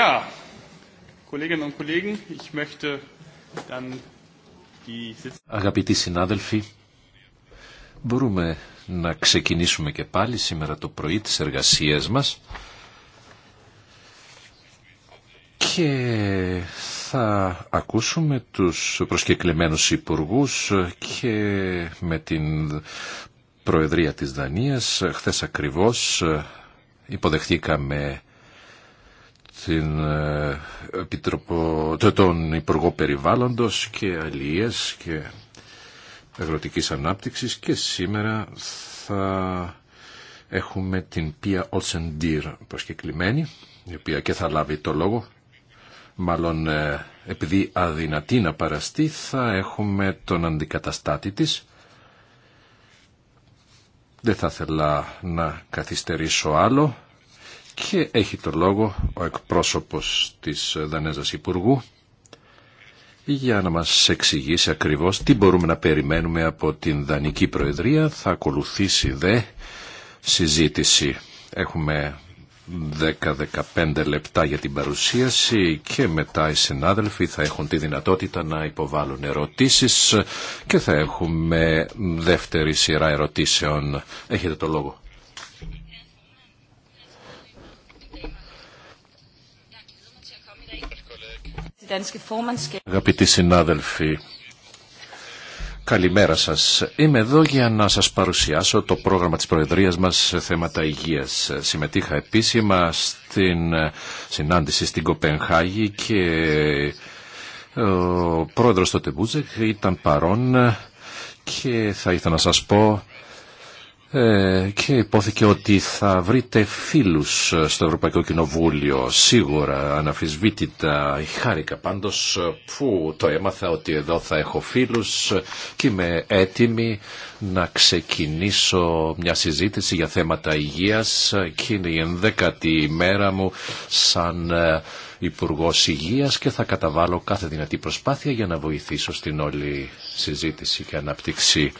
Ja, Kolleginnen und Kollegen, ich möchte dann die Αγαπητοί συνάδελφοι, μπορούμε να ξεκινήσουμε και πάλι σήμερα το πρωί της εργασίας μας και θα ακούσουμε τους προσκεκλημένους υπουργούς και με την Προεδρία της Δανίας. Χθες ακριβώς υποδεχτήκαμε την ε, Επιτροπο, τον Υπουργό Περιβάλλοντος και αλίες και Αγροτικής Ανάπτυξης και σήμερα θα έχουμε την Πία Ολσεντήρ προσκεκλημένη η οποία και θα λάβει το λόγο μάλλον ε, επειδή αδυνατή να παραστεί θα έχουμε τον αντικαταστάτη της δεν θα ήθελα να καθυστερήσω άλλο και έχει το λόγο ο εκπρόσωπος της Δανέζας Υπουργού για να μας εξηγήσει ακριβώς τι μπορούμε να περιμένουμε από την Δανική Προεδρία. Θα ακολουθήσει δε συζήτηση. Έχουμε 10-15 λεπτά για την παρουσίαση και μετά οι συνάδελφοι θα έχουν τη δυνατότητα να υποβάλουν ερωτήσεις και θα έχουμε δεύτερη σειρά ερωτήσεων. Έχετε το λόγο. Αγαπητοί συνάδελφοι, καλημέρα σας. Είμαι εδώ για να σας παρουσιάσω το πρόγραμμα της Προεδρίας μας σε θέματα υγείας. Συμμετείχα επίσημα στην συνάντηση στην Κοπενχάγη και ο πρόεδρος τότε τεμπούζε ήταν παρόν και θα ήθελα να σας πω ε, και υπόθηκε ότι θα βρείτε φίλους στο Ευρωπαϊκό Κοινοβούλιο. Σίγουρα αναφυσβήτητα χάρηκα πάντως που το έμαθα ότι εδώ θα έχω φίλους και είμαι έτοιμη να ξεκινήσω μια συζήτηση για θέματα υγείας και είναι η ενδέκατη ημέρα μου σαν ε, Υπουργό Υγεία και θα καταβάλω κάθε δυνατή προσπάθεια για να βοηθήσω στην όλη συζήτηση και ανάπτυξη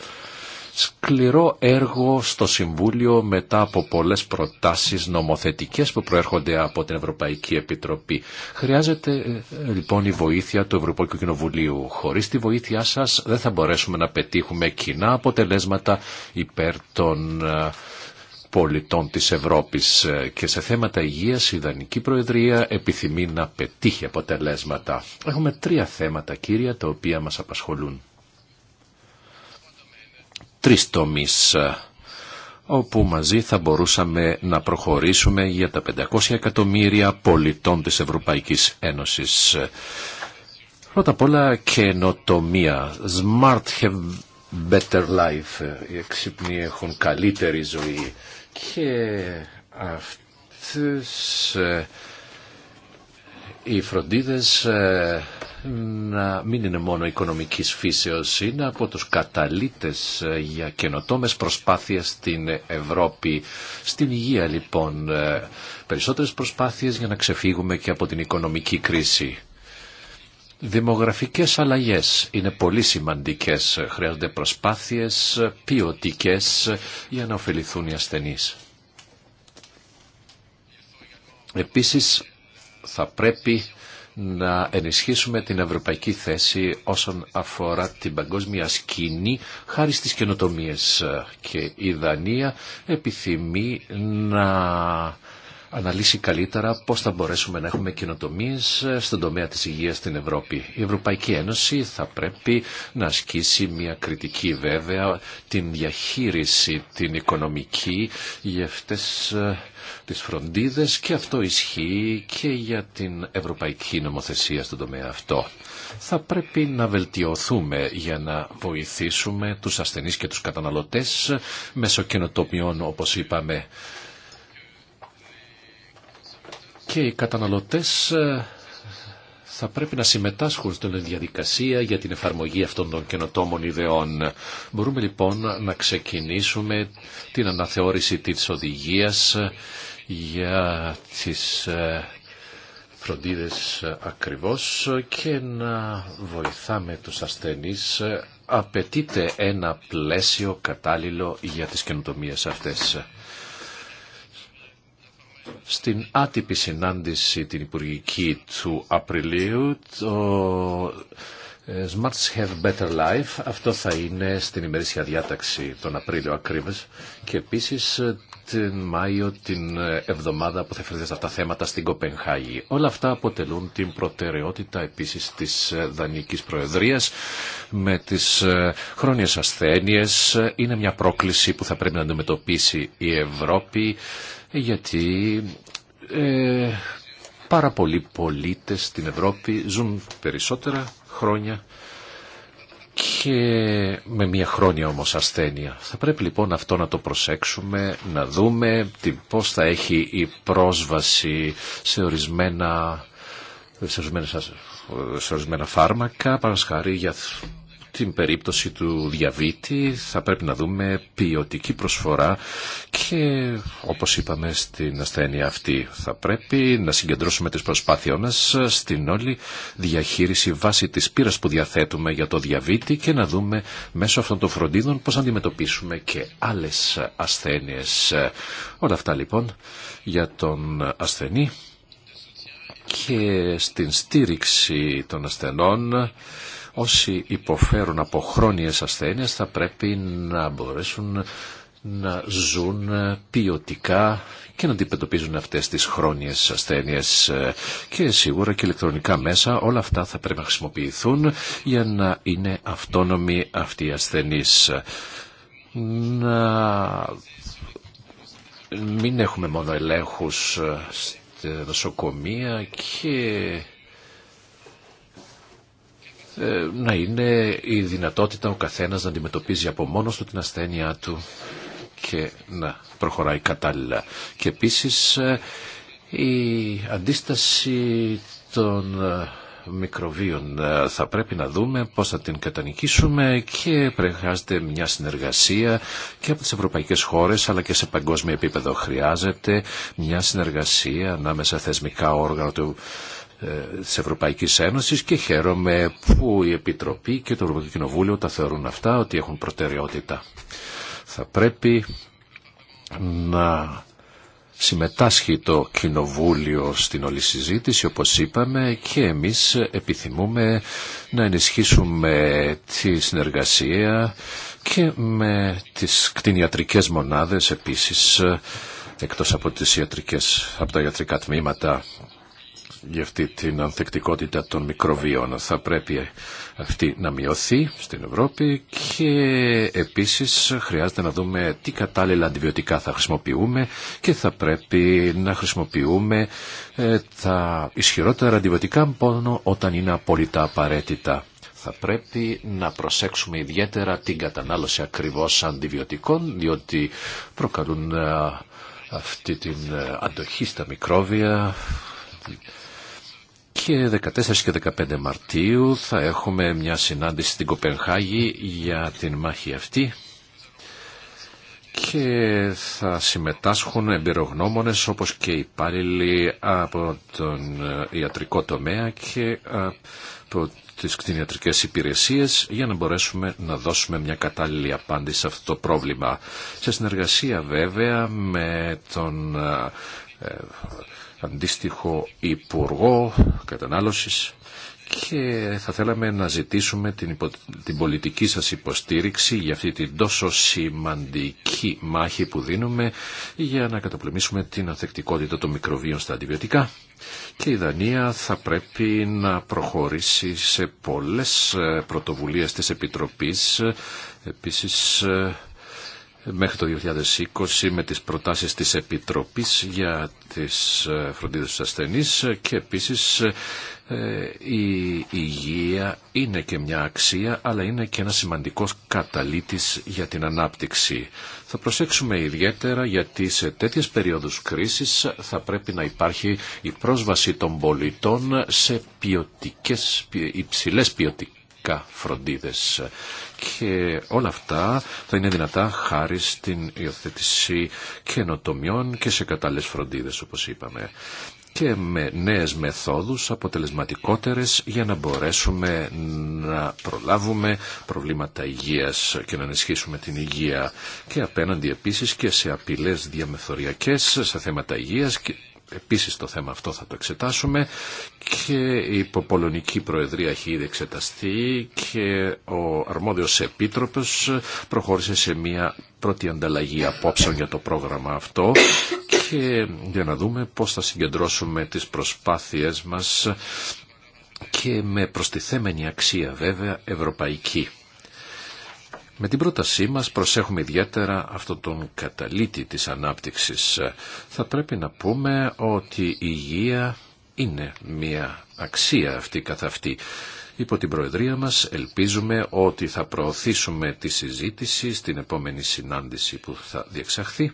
σκληρό έργο στο Συμβούλιο μετά από πολλές προτάσεις νομοθετικές που προέρχονται από την Ευρωπαϊκή Επιτροπή. Χρειάζεται ε, ε, λοιπόν η βοήθεια του Ευρωπαϊκού Κοινοβουλίου. Χωρίς τη βοήθειά σας δεν θα μπορέσουμε να πετύχουμε κοινά αποτελέσματα υπέρ των ε, πολιτών της Ευρώπης και σε θέματα υγείας η Ιδανική Προεδρία επιθυμεί να πετύχει αποτελέσματα. Έχουμε τρία θέματα κύρια τα οποία μας απασχολούν τρεις τομείς ε, όπου μαζί θα μπορούσαμε να προχωρήσουμε για τα 500 εκατομμύρια πολιτών της Ευρωπαϊκής Ένωσης. Πρώτα απ' όλα καινοτομία. Smart have better life. Οι εξύπνοι έχουν καλύτερη ζωή. Και αυτές ε, οι φροντίδες ε, να μην είναι μόνο οικονομικής φύσεως, είναι από τους καταλήτες ε, για καινοτόμες προσπάθειες στην Ευρώπη. Στην υγεία λοιπόν ε, περισσότερες προσπάθειες για να ξεφύγουμε και από την οικονομική κρίση. Δημογραφικές αλλαγές είναι πολύ σημαντικές. Χρειάζονται προσπάθειες ποιοτικέ για να ωφεληθούν οι ασθενείς. Επίσης θα πρέπει να ενισχύσουμε την ευρωπαϊκή θέση όσον αφορά την παγκόσμια σκηνή χάρη στις καινοτομίες και η Δανία επιθυμεί να αναλύσει καλύτερα πώς θα μπορέσουμε να έχουμε καινοτομίες στον τομέα της υγείας στην Ευρώπη. Η Ευρωπαϊκή Ένωση θα πρέπει να ασκήσει μια κριτική βέβαια την διαχείριση την οικονομική για αυτές τις φροντίδες και αυτό ισχύει και για την ευρωπαϊκή νομοθεσία στον τομέα αυτό. Θα πρέπει να βελτιωθούμε για να βοηθήσουμε τους ασθενείς και τους καταναλωτές μέσω καινοτομιών όπως είπαμε. Και οι καταναλωτές ε, θα πρέπει να συμμετάσχουν στην διαδικασία για την εφαρμογή αυτών των καινοτόμων ιδεών. Μπορούμε λοιπόν να ξεκινήσουμε την αναθεώρηση της οδηγίας για τις ε, φροντίδες ε, ακριβώς και να βοηθάμε τους ασθενείς. Ε, απαιτείται ένα πλαίσιο κατάλληλο για τις καινοτομίες αυτές. Στην άτυπη συνάντηση την Υπουργική του Απριλίου, το Smarts Have Better Life, αυτό θα είναι στην ημερήσια διάταξη τον Απρίλιο ακριβώς και επίσης ε, την Μάιο την ε, εβδομάδα που θα φέρετε αυτά τα θέματα στην Κοπενχάγη. Όλα αυτά αποτελούν την προτεραιότητα επίσης της ε, δανική προεδρία με τις χρόνιες ασθένειε. Είναι μια πρόκληση που θα πρέπει να αντιμετωπίσει η Ευρώπη γιατί... Ε, πάρα πολλοί πολίτες στην Ευρώπη ζουν περισσότερα χρόνια και με μια χρόνια όμως ασθένεια. Θα πρέπει λοιπόν αυτό να το προσέξουμε, να δούμε πώς θα έχει η πρόσβαση σε ορισμένα, σε ορισμένα, σε ορισμένα φάρμακα, παρασχάρη για την περίπτωση του διαβήτη θα πρέπει να δούμε ποιοτική προσφορά και όπως είπαμε στην ασθένεια αυτή θα πρέπει να συγκεντρώσουμε τις προσπάθειές μας στην όλη διαχείριση βάση της πείρας που διαθέτουμε για το διαβήτη και να δούμε μέσω αυτών των φροντίδων πώς αντιμετωπίσουμε και άλλες ασθένειες. Όλα αυτά λοιπόν για τον ασθενή και στην στήριξη των ασθενών Όσοι υποφέρουν από χρόνιες ασθένειες θα πρέπει να μπορέσουν να ζουν ποιοτικά και να αντιμετωπίζουν αυτές τις χρόνιες ασθένειες και σίγουρα και ηλεκτρονικά μέσα όλα αυτά θα πρέπει να χρησιμοποιηθούν για να είναι αυτόνομοι αυτοί οι ασθενείς. Να μην έχουμε μόνο ελέγχους νοσοκομεία και ε, να είναι η δυνατότητα ο καθένας να αντιμετωπίζει από μόνος του την ασθένειά του και να προχωράει κατάλληλα. Και επίσης ε, η αντίσταση των ε, μικροβίων θα πρέπει να δούμε πώς θα την κατανικήσουμε και χρειάζεται μια συνεργασία και από τις ευρωπαϊκές χώρες αλλά και σε παγκόσμιο επίπεδο χρειάζεται μια συνεργασία ανάμεσα θεσμικά όργανα του ε, της Ευρωπαϊκή Ένωσης και χαίρομαι που η Επιτροπή και το Ευρωπαϊκό Κοινοβούλιο τα θεωρούν αυτά ότι έχουν προτεραιότητα. Θα πρέπει να συμμετάσχει το Κοινοβούλιο στην όλη συζήτηση όπως είπαμε και εμείς επιθυμούμε να ενισχύσουμε τη συνεργασία και με τις κτηνιατρικές μονάδες επίσης εκτός από, τις ιατρικές, από τα ιατρικά τμήματα για αυτή την ανθεκτικότητα των μικροβίων. Θα πρέπει αυτή να μειωθεί στην Ευρώπη και επίσης χρειάζεται να δούμε τι κατάλληλα αντιβιωτικά θα χρησιμοποιούμε και θα πρέπει να χρησιμοποιούμε ε, τα ισχυρότερα αντιβιωτικά μόνο όταν είναι απόλυτα απαραίτητα θα πρέπει να προσέξουμε ιδιαίτερα την κατανάλωση ακριβώς αντιβιωτικών, διότι προκαλούν ε, αυτή την ε, αντοχή στα μικρόβια, και 14 και 15 Μαρτίου θα έχουμε μια συνάντηση στην Κοπενχάγη για την μάχη αυτή και θα συμμετάσχουν εμπειρογνώμονες όπως και υπάλληλοι από τον ιατρικό τομέα και από τις κτηνιατρικές υπηρεσίες για να μπορέσουμε να δώσουμε μια κατάλληλη απάντηση σε αυτό το πρόβλημα. Σε συνεργασία βέβαια με τον ε, αντίστοιχο Υπουργό Κατανάλωσης και θα θέλαμε να ζητήσουμε την, την πολιτική σας υποστήριξη για αυτή την τόσο σημαντική μάχη που δίνουμε για να καταπολεμήσουμε την ανθεκτικότητα των μικροβίων στα αντιβιωτικά. Και η Δανία θα πρέπει να προχωρήσει σε πολλές ε, πρωτοβουλίες της Επιτροπής. Επίσης ε, μέχρι το 2020 με τις προτάσεις της Επιτροπής για τις ε, φροντίδες στους ασθενείς και επίσης ε, η υγεία είναι και μια αξία αλλά είναι και ένα σημαντικός καταλήτης για την ανάπτυξη. Θα προσέξουμε ιδιαίτερα γιατί σε τέτοιες περίοδους κρίσης θα πρέπει να υπάρχει η πρόσβαση των πολιτών σε ποιοτικές, υψηλές ποιοτικές φροντίδες και όλα αυτά θα είναι δυνατά χάρη στην υιοθέτηση καινοτομιών και σε κατάλληλες φροντίδες όπως είπαμε και με νέες μεθόδους αποτελεσματικότερες για να μπορέσουμε να προλάβουμε προβλήματα υγείας και να ενισχύσουμε την υγεία και απέναντι επίσης και σε απειλές διαμεθοριακές σε θέματα υγείας Επίσης το θέμα αυτό θα το εξετάσουμε και η υποπολωνική προεδρία έχει ήδη εξεταστεί και ο αρμόδιος επίτροπος προχώρησε σε μια πρώτη ανταλλαγή απόψεων για το πρόγραμμα αυτό και για να δούμε πώς θα συγκεντρώσουμε τις προσπάθειές μας και με προστιθέμενη αξία βέβαια ευρωπαϊκή. Με την πρότασή μας προσέχουμε ιδιαίτερα αυτόν τον καταλήτη της ανάπτυξης. Θα πρέπει να πούμε ότι η υγεία είναι μια αξία αυτή καθ' αυτή. Υπό την Προεδρία μας ελπίζουμε ότι θα προωθήσουμε τη συζήτηση στην επόμενη συνάντηση που θα διεξαχθεί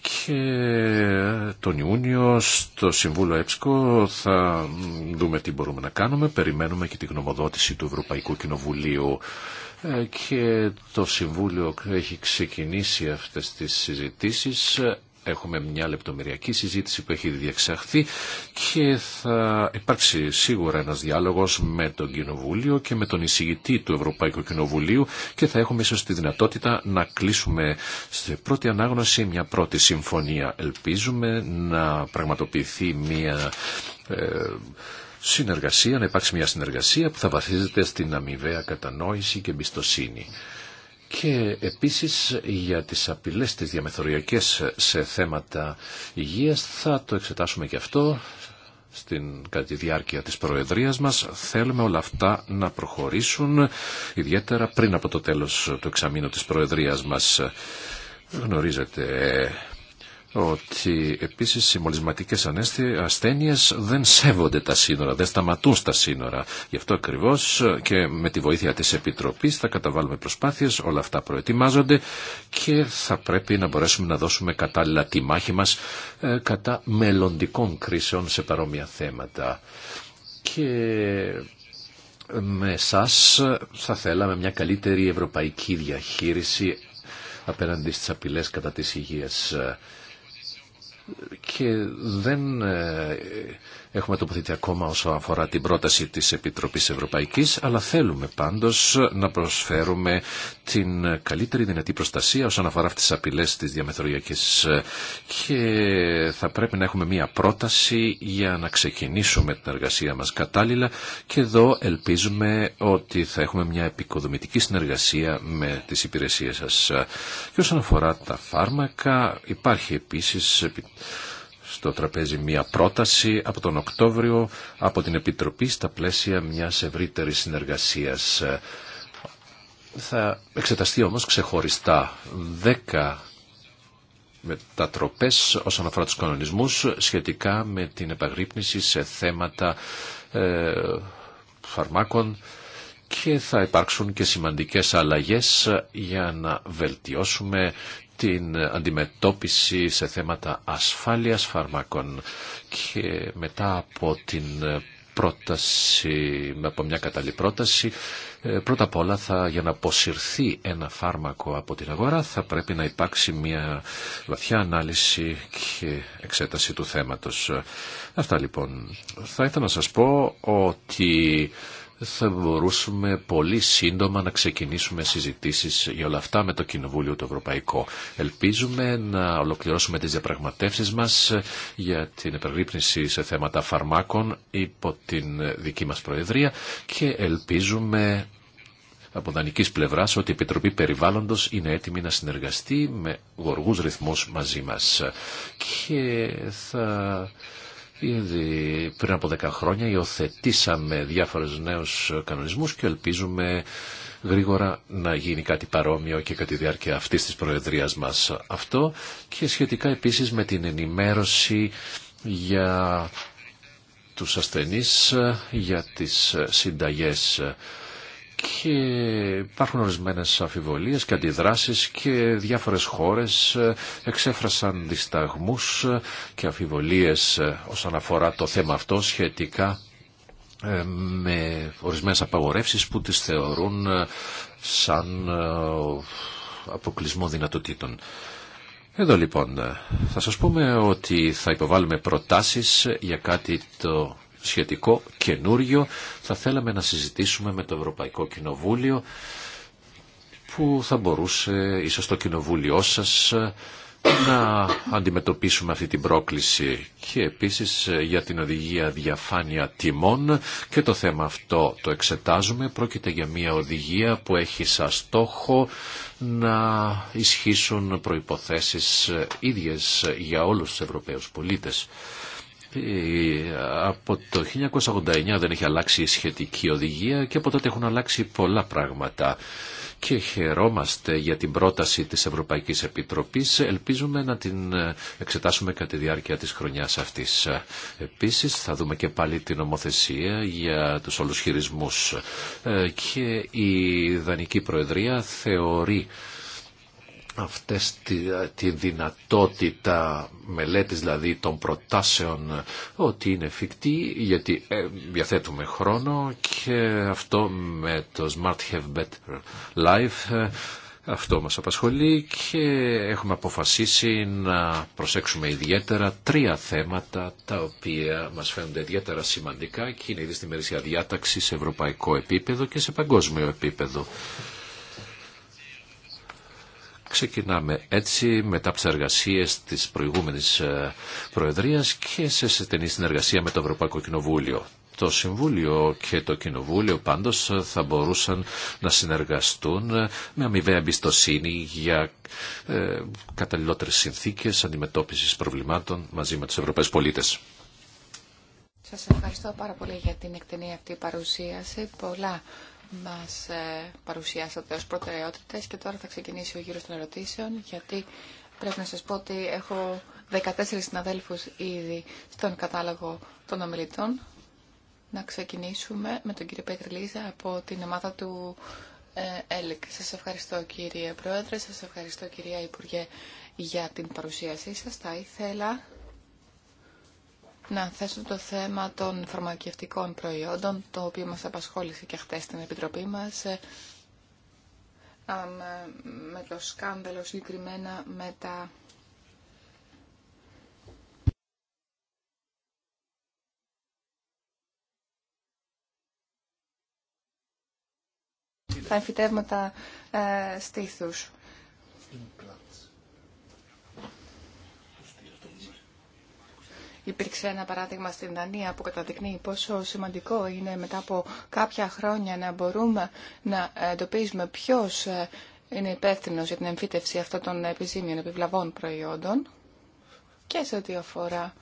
και τον Ιούνιο στο Συμβούλο ΕΠΣΚΟ θα δούμε τι μπορούμε να κάνουμε. Περιμένουμε και τη γνωμοδότηση του Ευρωπαϊκού Κοινοβουλίου. Ε, και το Συμβούλιο έχει ξεκινήσει αυτές τις συζητήσεις. Έχουμε μια λεπτομεριακή συζήτηση που έχει διεξαχθεί και θα υπάρξει σίγουρα ένας διάλογος με τον Κοινοβούλιο και με τον εισηγητή του Ευρωπαϊκού Κοινοβουλίου και θα έχουμε ίσως τη δυνατότητα να κλείσουμε σε πρώτη ανάγνωση μια πρώτη συμφωνία. Ελπίζουμε να πραγματοποιηθεί μια ε, συνεργασία, να υπάρξει μια συνεργασία που θα βασίζεται στην αμοιβαία κατανόηση και εμπιστοσύνη. Και επίσης για τις απειλές της διαμεθοριακές σε θέματα υγείας θα το εξετάσουμε και αυτό στην, κατά τη διάρκεια της Προεδρίας μας. Θέλουμε όλα αυτά να προχωρήσουν, ιδιαίτερα πριν από το τέλος του εξαμήνου της Προεδρίας μας. Γνωρίζετε ότι επίσης οι μολυσματικές ασθένειες δεν σέβονται τα σύνορα, δεν σταματούν στα σύνορα. Γι' αυτό ακριβώς και με τη βοήθεια της Επιτροπής θα καταβάλουμε προσπάθειες, όλα αυτά προετοιμάζονται και θα πρέπει να μπορέσουμε να δώσουμε κατάλληλα τη μάχη μας ε, κατά μελλοντικών κρίσεων σε παρόμοια θέματα. Και με εσά θα θέλαμε μια καλύτερη ευρωπαϊκή διαχείριση απέναντι στις απειλές κατά της υγείας και δεν ε, έχουμε τοποθετεί ακόμα όσο αφορά την πρόταση της Επιτροπής Ευρωπαϊκής, αλλά θέλουμε πάντως να προσφέρουμε την καλύτερη δυνατή προστασία όσον αφορά αυτές τις απειλές της διαμεθοριακής και θα πρέπει να έχουμε μία πρόταση για να ξεκινήσουμε την εργασία μας κατάλληλα και εδώ ελπίζουμε ότι θα έχουμε μια επικοδομητική συνεργασία με τις υπηρεσίες σας. Και όσον αφορά τα φάρμακα υπάρχει επίσης στο τραπέζι μία πρόταση από τον Οκτώβριο από την Επιτροπή στα πλαίσια μιας ευρύτερης συνεργασίας. Θα εξεταστεί όμως ξεχωριστά δέκα μετατροπές όσον αφορά τους κανονισμούς σχετικά με την επαγρύπνηση σε θέματα ε, φαρμάκων και θα υπάρξουν και σημαντικές αλλαγές για να βελτιώσουμε την αντιμετώπιση σε θέματα ασφάλειας φαρμάκων και μετά από την πρόταση, από μια κατάλληλη πρόταση, ε, πρώτα απ' όλα θα, για να αποσυρθεί ένα φάρμακο από την αγορά θα πρέπει να υπάρξει μια βαθιά ανάλυση και εξέταση του θέματος. Αυτά λοιπόν. Θα ήθελα να σας πω ότι θα μπορούσαμε πολύ σύντομα να ξεκινήσουμε συζητήσεις για όλα αυτά με το Κοινοβούλιο το Ευρωπαϊκό. Ελπίζουμε να ολοκληρώσουμε τις διαπραγματεύσεις μας για την επερρύπνηση σε θέματα φαρμάκων υπό την δική μας Προεδρία και ελπίζουμε από δανεική πλευρά ότι η Επιτροπή Περιβάλλοντο είναι έτοιμη να συνεργαστεί με γοργού ρυθμού μαζί μα. Ήδη πριν από 10 χρόνια υιοθετήσαμε διάφορους νέους κανονισμούς και ελπίζουμε γρήγορα να γίνει κάτι παρόμοιο και κατά τη διάρκεια αυτής της Προεδρίας μας αυτό και σχετικά επίσης με την ενημέρωση για τους ασθενείς, για τις συνταγές και υπάρχουν ορισμένες αφιβολίες και αντιδράσεις και διάφορες χώρες ε, εξέφρασαν δισταγμούς και αφιβολίες ε, όσον αφορά το θέμα αυτό σχετικά ε, με ορισμένες απαγορεύσεις που τις θεωρούν σαν αποκλεισμό δυνατοτήτων. Εδώ λοιπόν θα σας πούμε ότι θα υποβάλουμε προτάσεις για κάτι το σχετικό καινούριο θα θέλαμε να συζητήσουμε με το Ευρωπαϊκό Κοινοβούλιο που θα μπορούσε ίσως το κοινοβούλιο σας να αντιμετωπίσουμε αυτή την πρόκληση και επίσης ε, για την οδηγία διαφάνεια τιμών και το θέμα αυτό το εξετάζουμε. Πρόκειται για μια οδηγία που έχει σαν στόχο να ισχύσουν προϋποθέσεις ε, ίδιες ε, για όλους τους Ευρωπαίους πολίτες. Ε, από το 1989 δεν έχει αλλάξει η σχετική οδηγία και από τότε έχουν αλλάξει πολλά πράγματα και χαιρόμαστε για την πρόταση της Ευρωπαϊκής Επιτροπής. Ελπίζουμε να την ε, εξετάσουμε κατά τη διάρκεια της χρονιάς αυτής. Επίσης θα δούμε και πάλι την ομοθεσία για τους όλους χειρισμούς. Ε, και η Δανική Προεδρία θεωρεί αυτές τη, δυνατότητα μελέτης δηλαδή των προτάσεων ότι είναι εφικτή γιατί ε, διαθέτουμε χρόνο και αυτό με το Smart Have Better Life ε, αυτό μας απασχολεί και έχουμε αποφασίσει να προσέξουμε ιδιαίτερα τρία θέματα τα οποία μας φαίνονται ιδιαίτερα σημαντικά και είναι ήδη στη μερίσια διάταξη σε ευρωπαϊκό επίπεδο και σε παγκόσμιο επίπεδο. Ξεκινάμε έτσι μετά από τι εργασίε τη προηγούμενη ε, Προεδρία και σε στενή συνεργασία με το Ευρωπαϊκό Κοινοβούλιο. Το Συμβούλιο και το Κοινοβούλιο πάντως θα μπορούσαν να συνεργαστούν ε, με αμοιβαία εμπιστοσύνη για ε, καταλληλότερες συνθήκες αντιμετώπισης προβλημάτων μαζί με τους Ευρωπαίους πολίτες. Σας ευχαριστώ πάρα πολύ για την εκτενή αυτή παρουσίαση. Πολλά μας ε, παρουσιάσατε ως προτεραιότητες και τώρα θα ξεκινήσει ο γύρος των ερωτήσεων γιατί πρέπει να σας πω ότι έχω 14 συναδέλφους ήδη στον κατάλογο των ομιλητών. Να ξεκινήσουμε με τον κύριο Πέτρη Λίζα από την ομάδα του ε, ΕΛΚ. Σας ευχαριστώ κύριε Πρόεδρε, σας ευχαριστώ κυρία Υπουργέ για την παρουσίασή σας. Θα ήθελα να θέσω το θέμα των φαρμακευτικών προϊόντων, το οποίο μας απασχόλησε και χτες στην Επιτροπή μας, ε, με το σκάνδαλο συγκεκριμένα με τα... τα εμφυτεύματα ε, στήθους. Υπήρξε ένα παράδειγμα στην Δανία που καταδεικνύει πόσο σημαντικό είναι μετά από κάποια χρόνια να μπορούμε να εντοπίζουμε ποιο ε, είναι υπεύθυνο για την εμφύτευση αυτών των επιζήμιων επιβλαβών προϊόντων και σε ό,τι αφορά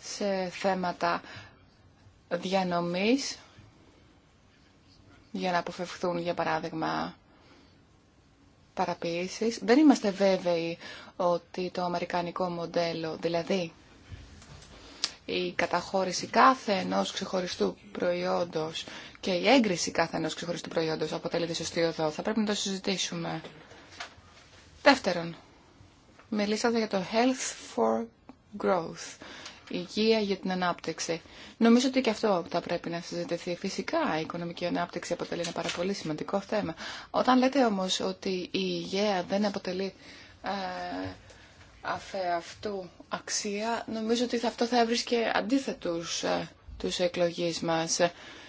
σε θέματα διανομής για να αποφευχθούν για παράδειγμα παραποιήσεις. Δεν είμαστε βέβαιοι ότι το αμερικανικό μοντέλο, δηλαδή η καταχώρηση κάθε ενός ξεχωριστού προϊόντος και η έγκριση κάθε ενός ξεχωριστού προϊόντος αποτελείται σωστή οδό. Θα πρέπει να το συζητήσουμε. Δεύτερον, μιλήσατε για το Health for Growth, υγεία για την ανάπτυξη. Νομίζω ότι και αυτό θα πρέπει να συζητηθεί. Φυσικά η οικονομική ανάπτυξη αποτελεί ένα πάρα πολύ σημαντικό θέμα. Όταν λέτε όμως ότι η υγεία δεν αποτελεί ε, αυτού αξία, νομίζω ότι αυτό θα έβρισκε αντίθετους ε, τους εκλογείς μας.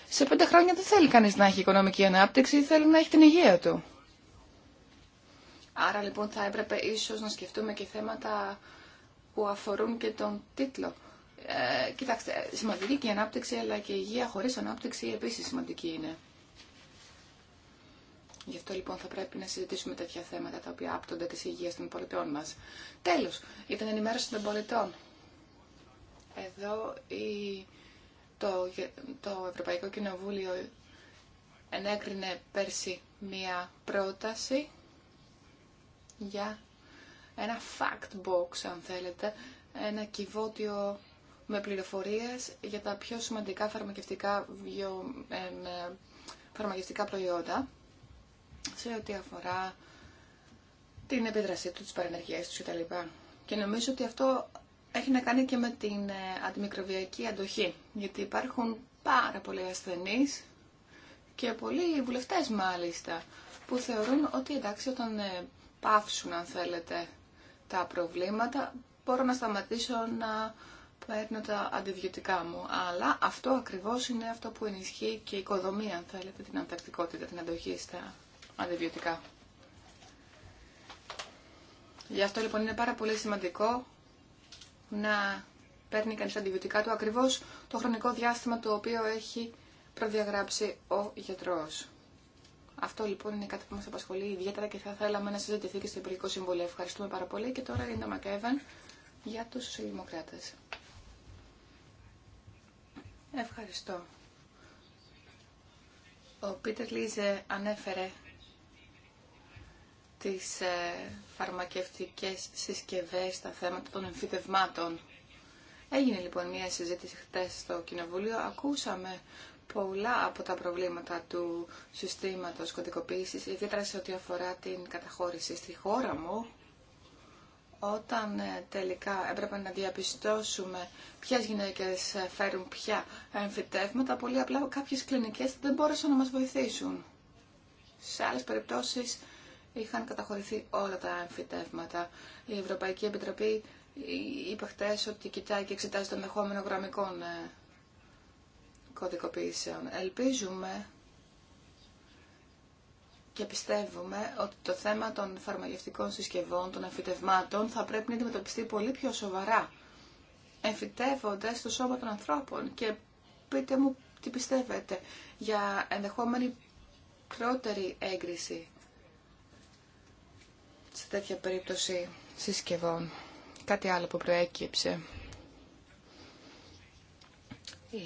Σε πέντε χρόνια δεν θέλει κανείς να έχει οικονομική ανάπτυξη, θέλει να έχει την υγεία του. Άρα λοιπόν θα έπρεπε ίσως να σκεφτούμε και θέματα που αφορούν και τον τίτλο. Ε, κοιτάξτε, σημαντική και η ανάπτυξη, αλλά και η υγεία χωρίς ανάπτυξη επίσης σημαντική είναι. Γι' αυτό λοιπόν θα πρέπει να συζητήσουμε τέτοια θέματα τα οποία άπτονται τη υγεία των πολιτών μα. Τέλο, για την ενημέρωση των πολιτών. Εδώ η... το... το Ευρωπαϊκό Κοινοβούλιο ενέκρινε πέρσι μία πρόταση για ένα fact box, αν θέλετε, ένα κυβότιο με πληροφορίες για τα πιο σημαντικά φαρμακευτικά, βιο... Ε, φαρμακευτικά προϊόντα σε ό,τι αφορά την επίδρασή του, τις παρενεργίες του κτλ. Και νομίζω ότι αυτό έχει να κάνει και με την ε, αντιμικροβιακή αντοχή, γιατί υπάρχουν πάρα πολλοί ασθενείς και πολλοί βουλευτές μάλιστα, που θεωρούν ότι εντάξει όταν ε, πάυσουν αν θέλετε τα προβλήματα, μπορώ να σταματήσω να παίρνω τα αντιβιωτικά μου. Αλλά αυτό ακριβώς είναι αυτό που ενισχύει και η οικοδομία, αν θέλετε, την αντακτικότητα, την αντοχή στα αντιβιωτικά. Γι' αυτό λοιπόν είναι πάρα πολύ σημαντικό να παίρνει κανείς αντιβιωτικά του ακριβώς το χρονικό διάστημα το οποίο έχει προδιαγράψει ο γιατρός. Αυτό λοιπόν είναι κάτι που μας απασχολεί ιδιαίτερα και θα θέλαμε να συζητηθεί και στο Υπουργικό Συμβούλιο. Ευχαριστούμε πάρα πολύ και τώρα είναι το Μακέβαν για τους Σοσιαλδημοκράτες. Ευχαριστώ. Ο Πίτερ Λίζε ανέφερε τις ε, φαρμακευτικές συσκευές στα θέματα των εμφυτευμάτων. Έγινε λοιπόν μια συζήτηση χτες στο Κοινοβούλιο. Ακούσαμε πολλά από τα προβλήματα του συστήματος κωδικοποίησης, ιδιαίτερα σε ό,τι αφορά την καταχώρηση στη χώρα μου, όταν ε, τελικά έπρεπε να διαπιστώσουμε ποιες γυναίκες ε, φέρουν ποια εμφυτεύματα, πολύ απλά κάποιες κλινικές δεν μπόρεσαν να μας βοηθήσουν. Σε άλλες περιπτώσεις είχαν καταχωρηθεί όλα τα εμφυτεύματα. Η Ευρωπαϊκή Επιτροπή είπε χθε ότι κοιτάει και εξετάζει το ενδεχόμενο γραμμικών ε, κωδικοποιήσεων. Ελπίζουμε και πιστεύουμε ότι το θέμα των φαρμαγευτικών συσκευών, των εμφυτευμάτων, θα πρέπει να αντιμετωπιστεί πολύ πιο σοβαρά. Εμφυτεύονται στο σώμα των ανθρώπων και πείτε μου τι πιστεύετε για ενδεχόμενη πρώτερη έγκριση σε τέτοια περίπτωση συσκευών. Κάτι άλλο που προέκυψε.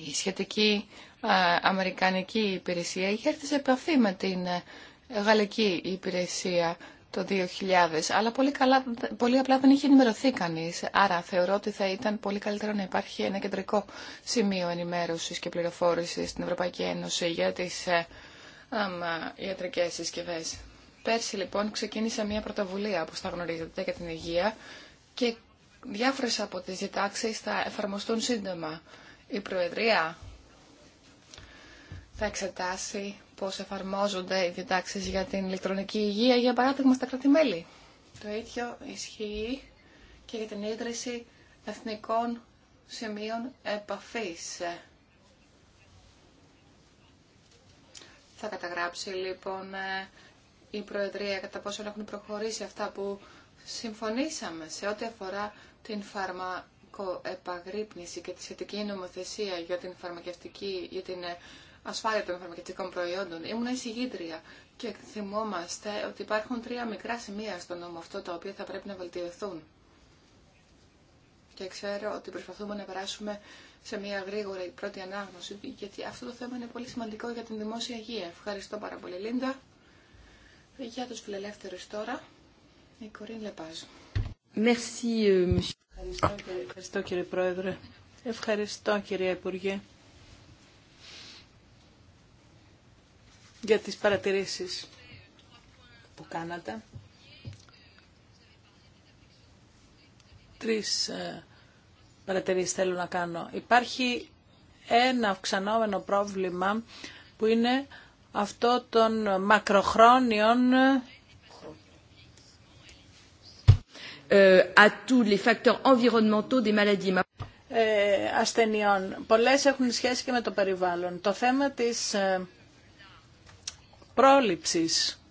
Η σχετική Αμερικανική υπηρεσία είχε έρθει σε επαφή με την ε, Γαλλική υπηρεσία το 2000, αλλά πολύ, καλά, πολύ απλά δεν είχε ενημερωθεί κανείς. Άρα θεωρώ ότι θα ήταν πολύ καλύτερο να υπάρχει ένα κεντρικό σημείο ενημέρωσης και πληροφόρησης στην Ευρωπαϊκή Ένωση για τις ε, ε, ιατρικές συσκευές. Πέρσι λοιπόν ξεκίνησα μια πρωτοβουλία, όπως θα γνωρίζετε, για την υγεία και διάφορες από τις διτάξεις θα εφαρμοστούν σύντομα. Η Προεδρία θα εξετάσει πώς εφαρμόζονται οι διτάξεις για την ηλεκτρονική υγεία, για παράδειγμα στα κρατημέλη. Το ίδιο ισχύει και για την ίδρυση εθνικών σημείων επαφής. Θα καταγράψει λοιπόν ε, η Προεδρία κατά πόσο έχουν προχωρήσει αυτά που συμφωνήσαμε σε ό,τι αφορά την φαρμακοεπαγρύπνηση και τη σχετική νομοθεσία για την, φαρμακευτική, για την ε, ασφάλεια των φαρμακευτικών προϊόντων. Ήμουν εισηγήτρια και θυμόμαστε ότι υπάρχουν τρία μικρά σημεία στο νόμο αυτό τα οποία θα πρέπει να βελτιωθούν. Και ξέρω ότι προσπαθούμε να περάσουμε σε μια γρήγορη πρώτη ανάγνωση, γιατί αυτό το θέμα είναι πολύ σημαντικό για την δημόσια υγεία. Ευχαριστώ πάρα πολύ, Λίντα. Για τους φιλελεύθερους τώρα, η Κορίν Λεπάζ. Ε, ευχαριστώ, ευχαριστώ κύριε Πρόεδρε. Ευχαριστώ κύριε Υπουργέ για τις παρατηρήσεις που κάνατε. Τρεις ε, παρατηρήσεις θέλω να κάνω. Υπάρχει ένα αυξανόμενο πρόβλημα που είναι αυτό των μακροχρόνιων ε, à tous ε, ασθενειών. Πολλές έχουν σχέση και με το περιβάλλον. Το θέμα της ε, πρόληψης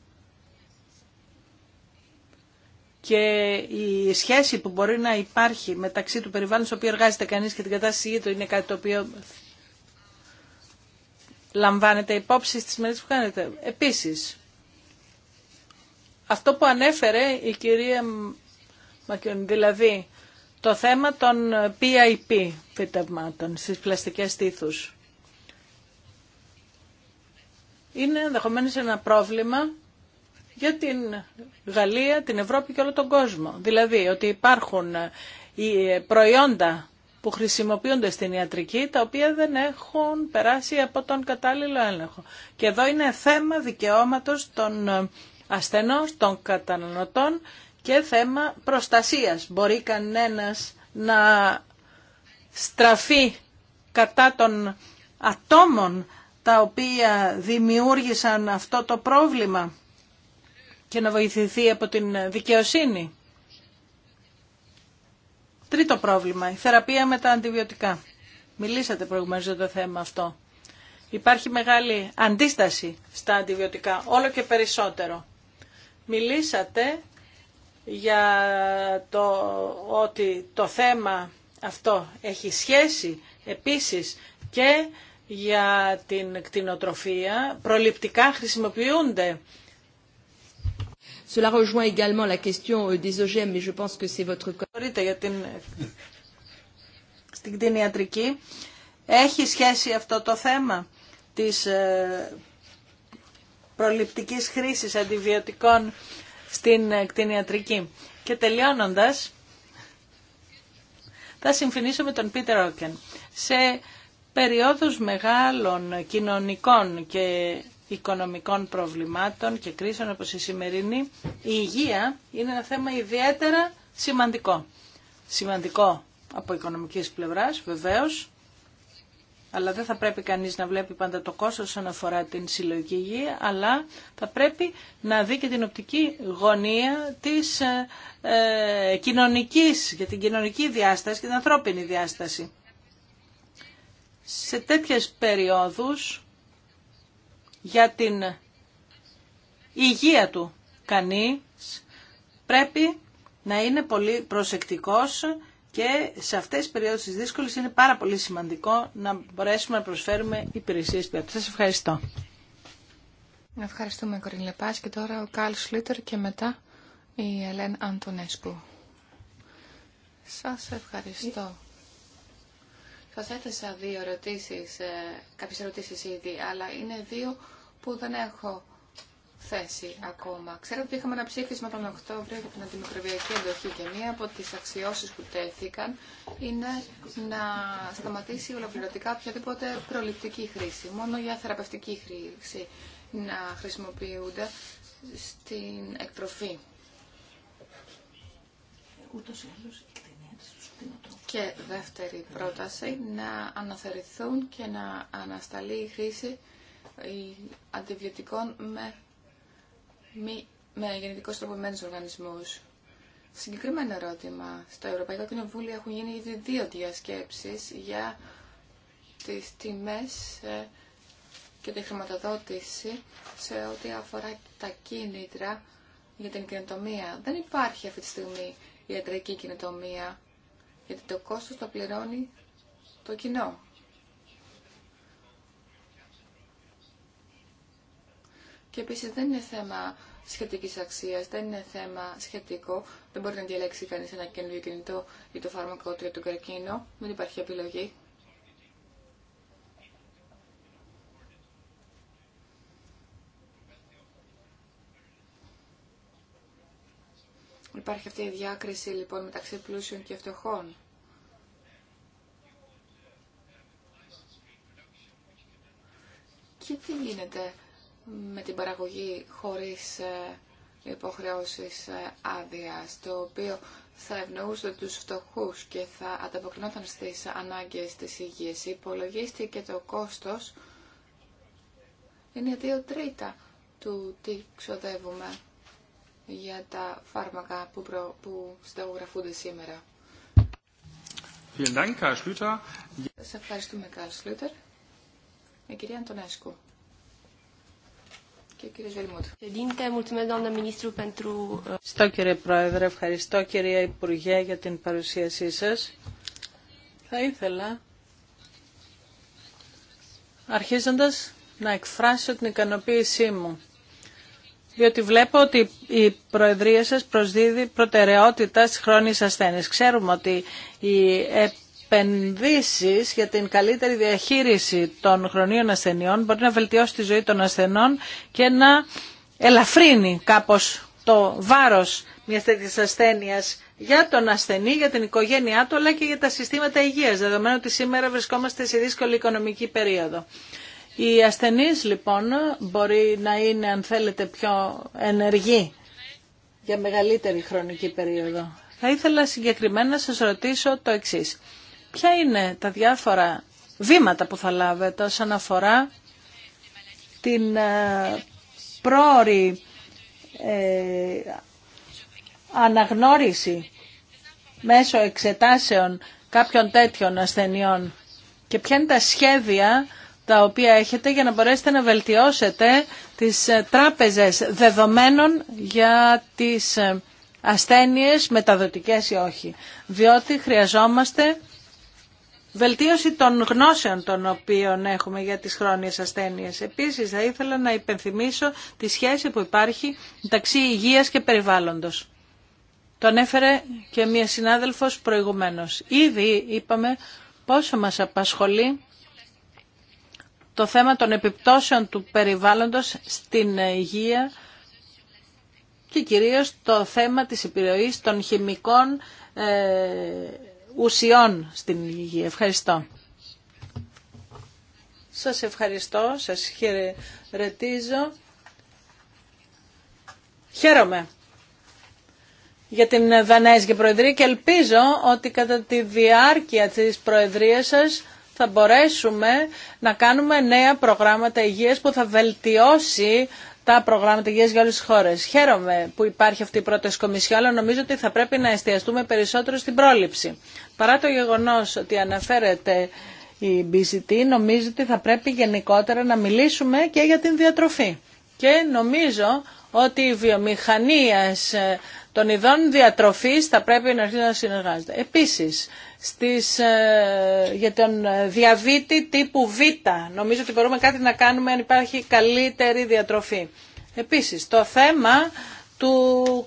και η σχέση που μπορεί να υπάρχει μεταξύ του περιβάλλοντος στο οποίο εργάζεται κανείς και την κατάστασή του είναι κάτι το οποίο λαμβάνετε υπόψη στις μελέτες που κάνετε. Επίσης, αυτό που ανέφερε η κυρία Μακιον, δηλαδή το θέμα των PIP φυτευμάτων στις πλαστικές στήθους. Είναι ενδεχομένως ένα πρόβλημα για την Γαλλία, την Ευρώπη και όλο τον κόσμο. Δηλαδή ότι υπάρχουν ε, οι προϊόντα που χρησιμοποιούνται στην ιατρική, τα οποία δεν έχουν περάσει από τον κατάλληλο έλεγχο. Και εδώ είναι θέμα δικαιώματος των ε, ασθενών, των καταναλωτών και θέμα προστασίας. Μπορεί κανένας να στραφεί κατά των ατόμων τα οποία δημιούργησαν αυτό το πρόβλημα και να βοηθηθεί από την δικαιοσύνη. Τρίτο πρόβλημα, η θεραπεία με τα αντιβιωτικά. Μιλήσατε προηγουμένως για το θέμα αυτό. Υπάρχει μεγάλη αντίσταση στα αντιβιωτικά, όλο και περισσότερο. Μιλήσατε για το ότι το θέμα αυτό έχει σχέση επίσης και για την κτηνοτροφία. Προληπτικά χρησιμοποιούνται Cela rejoint également la question euh, des OGM, mais je pense que c'est votre... στην Έχει αυτό το θέμα της ε, προληπτικής χρήσης αντιβιωτικών στην ε, κτηνιατρική. Και τελειώνοντας, θα συμφωνήσω με τον Πίτερ Όκεν. Σε περιόδους μεγάλων κοινωνικών και οικονομικών προβλημάτων και κρίσεων όπως η σημερινή, η υγεία είναι ένα θέμα ιδιαίτερα σημαντικό. Σημαντικό από οικονομικής πλευράς βεβαίως, αλλά δεν θα πρέπει κανείς να βλέπει πάντα το κόστος όσον αφορά την συλλογική υγεία, αλλά θα πρέπει να δει και την οπτική γωνία της ε, ε κοινωνικής, για την κοινωνική διάσταση και την ανθρώπινη διάσταση. Σε τέτοιες περιόδους για την υγεία του κανείς πρέπει να είναι πολύ προσεκτικός και σε αυτές τις περιόδους δύσκολες είναι πάρα πολύ σημαντικό να μπορέσουμε να προσφέρουμε υπηρεσίες Σας ευχαριστώ. Ευχαριστούμε Κορίν και τώρα ο Καλ Σλίτερ και μετά η Ελέν Αντωνέσκου. Σας ευχαριστώ. Σας έθεσα δύο ερωτήσεις, ε, κάποιες ερωτήσεις ήδη, αλλά είναι δύο που δεν έχω θέση ακόμα. Ξέρετε ότι είχαμε ένα ψήφισμα τον Οκτώβριο για την αντιμικροβιακή εντοχή και μία από τις αξιώσεις που τέθηκαν είναι να σταματήσει ολοκληρωτικά οποιαδήποτε προληπτική χρήση, μόνο για θεραπευτική χρήση να χρησιμοποιούνται στην εκτροφή. Και δεύτερη πρόταση, να αναθεωρηθούν και να ανασταλεί η χρήση ε, αντιβιωτικών με, μη, με οργανισμού. τροποποιημένους οργανισμούς. Συγκεκριμένο ερώτημα. Στο Ευρωπαϊκό Κοινοβούλιο έχουν γίνει ήδη δύο διασκέψεις για τις τιμές ε, και τη χρηματοδότηση σε ό,τι αφορά τα κίνητρα για την κοινοτομία. Δεν υπάρχει αυτή τη στιγμή ιατρική κοινοτομία, γιατί το κόστος το πληρώνει το κοινό. Και επίση δεν είναι θέμα σχετική αξίας, δεν είναι θέμα σχετικό. Δεν μπορεί να διαλέξει κανεί ένα καινούργιο κινητό ή το φάρμακο του για τον καρκίνο. Δεν υπάρχει επιλογή. Υπάρχει αυτή η διάκριση λοιπόν μεταξύ πλούσιων και φτωχών. Και τι γίνεται με την παραγωγή χωρίς ε, υποχρεώσεις ε, άδεια, το οποίο θα ευνοούσε τους φτωχούς και θα ανταποκρινόταν στις ανάγκες της υγείας. Υπολογίστηκε το κόστος είναι δύο τρίτα του τι ξοδεύουμε για τα φάρμακα που, προ, που συνταγογραφούνται σήμερα. Σας ευχαριστούμε, Καρλ Σλούτερ. Η κυρία Αντωνέσκου. Uh, ευχαριστώ κύριε Πρόεδρε, ευχαριστώ κυρία Υπουργέ για την παρουσίασή σας. Θα ήθελα αρχίζοντας να εκφράσω την ικανοποίησή μου διότι βλέπω ότι η Προεδρία σας προσδίδει προτεραιότητα στις χρόνιες ασθένειες. Ξέρουμε ότι η επενδύσει για την καλύτερη διαχείριση των χρονίων ασθενειών μπορεί να βελτιώσει τη ζωή των ασθενών και να ελαφρύνει κάπω το βάρο μια τέτοια ασθένεια για τον ασθενή, για την οικογένειά του, αλλά και για τα συστήματα υγεία. δεδομένου ότι σήμερα βρισκόμαστε σε δύσκολη οικονομική περίοδο. Οι ασθενεί, λοιπόν μπορεί να είναι αν θέλετε πιο ενεργοί για μεγαλύτερη χρονική περίοδο. Θα ήθελα συγκεκριμένα να σας ρωτήσω το εξής ποια είναι τα διάφορα βήματα που θα λάβετε όσον αφορά την ε, πρόορη ε, αναγνώριση μέσω εξετάσεων κάποιων τέτοιων ασθενειών και ποια είναι τα σχέδια τα οποία έχετε για να μπορέσετε να βελτιώσετε τις ε, τράπεζες δεδομένων για τις ασθένειες μεταδοτικές ή όχι. Διότι χρειαζόμαστε βελτίωση των γνώσεων των οποίων έχουμε για τις χρόνιες ασθένειες. Επίσης θα ήθελα να υπενθυμίσω τη σχέση που υπάρχει μεταξύ υγείας και περιβάλλοντος. Το ανέφερε και μία συνάδελφος προηγουμένως. Ήδη είπαμε πόσο μας απασχολεί το θέμα των επιπτώσεων του περιβάλλοντος στην υγεία και κυρίως το θέμα της επιρροής των χημικών ε, ουσιών στην υγεία. Ευχαριστώ. Σας ευχαριστώ, σας χαιρετίζω. Χαίρομαι για την Δανέζικη Προεδρία και ελπίζω ότι κατά τη διάρκεια της Προεδρίας σας θα μπορέσουμε να κάνουμε νέα προγράμματα υγείας που θα βελτιώσει τα προγράμματα υγείας για όλε τις χώρες. Χαίρομαι που υπάρχει αυτή η πρώτη Κομισιόν, αλλά νομίζω ότι θα πρέπει να εστιαστούμε περισσότερο στην πρόληψη. Παρά το γεγονός ότι αναφέρεται η BCT, νομίζω ότι θα πρέπει γενικότερα να μιλήσουμε και για την διατροφή. Και νομίζω ότι η βιομηχανία των ειδών διατροφής θα πρέπει να αρχίσει να συνεργάζεται. Επίσης, στις, ε, για τον διαβήτη τύπου Β, νομίζω ότι μπορούμε κάτι να κάνουμε αν υπάρχει καλύτερη διατροφή. Επίσης, το θέμα του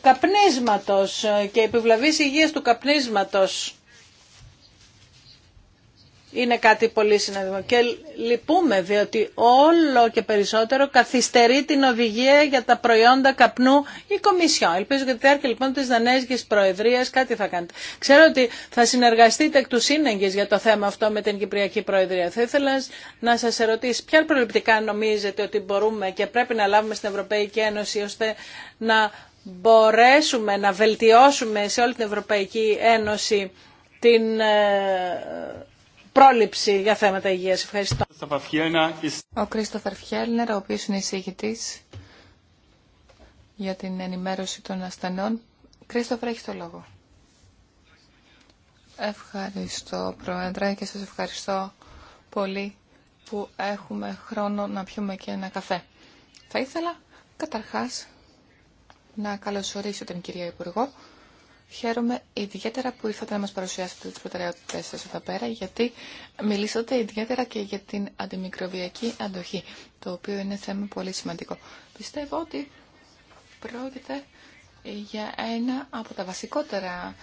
καπνίσματος ε, και επιβλαβής υγείας του καπνίσματος είναι κάτι πολύ συναντημό. Και λυπούμε διότι όλο και περισσότερο καθυστερεί την οδηγία για τα προϊόντα καπνού η Κομισιό. Ελπίζω και διάρκεια λοιπόν τη Δανέζικη Προεδρία, κάτι θα κάνετε. Ξέρω ότι θα συνεργαστείτε εκ του σύνεγγυ για το θέμα αυτό με την Κυπριακή Προεδρία. Θα ήθελα να σα ερωτήσω ποια προληπτικά νομίζετε ότι μπορούμε και πρέπει να λάβουμε στην Ευρωπαϊκή Ένωση ώστε να μπορέσουμε να βελτιώσουμε σε όλη την Ευρωπαϊκή Ένωση την ε, πρόληψη για θέματα υγεία. Ευχαριστώ. Ο Κρίστοφερ Φιέλνερ, ο οποίο είναι εισηγητή για την ενημέρωση των ασθενών. Κρίστοφερ, έχει το λόγο. Ευχαριστώ, Πρόεδρε, και σας ευχαριστώ πολύ που έχουμε χρόνο να πιούμε και ένα καφέ. Θα ήθελα, καταρχάς, να καλωσορίσω την κυρία Υπουργό Χαίρομαι ιδιαίτερα που ήρθατε να μας παρουσιάσετε τις προτεραιότητες σας εδώ πέρα, γιατί μιλήσατε ιδιαίτερα και για την αντιμικροβιακή αντοχή, το οποίο είναι θέμα πολύ σημαντικό. Πιστεύω ότι πρόκειται για ένα από τα βασικότερα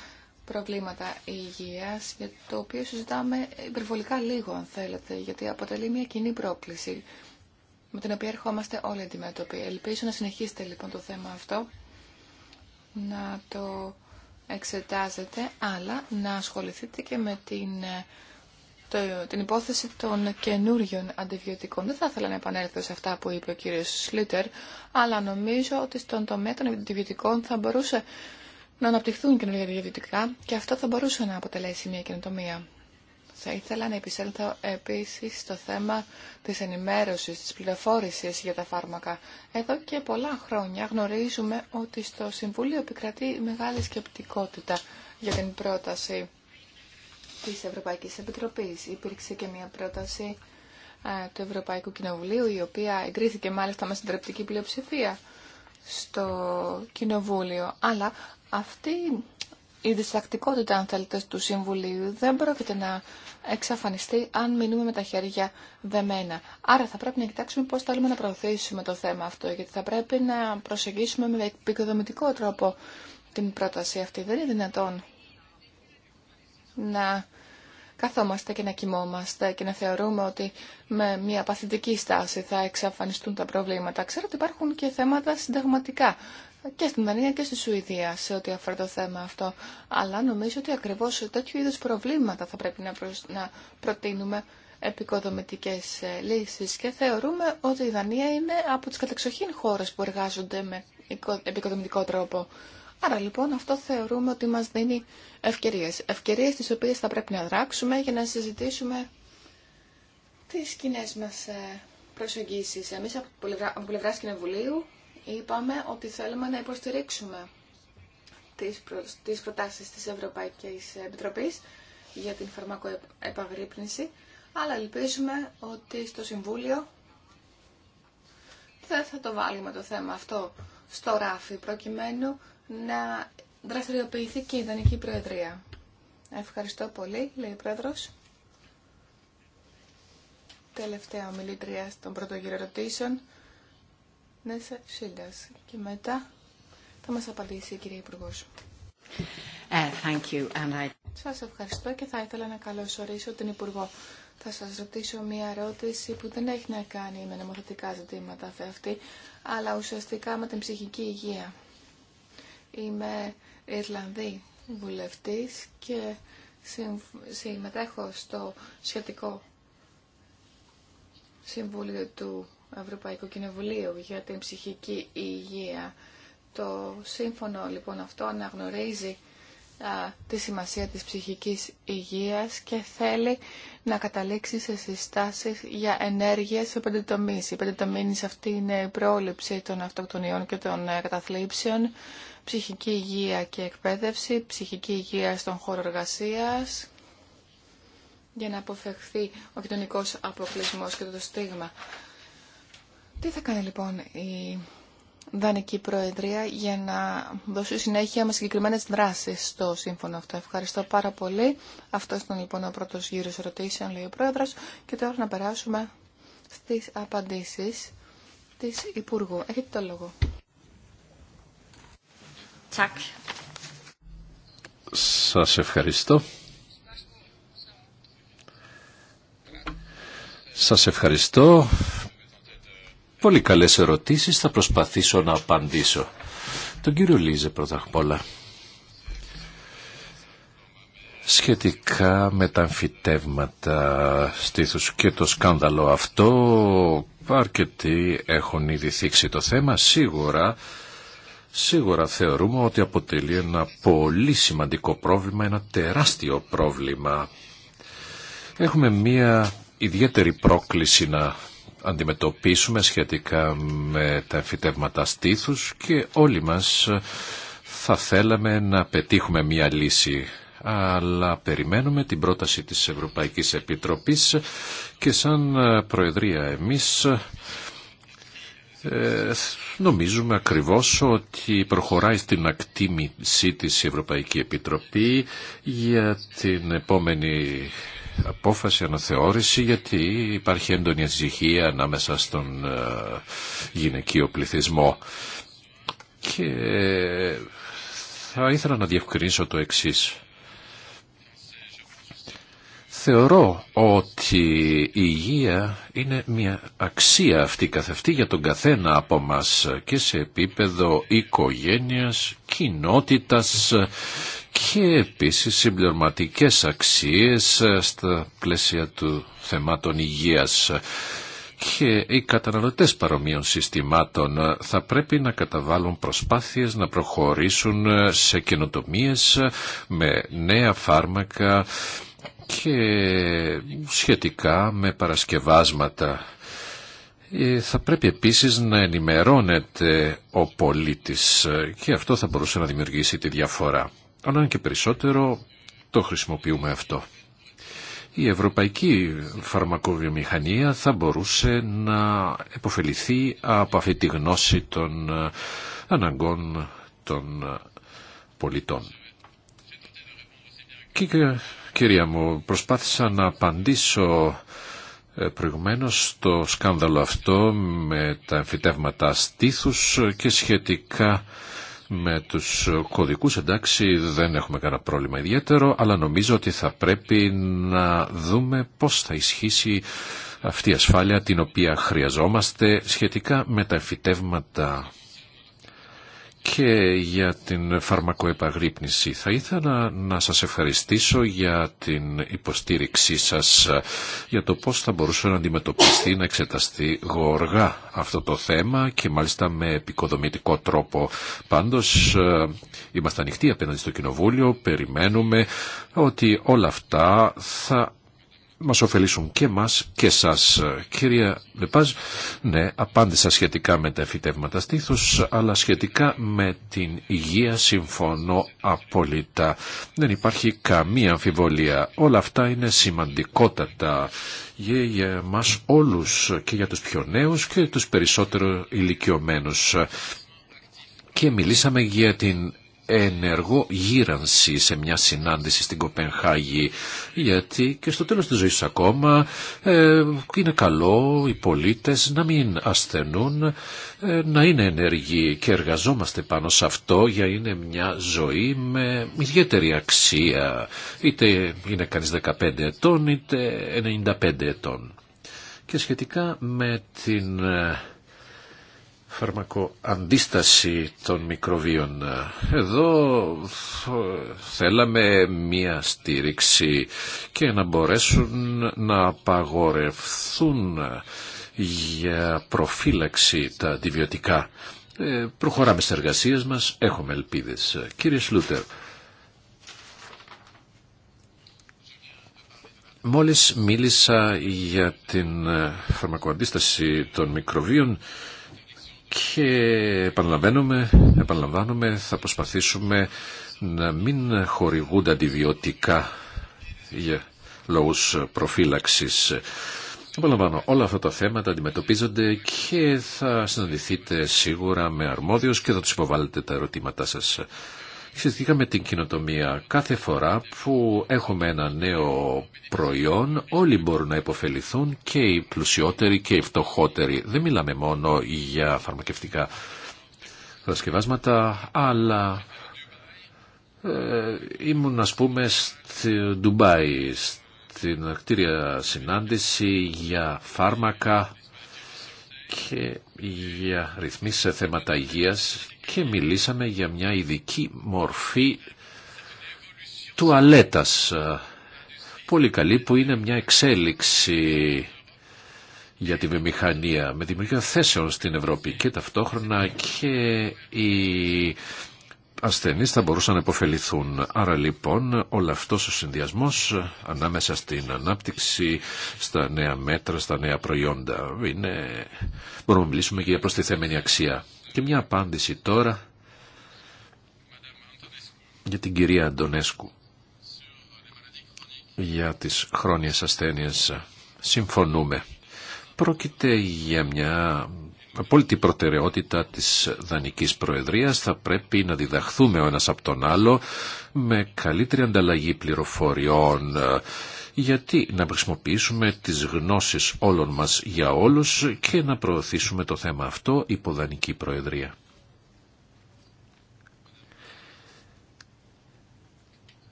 προβλήματα υγείας, για το οποίο συζητάμε υπερβολικά λίγο, αν θέλετε, γιατί αποτελεί μια κοινή πρόκληση με την οποία ερχόμαστε όλοι αντιμέτωποι. Ελπίζω να συνεχίσετε λοιπόν το θέμα αυτό, να το εξετάζεται, αλλά να ασχοληθείτε και με την, ε, το, την υπόθεση των καινούριων αντιβιωτικών. Δεν θα ήθελα να επανέλθω σε αυτά που είπε ο κύριος Σλίτερ, αλλά νομίζω ότι στον τομέα των αντιβιωτικών θα μπορούσε να αναπτυχθούν καινούργια αντιβιωτικά και αυτό θα μπορούσε να αποτελέσει μια καινοτομία. Θα ήθελα να επισέλθω επίσης στο θέμα της ενημέρωσης, της πληροφόρησης για τα φάρμακα. Εδώ και πολλά χρόνια γνωρίζουμε ότι στο Συμβούλιο επικρατεί μεγάλη σκεπτικότητα για την πρόταση της Ευρωπαϊκής Επιτροπής. Υπήρξε και μια πρόταση ε, του Ευρωπαϊκού Κοινοβουλίου, η οποία εγκρίθηκε μάλιστα με συντριπτική πλειοψηφία στο Κοινοβούλιο. Αλλά αυτή η διστακτικότητα, αν θέλετε, του Συμβουλίου δεν πρόκειται να εξαφανιστεί αν μείνουμε με τα χέρια δεμένα. Άρα θα πρέπει να κοιτάξουμε πώς θέλουμε να προωθήσουμε το θέμα αυτό, γιατί θα πρέπει να προσεγγίσουμε με επικοδομητικό τρόπο την πρόταση αυτή. Δεν είναι δυνατόν να καθόμαστε και να κοιμόμαστε και να θεωρούμε ότι με μια παθητική στάση θα εξαφανιστούν τα προβλήματα. Ξέρω ότι υπάρχουν και θέματα συνταγματικά και στην Δανία και στη Σουηδία σε ό,τι αφορά το θέμα αυτό. Αλλά νομίζω ότι ακριβώς τέτοιου είδους προβλήματα θα πρέπει να, προσ... να προτείνουμε επικοδομητικές ε, λύσεις και θεωρούμε ότι η Δανία είναι από τις κατεξοχήν χώρες που εργάζονται με επικοδομητικό τρόπο. Άρα λοιπόν αυτό θεωρούμε ότι μας δίνει ευκαιρίες. Ευκαιρίες τις οποίες θα πρέπει να δράξουμε για να συζητήσουμε τις κοινέ μας ε, προσεγγίσεις. Εμείς από πλευρά Κοινοβουλίου είπαμε ότι θέλουμε να υποστηρίξουμε τις, προ... τις προτάσεις της Ευρωπαϊκής Επιτροπής για την φαρμακοεπαγρύπνηση, αλλά ελπίζουμε ότι στο Συμβούλιο δεν θα το βάλουμε το θέμα αυτό στο ράφι, προκειμένου να δραστηριοποιηθεί και η Ιδανική Προεδρία. Ευχαριστώ πολύ, λέει ο Πρόεδρος. Τελευταία ομιλήτρια στον πρώτο ερωτήσεων. Και μετά θα μας απαντήσει η κυρία Υπουργό. Ε, I... Σας ευχαριστώ και θα ήθελα να καλωσορίσω την Υπουργό. Θα σας ρωτήσω μία ερώτηση που δεν έχει να κάνει με νομοθετικά ζητήματα αυτή, αλλά ουσιαστικά με την ψυχική υγεία. Είμαι Ιρλανδή βουλευτής και συμμετέχω στο σχετικό Συμβούλιο του Ευρωπαϊκού Κοινοβουλίου για την ψυχική υγεία. Το σύμφωνο λοιπόν αυτό αναγνωρίζει τη σημασία της ψυχικής υγείας και θέλει να καταλήξει σε συστάσεις για ενέργεια σε πέντε τομείς. η πέντε αυτή είναι η πρόληψη των αυτοκτονιών και των ε, καταθλίψεων, ψυχική υγεία και εκπαίδευση, ψυχική υγεία στον χώρο εργασίας, για να αποφευχθεί ο κοινωνικός αποκλεισμός και το στίγμα τι θα κάνει λοιπόν η Δανική Προεδρία για να δώσει συνέχεια με συγκεκριμένες δράσεις στο σύμφωνο αυτό. Ευχαριστώ πάρα πολύ. Αυτό ήταν λοιπόν ο πρώτος γύρος ερωτήσεων, λέει ο Πρόεδρος. Και τώρα να περάσουμε στις απαντήσεις της Υπουργού. Έχετε το λόγο. Τσακ. Σας ευχαριστώ. Σας ευχαριστώ Πολύ καλές ερωτήσεις, θα προσπαθήσω να απαντήσω. Τον κύριο Λίζε πρώτα απ' όλα. Σχετικά με τα αμφιτεύματα στήθους και το σκάνδαλο αυτό, αρκετοί έχουν ήδη θίξει το θέμα, σίγουρα Σίγουρα θεωρούμε ότι αποτελεί ένα πολύ σημαντικό πρόβλημα, ένα τεράστιο πρόβλημα. Έχουμε μία ιδιαίτερη πρόκληση να αντιμετωπίσουμε σχετικά με τα φυτεύματα στήθους και όλοι μας θα θέλαμε να πετύχουμε μια λύση αλλά περιμένουμε την πρόταση της Ευρωπαϊκής Επιτροπής και σαν Προεδρία εμείς ε, νομίζουμε ακριβώς ότι προχωράει στην ακτίμησή της Ευρωπαϊκή Επιτροπή για την επόμενη απόφαση αναθεώρηση γιατί υπάρχει έντονη ανησυχία ανάμεσα στον ε, γυναικείο πληθυσμό. Και ε, θα ήθελα να διευκρινίσω το εξής. Θεωρώ ότι η υγεία είναι μια αξία αυτή καθευτή για τον καθένα από μας και σε επίπεδο οικογένειας, κοινότητας, και επίσης συμπληρωματικές αξίες ε, στα πλαίσια του θεμάτων υγείας και οι καταναλωτές παρομοίων συστημάτων ε, θα πρέπει να καταβάλουν προσπάθειες να προχωρήσουν ε, σε καινοτομίες με νέα φάρμακα και σχετικά με παρασκευάσματα. Θα πρέπει επίσης να ενημερώνεται ο πολίτης και αυτό θα μπορούσε να δημιουργήσει τη διαφορά αλλά και περισσότερο το χρησιμοποιούμε αυτό. Η ευρωπαϊκή φαρμακοβιομηχανία θα μπορούσε να επωφεληθεί από αυτή τη γνώση των ε, αναγκών των ε, πολιτών. Και κυρία μου, προσπάθησα να απαντήσω ε, προηγουμένως στο σκάνδαλο αυτό με τα εμφυτεύματα στήθους και σχετικά με τους κωδικούς εντάξει δεν έχουμε κανένα πρόβλημα ιδιαίτερο, αλλά νομίζω ότι θα πρέπει να δούμε πώς θα ισχύσει αυτή η ασφάλεια την οποία χρειαζόμαστε σχετικά με τα εφητεύματα και για την φαρμακοεπαγρύπνηση. Θα ήθελα να σας ευχαριστήσω για την υποστήριξή σας για το πώς θα μπορούσε να αντιμετωπιστεί, να εξεταστεί γοργά αυτό το θέμα και μάλιστα με επικοδομητικό τρόπο. Πάντως ε, είμαστε ανοιχτοί απέναντι στο Κοινοβούλιο, περιμένουμε ότι όλα αυτά θα Μα ωφελήσουν και μας και σας. Κυρία Λεπάζ, ναι, απάντησα σχετικά με τα εφητεύματα στήθου, αλλά σχετικά με την υγεία συμφωνώ απόλυτα. Δεν υπάρχει καμία αμφιβολία. Όλα αυτά είναι σημαντικότατα για, εμά μας όλους και για τους πιο νέου και τους περισσότερο ηλικιωμένου. Και μιλήσαμε για την ενεργό γύρανση σε μια συνάντηση στην Κοπενχάγη γιατί και στο τέλος της ζωής ακόμα ε, είναι καλό οι πολίτες να μην ασθενούν ε, να είναι ενεργοί και εργαζόμαστε πάνω σε αυτό για είναι μια ζωή με ιδιαίτερη αξία είτε είναι κανείς 15 ετών είτε 95 ετών και σχετικά με την ε, φαρμακοαντίσταση των μικροβίων. Εδώ θέλαμε μία στήριξη και να μπορέσουν να απαγορευθούν για προφύλαξη τα αντιβιωτικά. Ε, προχωράμε στις εργασίες μας, έχουμε ελπίδες. Κύριε Σλούτερ, μόλις μίλησα για την φαρμακοαντίσταση των μικροβίων, και επαναλαμβάνουμε, επαναλαμβάνουμε θα προσπαθήσουμε να μην χορηγούνται αντιβιωτικά για λόγους προφύλαξης. Επαναλαμβάνω, όλα αυτά τα θέματα αντιμετωπίζονται και θα συναντηθείτε σίγουρα με αρμόδιους και θα τους υποβάλλετε τα ερωτήματά σας συζητήκαμε με την κοινοτομία. Κάθε φορά που έχουμε ένα νέο προϊόν, όλοι μπορούν να υποφεληθούν και οι πλουσιότεροι και οι φτωχότεροι. Δεν μιλάμε μόνο για φαρμακευτικά κατασκευάσματα, αλλά ε, ήμουν ας πούμε στη Ντουμπάι, στην κτίρια συνάντηση για φάρμακα και για ρυθμίσεις σε θέματα υγείας και μιλήσαμε για μια ειδική μορφή τουαλέτας. Ε, πολύ καλή που είναι μια εξέλιξη για τη βιομηχανία με δημιουργία θέσεων στην Ευρώπη και ταυτόχρονα και η ασθενείς θα μπορούσαν να υποφεληθούν. Άρα λοιπόν όλο αυτός ο συνδυασμός ε, ανάμεσα στην ανάπτυξη, στα νέα μέτρα, στα νέα προϊόντα είναι... μπορούμε να μιλήσουμε και για προστιθέμενη αξία. Και μια απάντηση τώρα για την κυρία Αντωνέσκου για τις χρόνιες ασθένειες συμφωνούμε. Πρόκειται για μια απόλυτη προτεραιότητα της Δανικής Προεδρίας θα πρέπει να διδαχθούμε ο ένας από τον άλλο με καλύτερη ανταλλαγή πληροφοριών γιατί να χρησιμοποιήσουμε τις γνώσεις όλων μας για όλους και να προωθήσουμε το θέμα αυτό υπό Δανική Προεδρία.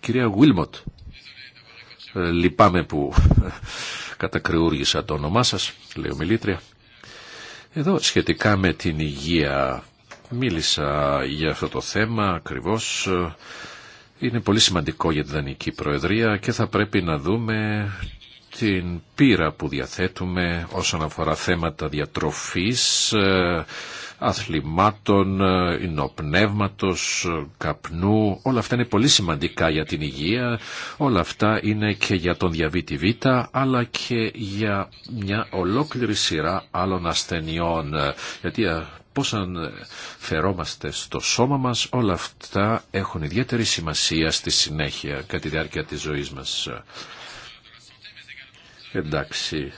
κυρία Γουίλμοτ, λυπάμαι που Κατακριούργησα το όνομά σας, λέει ο Μιλήτρια. Εδώ σχετικά με την υγεία μίλησα για αυτό το θέμα ακριβώς. Είναι πολύ σημαντικό για την Δανική Προεδρία και θα πρέπει να δούμε την πείρα που διαθέτουμε όσον αφορά θέματα διατροφής, ε, αθλημάτων, υνοπνεύματος, ε, ε, καπνού. Όλα αυτά είναι πολύ σημαντικά για την υγεία. Όλα αυτά είναι και για τον διαβήτη Β, αλλά και για μια ολόκληρη σειρά άλλων ασθενειών. Γιατί πώς αν φερόμαστε στο σώμα μας, όλα αυτά έχουν ιδιαίτερη σημασία στη συνέχεια, κατά τη διάρκεια της ζωής μας. Εντάξει.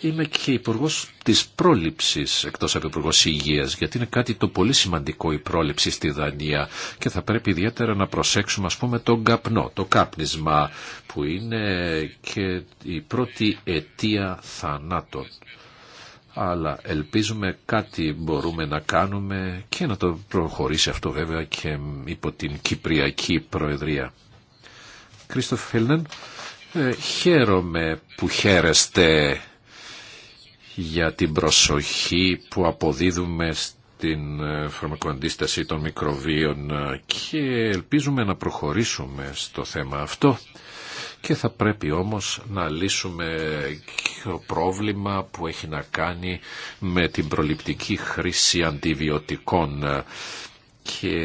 Είμαι και υπουργό τη πρόληψη, εκτό από υπουργό υγεία, γιατί είναι κάτι το πολύ σημαντικό η πρόληψη στη Δανία και θα πρέπει ιδιαίτερα να προσέξουμε, α πούμε, τον καπνό, το κάπνισμα, που είναι και η πρώτη αιτία θανάτων. Αλλά ελπίζουμε κάτι μπορούμε να κάνουμε και να το προχωρήσει αυτό βέβαια και υπό την Κυπριακή Προεδρία. Κρίστοφ Χέλνεν. Ε, χαίρομαι που χαίρεστε για την προσοχή που αποδίδουμε στην ε, φαρμακοαντίσταση των μικροβίων ε, και ελπίζουμε να προχωρήσουμε στο θέμα αυτό και θα πρέπει όμως να λύσουμε το πρόβλημα που έχει να κάνει με την προληπτική χρήση αντιβιωτικών και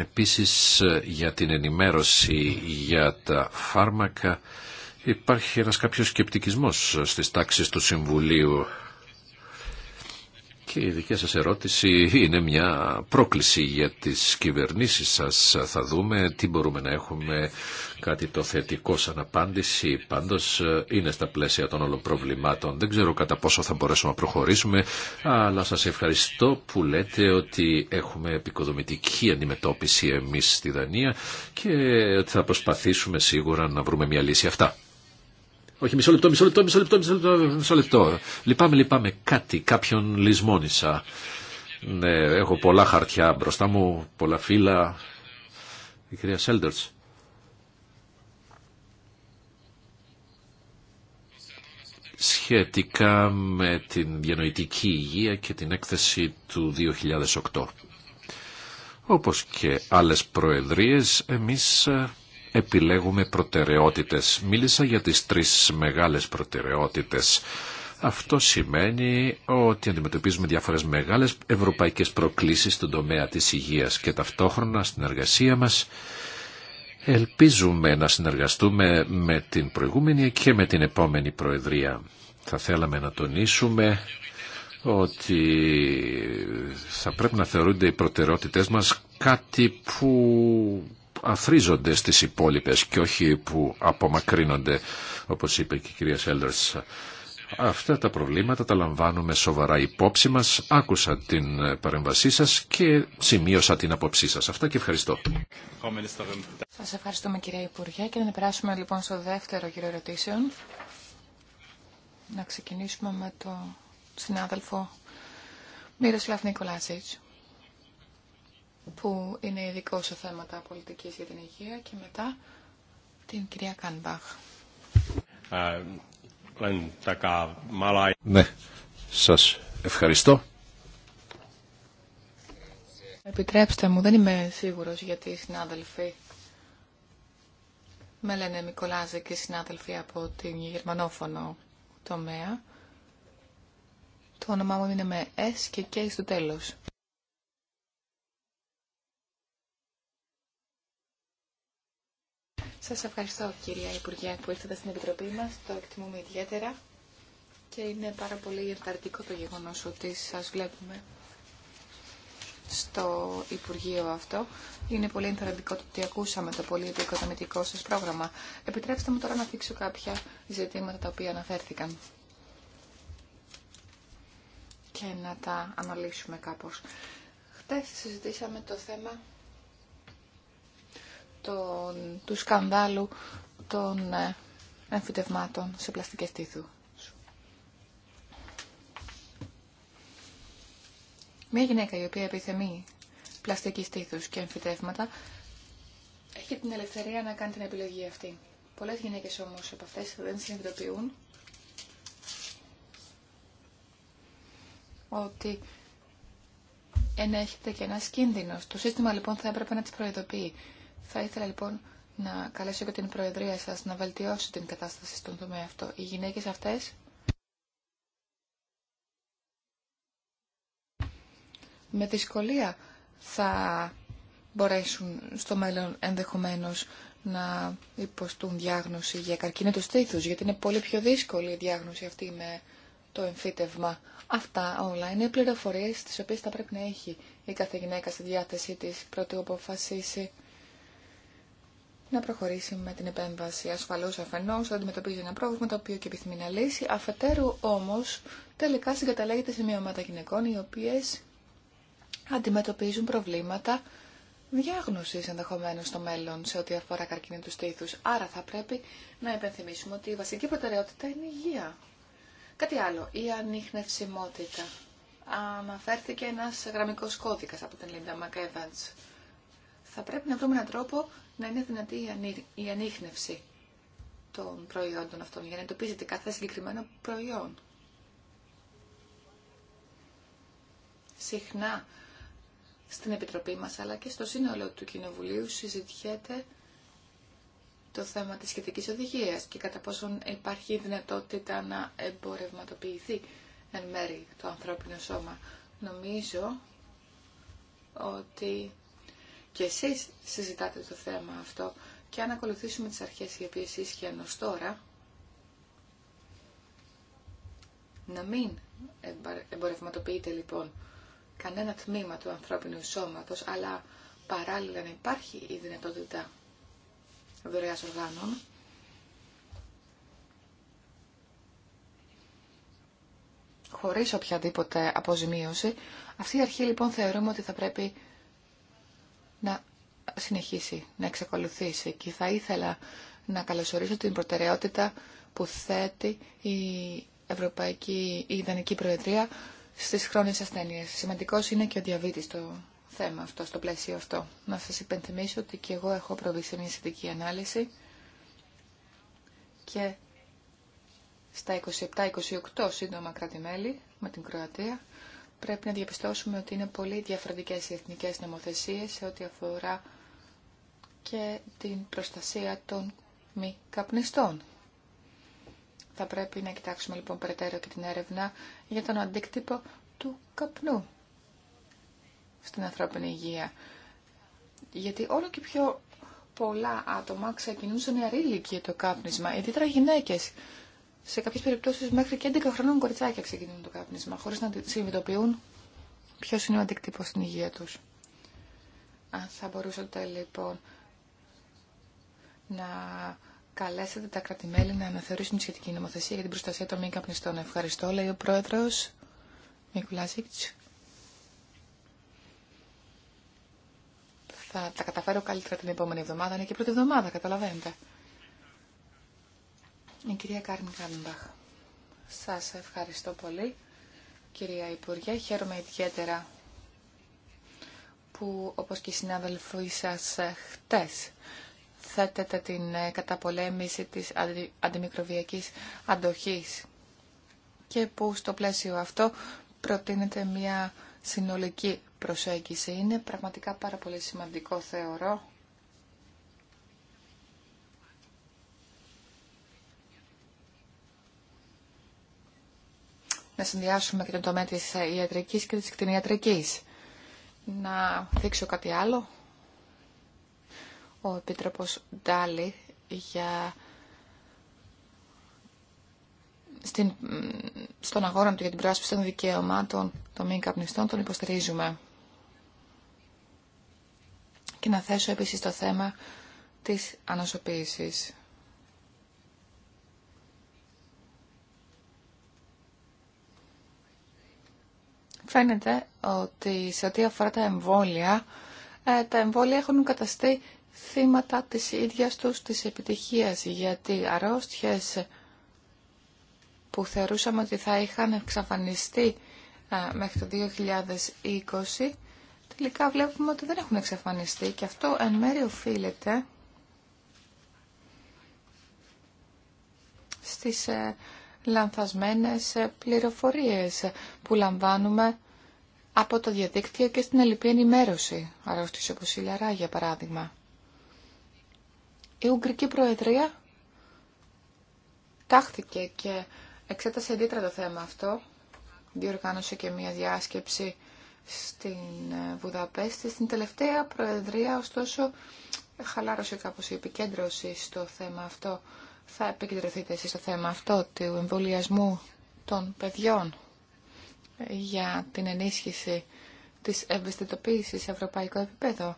Επίσης ε, για την ενημέρωση για τα φάρμακα υπάρχει ένας κάποιος σκεπτικισμός ε, στις τάξεις του Συμβουλίου και η δική σας ερώτηση είναι μια πρόκληση για τις κυβερνήσεις σας. Θα δούμε τι μπορούμε να έχουμε κάτι το θετικό σαν απάντηση. Πάντως είναι στα πλαίσια των όλων προβλημάτων. Δεν ξέρω κατά πόσο θα μπορέσουμε να προχωρήσουμε, αλλά σας ευχαριστώ που λέτε ότι έχουμε επικοδομητική αντιμετώπιση εμείς στη Δανία και ότι θα προσπαθήσουμε σίγουρα να βρούμε μια λύση αυτά. Όχι, μισό λεπτό, μισό λεπτό, μισό λεπτό, μισό λεπτό, μισό λεπτό. Λυπάμαι, λυπάμαι κάτι, κάποιον λησμόνισα. Ναι, έχω πολλά χαρτιά μπροστά μου, πολλά φύλλα. Η κυρία Σέλντερτς. σχετικά με την διανοητική υγεία και την έκθεση του 2008. Όπως και άλλες προεδρίες, εμείς ε, επιλέγουμε προτεραιότητες. Μίλησα για τις τρεις μεγάλες προτεραιότητες. Αυτό σημαίνει ότι αντιμετωπίζουμε διάφορες μεγάλες ευρωπαϊκές προκλήσεις στον τομέα της υγείας και ταυτόχρονα στην εργασία μας ελπίζουμε να συνεργαστούμε με την προηγούμενη και με την επόμενη Προεδρία. Θα θέλαμε να τονίσουμε ότι θα πρέπει να θεωρούνται οι προτεραιότητές μας κάτι που αθρίζονται στις υπόλοιπες και όχι που απομακρύνονται, όπως είπε και η κυρία Σέλτερς. Αυτά τα προβλήματα τα λαμβάνουμε σοβαρά υπόψη μας. Άκουσα την παρέμβασή σας και σημείωσα την απόψή σας. Αυτά και ευχαριστώ. Σας ευχαριστούμε κυρία Υπουργέ και να περάσουμε λοιπόν στο δεύτερο κύριο ερωτήσεων. Να ξεκινήσουμε με τον συνάδελφο Μύρος Λαφνικολάτσιτς που είναι ειδικό σε θέματα πολιτικής για την υγεία και μετά την κυρία Κάνμπαχ. Ναι, σας ευχαριστώ. Επιτρέψτε μου, δεν είμαι σίγουρος γιατί οι συνάδελφοι με λένε Μικολάζε και συνάδελφοι από την γερμανόφωνο τομέα. Το όνομά μου είναι με S και K στο τέλος. Σας ευχαριστώ κυρία Υπουργέ που ήρθατε στην Επιτροπή μας, το εκτιμούμε ιδιαίτερα και είναι πάρα πολύ ενθαρρυντικό το γεγονός ότι σας βλέπουμε στο Υπουργείο αυτό. Είναι πολύ ενθαρρυντικό το ότι ακούσαμε το πολύ επικοδομητικό σας πρόγραμμα. Επιτρέψτε μου τώρα να θίξω κάποια ζητήματα τα οποία αναφέρθηκαν και να τα αναλύσουμε κάπως. Χτες συζητήσαμε το θέμα τον, του σκανδάλου των ε, εμφυτευμάτων σε πλαστικές τύθου. Μία γυναίκα η οποία επιθυμεί πλαστική στήθους και εμφυτεύματα έχει την ελευθερία να κάνει την επιλογή αυτή. Πολλές γυναίκες όμως από αυτές δεν συνειδητοποιούν ότι ενέχεται και ένας κίνδυνος. Το σύστημα λοιπόν θα έπρεπε να τις προειδοποιεί. Θα ήθελα λοιπόν να καλέσω και την Προεδρία σας να βελτιώσει την κατάσταση στον τομέα αυτό. Οι γυναίκες αυτές με δυσκολία θα μπορέσουν στο μέλλον ενδεχομένως να υποστούν διάγνωση για καρκίνο του στήθους, γιατί είναι πολύ πιο δύσκολη η διάγνωση αυτή με το εμφύτευμα. Αυτά όλα είναι πληροφορίες τις οποίες θα πρέπει να έχει η κάθε γυναίκα στη διάθεσή της πρώτη αποφασίσει να προχωρήσει με την επέμβαση. Ασφαλώς αφενός αντιμετωπίζει ένα πρόβλημα το οποίο και επιθυμεί να λύσει. Αφετέρου όμως τελικά συγκαταλέγεται σε μια ομάδα γυναικών οι οποίες αντιμετωπίζουν προβλήματα διάγνωσης ενδεχομένως στο μέλλον σε ό,τι αφορά καρκίνο του στήθους. Άρα θα πρέπει να υπενθυμίσουμε ότι η βασική προτεραιότητα είναι η υγεία. Κάτι άλλο, η ανείχνευσιμότητα. Αναφέρθηκε ένας γραμμικός κώδικας από την Λίντα Μακέβαντς. Θα πρέπει να βρούμε έναν τρόπο να είναι δυνατή η ανείχνευση των προϊόντων αυτών για να εντοπίζεται κάθε συγκεκριμένο προϊόν. Συχνά στην Επιτροπή μας αλλά και στο σύνολο του Κοινοβουλίου συζητιέται το θέμα της σχετικής οδηγίας και κατά πόσον υπάρχει δυνατότητα να εμπορευματοποιηθεί εν μέρη το ανθρώπινο σώμα. Νομίζω ότι και εσείς συζητάτε το θέμα αυτό και αν ακολουθήσουμε τις αρχές οι οποίες ίσχυαν ως τώρα, να μην εμπορευματοποιείται λοιπόν κανένα τμήμα του ανθρώπινου σώματος, αλλά παράλληλα να υπάρχει η δυνατότητα δωρεάς οργάνων, χωρίς οποιαδήποτε αποζημίωση. Αυτή η αρχή λοιπόν θεωρούμε ότι θα πρέπει να συνεχίσει, να εξακολουθήσει. Και θα ήθελα να καλωσορίσω την προτεραιότητα που θέτει η Ευρωπαϊκή η Ιδανική Προεδρία στις χρόνιες ασθένειες. Σημαντικός είναι και ο διαβήτης το θέμα αυτό, στο πλαίσιο αυτό. Να σας υπενθυμίσω ότι και εγώ έχω προβεί σε μια σχετική ανάλυση και στα 27-28 σύντομα κράτη-μέλη με την Κροατία πρέπει να διαπιστώσουμε ότι είναι πολύ διαφορετικές οι εθνικές νομοθεσίες σε ό,τι αφορά και την προστασία των μη καπνιστών. Θα πρέπει να κοιτάξουμε λοιπόν περαιτέρω και την έρευνα για τον αντίκτυπο του καπνού στην ανθρώπινη υγεία. Γιατί όλο και πιο πολλά άτομα ξεκινούν σε νεαρή το κάπνισμα, ιδιαίτερα γυναίκες σε κάποιε περιπτώσει μέχρι και 11 χρονών κοριτσάκια ξεκινούν το καπνίσμα, χωρίς να συνειδητοποιούν ποιο είναι ο αντικτύπο στην υγεία τους. Αν θα μπορούσατε λοιπόν να καλέσετε τα κρατημέλη να αναθεωρήσουν τη σχετική νομοθεσία για την προστασία των μη καπνιστών. Ευχαριστώ, λέει ο πρόεδρος Θα τα καταφέρω καλύτερα την επόμενη εβδομάδα, είναι και πρώτη εβδομάδα, καταλαβαίνετε. Η κυρία Κάρμιν Σας ευχαριστώ πολύ, κυρία Υπουργέ. Χαίρομαι ιδιαίτερα που, όπως και οι συνάδελφοί σας χτες, θέτετε την ε, καταπολέμηση της αντιμικροβιακής αντοχής και που στο πλαίσιο αυτό προτείνεται μια συνολική προσέγγιση. Είναι πραγματικά πάρα πολύ σημαντικό, θεωρώ, να συνδυάσουμε και τον τομέα τη ιατρικής και της κτηνιατρικής. Να δείξω κάτι άλλο. Ο επίτροπο Ντάλι για... Στην... στον αγώνα του για την προάσπιση των δικαιωμάτων των μη καπνιστών τον υποστηρίζουμε. Και να θέσω επίσης το θέμα της ανασωπήσης. φαίνεται ότι σε ό,τι αφορά τα εμβόλια, ε, τα εμβόλια έχουν καταστεί θύματα της ίδιας τους της επιτυχίας, γιατί αρρώστιες που θεωρούσαμε ότι θα είχαν εξαφανιστεί ε, μέχρι το 2020, τελικά βλέπουμε ότι δεν έχουν εξαφανιστεί και αυτό εν μέρει οφείλεται στις ε, λανθασμένες πληροφορίες που λαμβάνουμε από το διαδίκτυο και στην ελληπή ενημέρωση, αρρώστησε όπως η Λαρά για παράδειγμα. Η Ουγγρική Προεδρία τάχθηκε και εξέτασε αντίτρα το θέμα αυτό. Διοργάνωσε και μια διάσκεψη στην Βουδαπέστη. Στην τελευταία Προεδρία, ωστόσο, χαλάρωσε κάπως η επικέντρωση στο θέμα αυτό θα επικεντρωθείτε εσείς στο θέμα αυτό του εμβολιασμού των παιδιών για την ενίσχυση της ευαισθητοποίησης σε ευρωπαϊκό επίπεδο.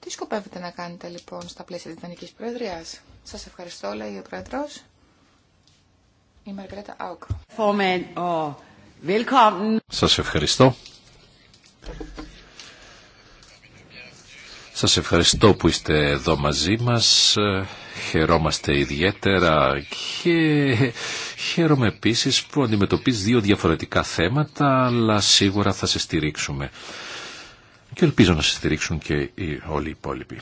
Τι σκοπεύετε να κάνετε λοιπόν στα πλαίσια της Δανικής Προεδρίας. Σας ευχαριστώ, λέει ο Πρόεδρος. Η Μαργρέτα Άουκ. Σας ευχαριστώ. Σας ευχαριστώ που είστε εδώ μαζί μας. Χαιρόμαστε ιδιαίτερα και χαίρομαι επίσης που αντιμετωπίζει δύο διαφορετικά θέματα, αλλά σίγουρα θα σε στηρίξουμε. Και ελπίζω να σε στηρίξουν και οι όλοι οι υπόλοιποι.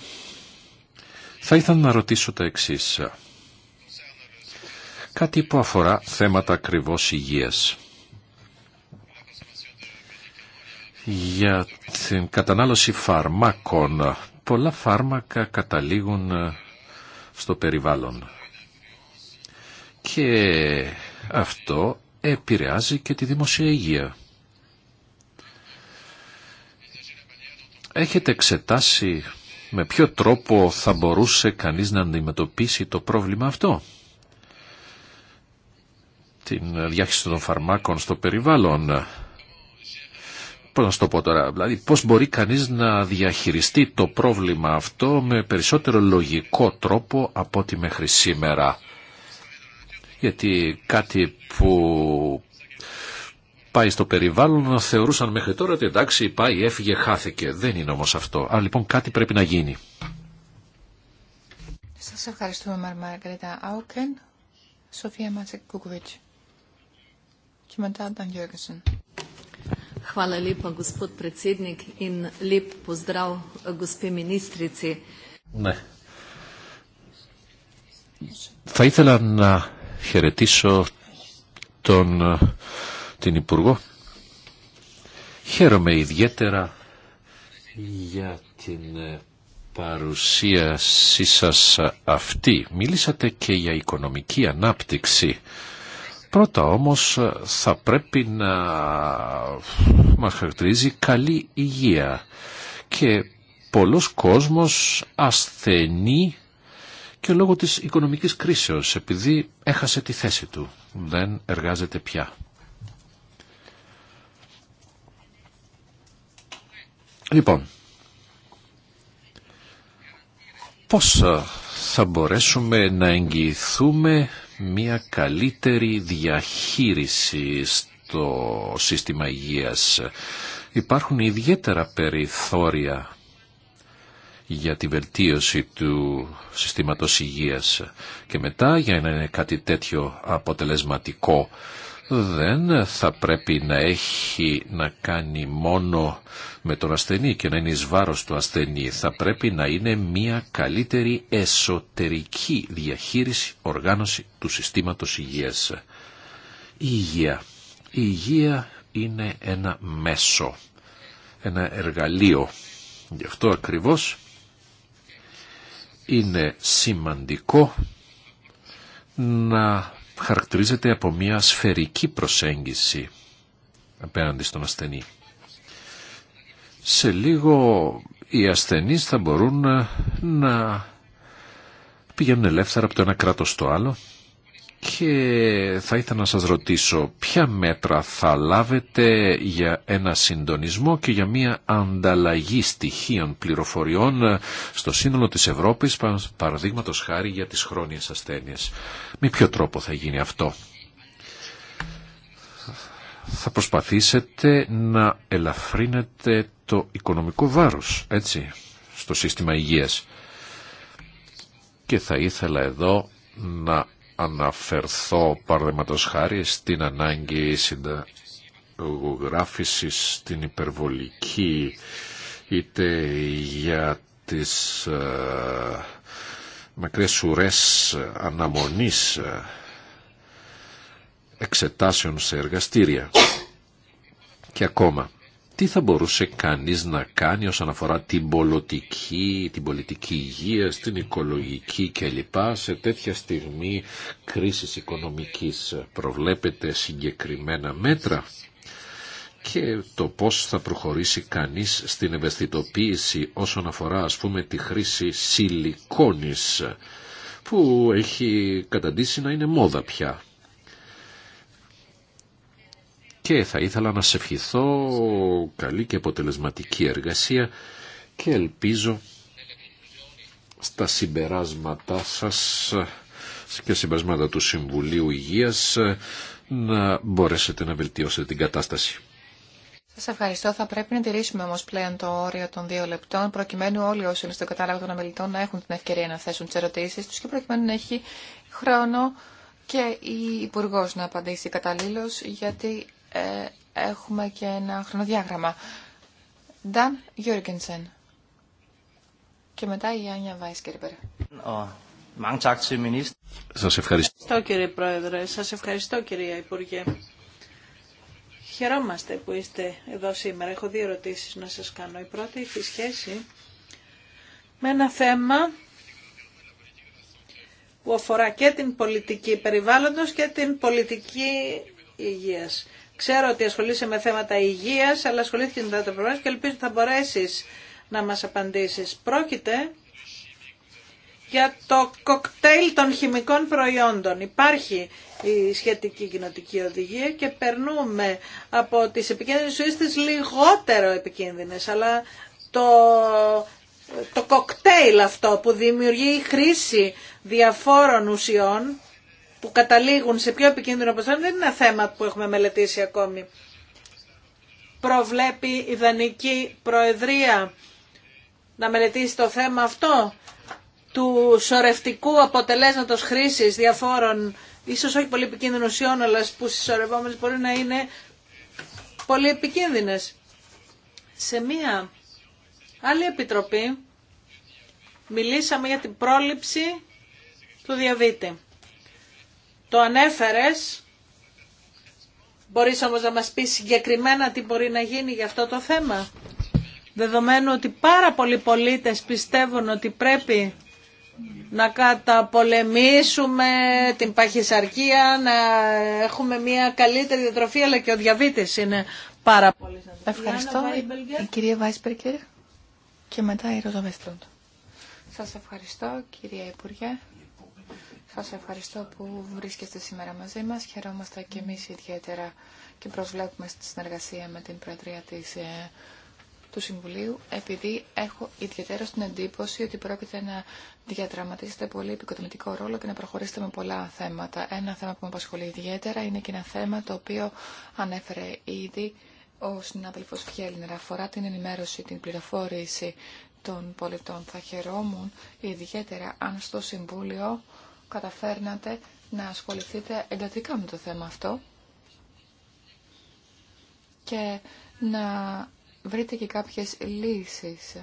Θα ήθελα να ρωτήσω τα εξής. Κάτι που αφορά θέματα ακριβώς υγείας. για την κατανάλωση φαρμάκων. Πολλά φάρμακα καταλήγουν ε, στο περιβάλλον. Και αυτό επηρεάζει και τη δημοσία υγεία. Έχετε εξετάσει με ποιο τρόπο θα μπορούσε κανείς να αντιμετωπίσει το πρόβλημα αυτό. Την διάχυση των φαρμάκων στο περιβάλλον πώς να το πω τώρα, δηλαδή πώς μπορεί κανείς να διαχειριστεί το πρόβλημα αυτό με περισσότερο λογικό τρόπο από ό,τι μέχρι σήμερα. Γιατί κάτι που πάει στο περιβάλλον θεωρούσαν μέχρι τώρα ότι εντάξει πάει, έφυγε, χάθηκε. Δεν είναι όμως αυτό. Αλλά λοιπόν κάτι πρέπει να γίνει. Σας ευχαριστούμε Άουκεν, Σοφία Μάτσεκ και μετά Hvala lepa, gospod predsednik, in lep pozdrav gospe ministrici. Θα ήθελα να χαιρετήσω τον, την Υπουργό. Χαίρομαι ιδιαίτερα για την παρουσίασή σας αυτή. Μίλησατε και για οικονομική ανάπτυξη. Πρώτα όμως ε, θα πρέπει να μας χαρακτηρίζει καλή υγεία και πολλός κόσμος ασθενεί και λόγω της οικονομικής κρίσεως επειδή έχασε τη θέση του, δεν εργάζεται πια. Λοιπόν, πώς ε, θα μπορέσουμε να εγγυηθούμε μια καλύτερη διαχείριση στο σύστημα υγείας. Υπάρχουν ιδιαίτερα περιθώρια για τη βελτίωση του συστήματος υγείας και μετά για να είναι κάτι τέτοιο αποτελεσματικό δεν θα πρέπει να έχει να κάνει μόνο με τον ασθενή και να είναι εις βάρος του ασθενή. Θα πρέπει να είναι μια καλύτερη εσωτερική διαχείριση, οργάνωση του συστήματος υγείας. Η υγεία. Η υγεία είναι ένα μέσο, ένα εργαλείο. Γι' αυτό ακριβώς είναι σημαντικό να χαρακτηρίζεται από μια σφαιρική προσέγγιση απέναντι στον ασθενή. Σε λίγο οι ασθενείς θα μπορούν να, πηγαίνουν ελεύθερα από το ένα κράτος στο άλλο και θα ήθελα να σας ρωτήσω ποια μέτρα θα λάβετε για ένα συντονισμό και για μια ανταλλαγή στοιχείων πληροφοριών στο σύνολο της Ευρώπης, παραδείγματο χάρη για τις χρόνιες ασθένειες. Με ποιο τρόπο θα γίνει αυτό. Θα προσπαθήσετε να ελαφρύνετε το οικονομικό βάρος, έτσι, στο σύστημα υγείας. Και θα ήθελα εδώ να αναφερθώ παραδείγματο χάρη στην ανάγκη συνταγογράφησης στην υπερβολική είτε για τις α, ε, μακρές ουρές αναμονής ε, εξετάσεων σε εργαστήρια. Και ακόμα, τι θα μπορούσε κανείς να κάνει όσον αφορά την πολιτική, την πολιτική υγεία, την οικολογική κλπ. σε τέτοια στιγμή κρίσης οικονομικής προβλέπεται συγκεκριμένα μέτρα και το πώς θα προχωρήσει κανείς στην ευαισθητοποίηση όσον αφορά ας πούμε τη χρήση σιλικόνης που έχει καταντήσει να είναι μόδα πια και θα ήθελα να σε ευχηθώ καλή και αποτελεσματική εργασία και ελπίζω στα συμπεράσματά σας και συμπεράσματα του Συμβουλίου Υγείας να μπορέσετε να βελτιώσετε την κατάσταση. Σας ευχαριστώ. Θα πρέπει να τηρήσουμε όμως πλέον το όριο των δύο λεπτών, προκειμένου όλοι όσοι είναι στο κατάλογο των αμελητών να έχουν την ευκαιρία να θέσουν τις ερωτήσεις τους και προκειμένου να έχει χρόνο και η Υπουργό να απαντήσει καταλήλως, γιατί ε, έχουμε και ένα χρονοδιάγραμμα. Dan Jürgensen. Και μετά η Άνια Βάισκερπερ. Σας ευχαριστώ κύριε Πρόεδρε, σας ευχαριστώ κυρία Υπουργέ. Χαιρόμαστε που είστε εδώ σήμερα. Έχω δύο ερωτήσεις να σας κάνω. Η πρώτη έχει σχέση με ένα θέμα που αφορά και την πολιτική περιβάλλοντος και την πολιτική υγείας. Ξέρω ότι ασχολείσαι με θέματα υγείας, αλλά ασχολήθηκε με τα προβλήματα και ελπίζω ότι θα μπορέσει να μας απαντήσεις. Πρόκειται για το κοκτέιλ των χημικών προϊόντων. Υπάρχει η σχετική κοινοτική οδηγία και περνούμε από τις επικίνδυνες ουσίες τις λιγότερο επικίνδυνες, αλλά το, το κοκτέιλ αυτό που δημιουργεί η χρήση διαφόρων ουσιών που καταλήγουν σε πιο επικίνδυνο προϊόν δεν είναι ένα θέμα που έχουμε μελετήσει ακόμη. Προβλέπει η Δανική Προεδρία να μελετήσει το θέμα αυτό του σορευτικού αποτελέσματος χρήσης διαφόρων, ίσως όχι πολύ επικίνδυνων ουσιών, αλλά που συσσωρευόμενες μπορεί να είναι πολύ επικίνδυνες. Σε μία άλλη επιτροπή μιλήσαμε για την πρόληψη του διαβήτη. Το ανέφερες, μπορείς όμως να μας πεις συγκεκριμένα τι μπορεί να γίνει για αυτό το θέμα. Δεδομένου ότι πάρα πολλοί πολίτες πιστεύουν ότι πρέπει να καταπολεμήσουμε την παχυσαρκία, να έχουμε μια καλύτερη διατροφή, αλλά και ο διαβήτης είναι πάρα πολύ Ευχαριστώ. Η, κυρία Βάισπερκερ και μετά η Ροζα Σας ευχαριστώ κυρία Υπουργέ. Σας ευχαριστώ που βρίσκεστε σήμερα μαζί μας. Χαιρόμαστε και εμείς ιδιαίτερα και προσβλέπουμε στη συνεργασία με την Προεδρία της, ε, του Συμβουλίου, επειδή έχω ιδιαίτερα στην εντύπωση ότι πρόκειται να διαδραματίσετε πολύ επικοδομητικό ρόλο και να προχωρήσετε με πολλά θέματα. Ένα θέμα που με απασχολεί ιδιαίτερα είναι και ένα θέμα το οποίο ανέφερε ήδη ο συνάδελφος Φιέλνερ αφορά την ενημέρωση, την πληροφόρηση των πολιτών. Θα χαιρόμουν ιδιαίτερα αν στο Συμβούλιο καταφέρνατε να ασχοληθείτε εντατικά με το θέμα αυτό και να βρείτε και κάποιες λύσεις.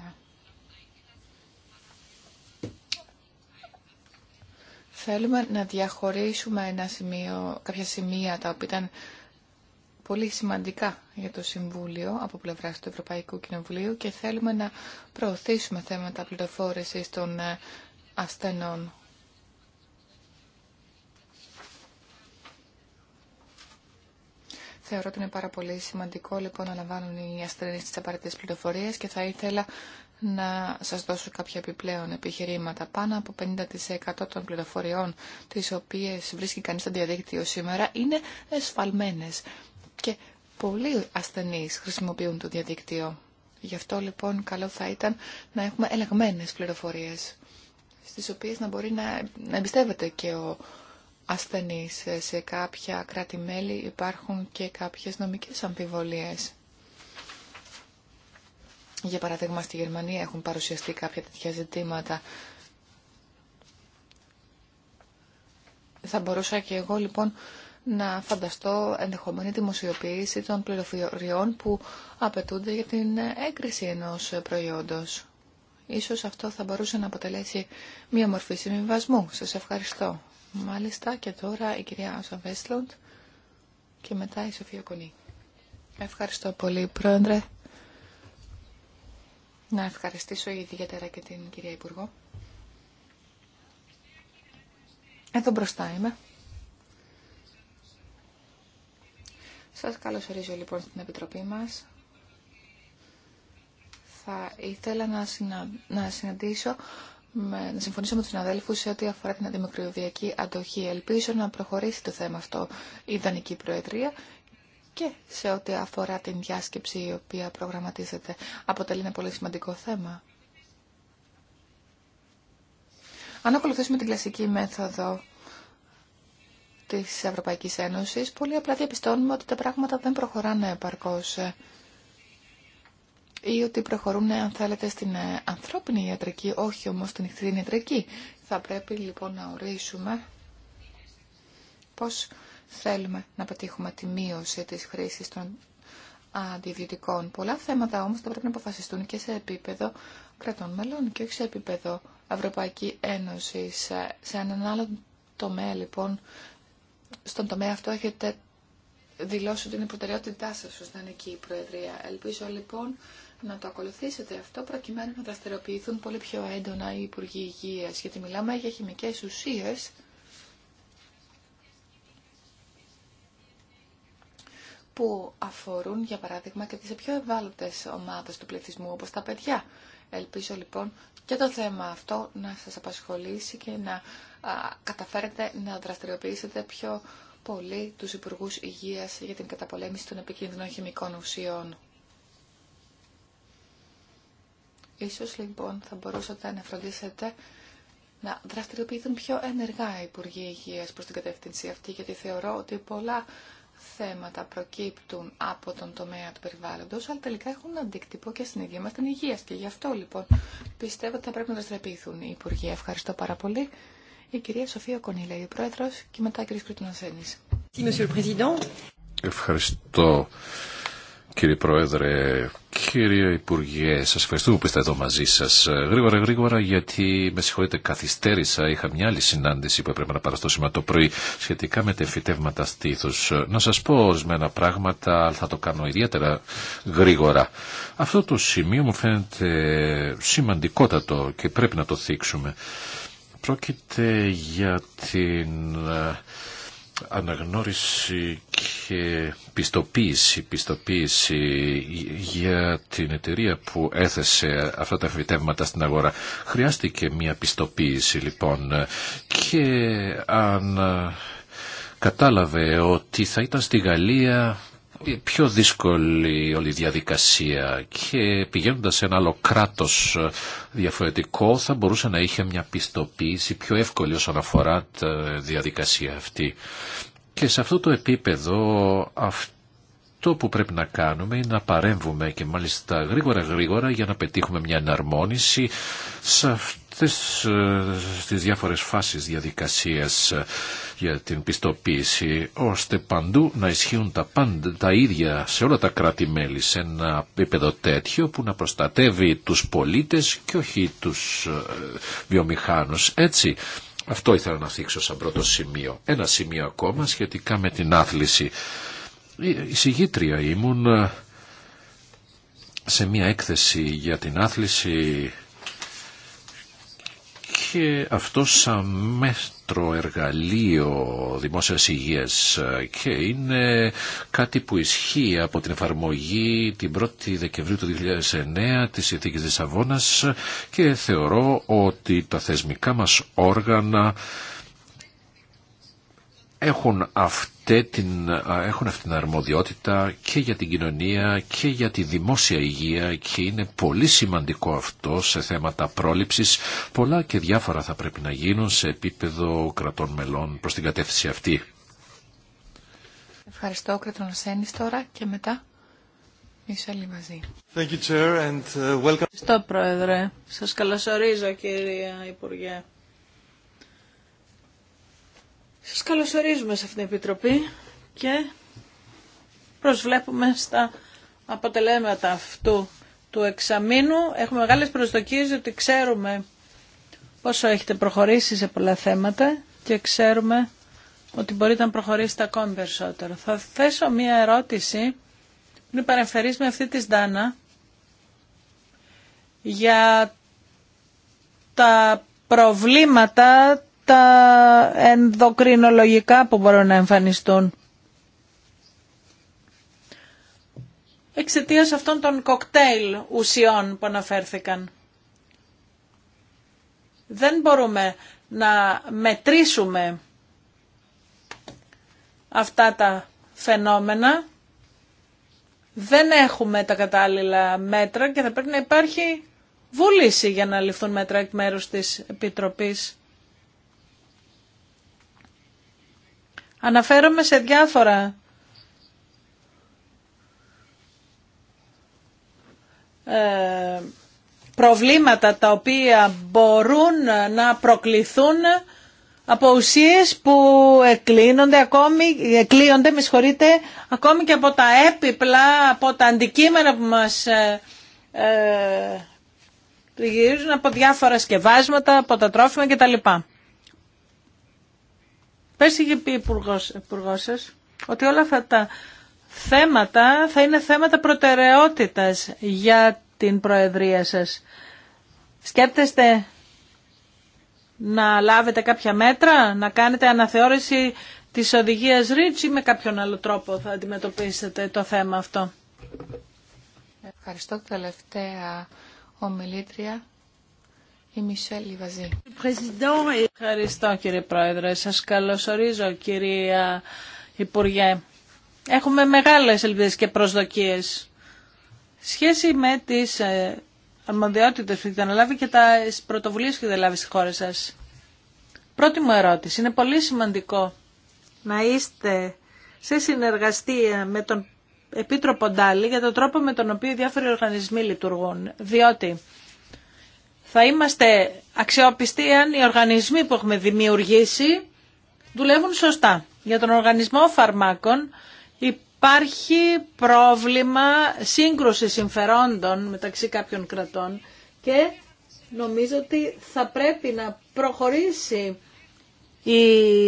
Θέλουμε να διαχωρίσουμε ένα σημείο, κάποια σημεία τα οποία ήταν πολύ σημαντικά για το Συμβούλιο από πλευρά του Ευρωπαϊκού Κοινοβουλίου και θέλουμε να προωθήσουμε θέματα πληροφόρησης των ε, ασθενών. Θεωρώ ότι είναι πάρα πολύ σημαντικό λοιπόν να λαμβάνουν οι ασθενείς τι απαραίτητε πληροφορίε και θα ήθελα να σας δώσω κάποια επιπλέον επιχειρήματα. Πάνω από 50% των πληροφοριών τις οποίες βρίσκει κανείς στο διαδίκτυο σήμερα είναι εσφαλμένες και πολλοί ασθενείς χρησιμοποιούν το διαδίκτυο. Γι' αυτό λοιπόν καλό θα ήταν να έχουμε ελεγμένες πληροφορίες στις οποίες να μπορεί να εμπιστεύεται και ο ασθενείς. Ε, σε κάποια κράτη-μέλη υπάρχουν και κάποιες νομικές αμφιβολίες. Για παράδειγμα, στη Γερμανία έχουν παρουσιαστεί κάποια τέτοια ζητήματα. Θα μπορούσα και εγώ λοιπόν να φανταστώ ενδεχομένη δημοσιοποίηση των πληροφοριών που απαιτούνται για την έγκριση ενός προϊόντος. Ίσως αυτό θα μπορούσε να αποτελέσει μία μορφή συμβιβασμού. Σας ευχαριστώ. Μάλιστα και τώρα η κυρία Άσο Βέσλοντ και μετά η Σοφία Κονή. Ευχαριστώ πολύ πρόεδρε. Να ευχαριστήσω ιδιαίτερα και την κυρία Υπουργό. Εδώ μπροστά είμαι. Σας καλωσορίζω λοιπόν στην Επιτροπή μας. Θα ήθελα να, συναντήσω με, να συμφωνήσω με τους συναδέλφους σε ό,τι αφορά την αντιμικροβιακή αντοχή. Ελπίζω να προχωρήσει το θέμα αυτό η Δανική Προεδρία και σε ό,τι αφορά την διάσκεψη η οποία προγραμματίζεται. Αποτελεί ένα πολύ σημαντικό θέμα. Αν ακολουθήσουμε την κλασική μέθοδο της Ευρωπαϊκής Ένωσης, πολύ απλά διαπιστώνουμε ότι τα πράγματα δεν προχωράνε επαρκώς ή ότι προχωρούν, αν θέλετε, στην ε, ανθρώπινη ιατρική, όχι όμως στην ηχθρήνη ιατρική. Θα πρέπει λοιπόν να ορίσουμε πώς θέλουμε να πετύχουμε τη μείωση της χρήσης των αντιβιωτικών. Πολλά θέματα όμως θα πρέπει να αποφασιστούν και σε επίπεδο κρατών μελών και όχι σε επίπεδο Ευρωπαϊκή Ένωση. Σε έναν άλλο τομέα λοιπόν, στον τομέα αυτό έχετε δηλώσει ότι είναι προτεραιότητά σας εκεί η Προεδρία. Ελπίζω λοιπόν να το ακολουθήσετε αυτό προκειμένου να δραστηριοποιηθούν πολύ πιο έντονα οι Υπουργοί υγεία γιατί μιλάμε για χημικές ουσίες που αφορούν, για παράδειγμα, και τις πιο ευάλωτες ομάδες του πληθυσμού, όπως τα παιδιά. Ελπίζω, λοιπόν, και το θέμα αυτό να σας απασχολήσει και να καταφέρετε να δραστηριοποιήσετε πιο πολύ τους Υπουργούς Υγείας για την καταπολέμηση των επικίνδυνων χημικών ουσιών. Ίσως λοιπόν θα μπορούσατε να φροντίσετε να δραστηριοποιηθούν πιο ενεργά οι Υπουργοί Υγείας προς την κατεύθυνση αυτή, γιατί θεωρώ ότι πολλά θέματα προκύπτουν από τον τομέα του περιβάλλοντος, αλλά τελικά έχουν αντίκτυπο και στην ίδια μας την υγεία. Και γι' αυτό λοιπόν πιστεύω ότι θα πρέπει να δραστηριοποιηθούν οι Υπουργοί. Ευχαριστώ πάρα πολύ. Η κυρία Σοφία Κονίλα, η Πρόεδρος, και μετά ο κ. Ευχαριστώ. Κύριε Πρόεδρε, κύριε Υπουργέ, σας ευχαριστούμε που είστε εδώ μαζί σας. Γρήγορα, γρήγορα, γιατί με συγχωρείτε καθυστέρησα, είχα μια άλλη συνάντηση που έπρεπε να παραστώ σήμερα το πρωί σχετικά με τα εφητεύματα στήθους. Να σας πω ορισμένα πράγματα, αλλά θα το κάνω ιδιαίτερα γρήγορα. Αυτό το σημείο μου φαίνεται σημαντικότατο και πρέπει να το θίξουμε. Πρόκειται για την ε, αναγνώριση και πιστοποίηση, πιστοποίηση για την εταιρεία που έθεσε αυτά τα φυτεύματα στην αγορά. Χρειάστηκε μια πιστοποίηση λοιπόν και αν κατάλαβε ότι θα ήταν στη Γαλλία πιο δύσκολη όλη η διαδικασία και πηγαίνοντας σε ένα άλλο κράτος ε, διαφορετικό θα μπορούσε να είχε μια πιστοποίηση πιο εύκολη όσον αφορά τη διαδικασία αυτή. Και σε αυτό το επίπεδο αυτό που πρέπει να κάνουμε είναι να παρέμβουμε και μάλιστα γρήγορα γρήγορα για να πετύχουμε μια εναρμόνιση σε αυτές ε, τις διάφορες φάσεις διαδικασίας για την πιστοποίηση, ώστε παντού να ισχύουν τα ίδια σε όλα τα κράτη-μέλη σε ένα επίπεδο τέτοιο που να προστατεύει τους πολίτες και όχι τους ε, βιομηχάνους. Έτσι, αυτό ήθελα να θίξω σαν πρώτο σημείο. Ένα σημείο ακόμα σχετικά με την άθληση. Η συγγήτρια ήμουν ε, σε μια έκθεση για την άθληση και αυτό σαν μέτρο εργαλείο δημόσιας υγείας ε, και είναι κάτι που ισχύει από την εφαρμογή την 1η Δεκεμβρίου του 2009 της Συνθήκης Λισαβόνας και θεωρώ ότι τα θεσμικά μας όργανα έχουν αυτή, την, έχουν αυτή την αρμοδιότητα και για την κοινωνία και για τη δημόσια υγεία και είναι πολύ σημαντικό αυτό σε θέματα πρόληψης. Πολλά και διάφορα θα πρέπει να γίνουν σε επίπεδο κρατών μελών προς την κατεύθυνση αυτή. Ευχαριστώ, Κρατών Σένης τώρα και μετά Μισελή μαζί. Uh, Ευχαριστώ, Πρόεδρε. Σας καλωσορίζω, κυρία Υπουργέ. Σας καλωσορίζουμε σε αυτήν την Επιτροπή και προσβλέπουμε στα αποτελέσματα αυτού του εξαμήνου. Έχουμε μεγάλες προσδοκίες ότι ξέρουμε πόσο έχετε προχωρήσει σε πολλά θέματα και ξέρουμε ότι μπορείτε να προχωρήσετε ακόμη περισσότερο. Θα θέσω μία ερώτηση που παρεμφερείς με αυτή τη Δάνα για τα προβλήματα τα ενδοκρινολογικά που μπορούν να εμφανιστούν. εξαιτίας αυτών των κοκτέιλ ουσιών που αναφέρθηκαν. Δεν μπορούμε να μετρήσουμε αυτά τα φαινόμενα. Δεν έχουμε τα κατάλληλα μέτρα και θα πρέπει να υπάρχει βούληση για να ληφθούν μέτρα εκ μέρους της Επιτροπής Αναφέρομαι σε διάφορα ε, προβλήματα τα οποία μπορούν να προκληθούν από ουσίες που εκλείνονται ακόμη, εκλείονται, με ακόμη και από τα έπιπλα, από τα αντικείμενα που μας ε, ε γυρίζουν, από διάφορα σκευάσματα, από τα τρόφιμα κτλ. Πέρσι είχε πει υπουργό σα ότι όλα αυτά τα θέματα θα είναι θέματα προτεραιότητας για την Προεδρία σας. Σκέπτεστε να λάβετε κάποια μέτρα, να κάνετε αναθεώρηση της οδηγίας Ρίτς ή με κάποιον άλλο τρόπο θα αντιμετωπίσετε το θέμα αυτό. Ευχαριστώ τελευταία ομιλήτρια Ευχαριστώ κύριε Πρόεδρε. Σας καλωσορίζω κυρία Υπουργέ. Έχουμε μεγάλες ελπίδες και προσδοκίες. Σχέση με τις ε, αρμοδιότητες που έχετε αναλάβει και τα πρωτοβουλίες που έχετε λάβει στη χώρα σας. Πρώτη μου ερώτηση. Είναι πολύ σημαντικό να είστε σε συνεργαστία με τον Επίτροπο Ντάλι για τον τρόπο με τον οποίο οι διάφοροι οργανισμοί λειτουργούν. Διότι θα είμαστε αξιόπιστοι αν οι οργανισμοί που έχουμε δημιουργήσει δουλεύουν σωστά. Για τον οργανισμό φαρμάκων υπάρχει πρόβλημα σύγκρουση συμφερόντων μεταξύ κάποιων κρατών και νομίζω ότι θα πρέπει να προχωρήσει η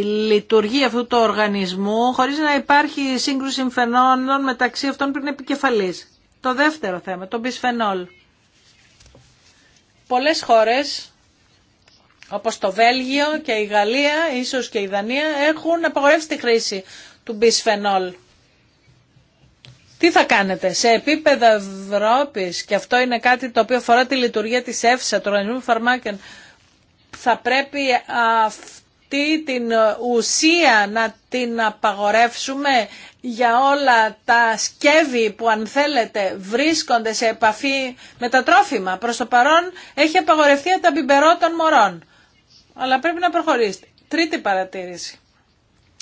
λειτουργία αυτού του οργανισμού χωρίς να υπάρχει σύγκρουση συμφερόντων μεταξύ αυτών που είναι επικεφαλής. Το δεύτερο θέμα, το μπισφενόλ. Πολλές χώρες, όπως το Βέλγιο και η Γαλλία, ίσως και η Δανία, έχουν απαγορεύσει τη χρήση του μπισφενόλ. Τι θα κάνετε σε επίπεδο Ευρώπης, και αυτό είναι κάτι το οποίο αφορά τη λειτουργία της ΕΦΣΑ, του οργανισμού φαρμάκων, θα πρέπει αυτό τι την ε, ουσία να την απαγορεύσουμε για όλα τα σκεύη που αν θέλετε βρίσκονται σε επαφή με τα τρόφιμα. Προς το παρόν έχει απαγορευτεί τα μπιμπερό των μωρών. Αλλά πρέπει να προχωρήσετε. Τρίτη παρατήρηση.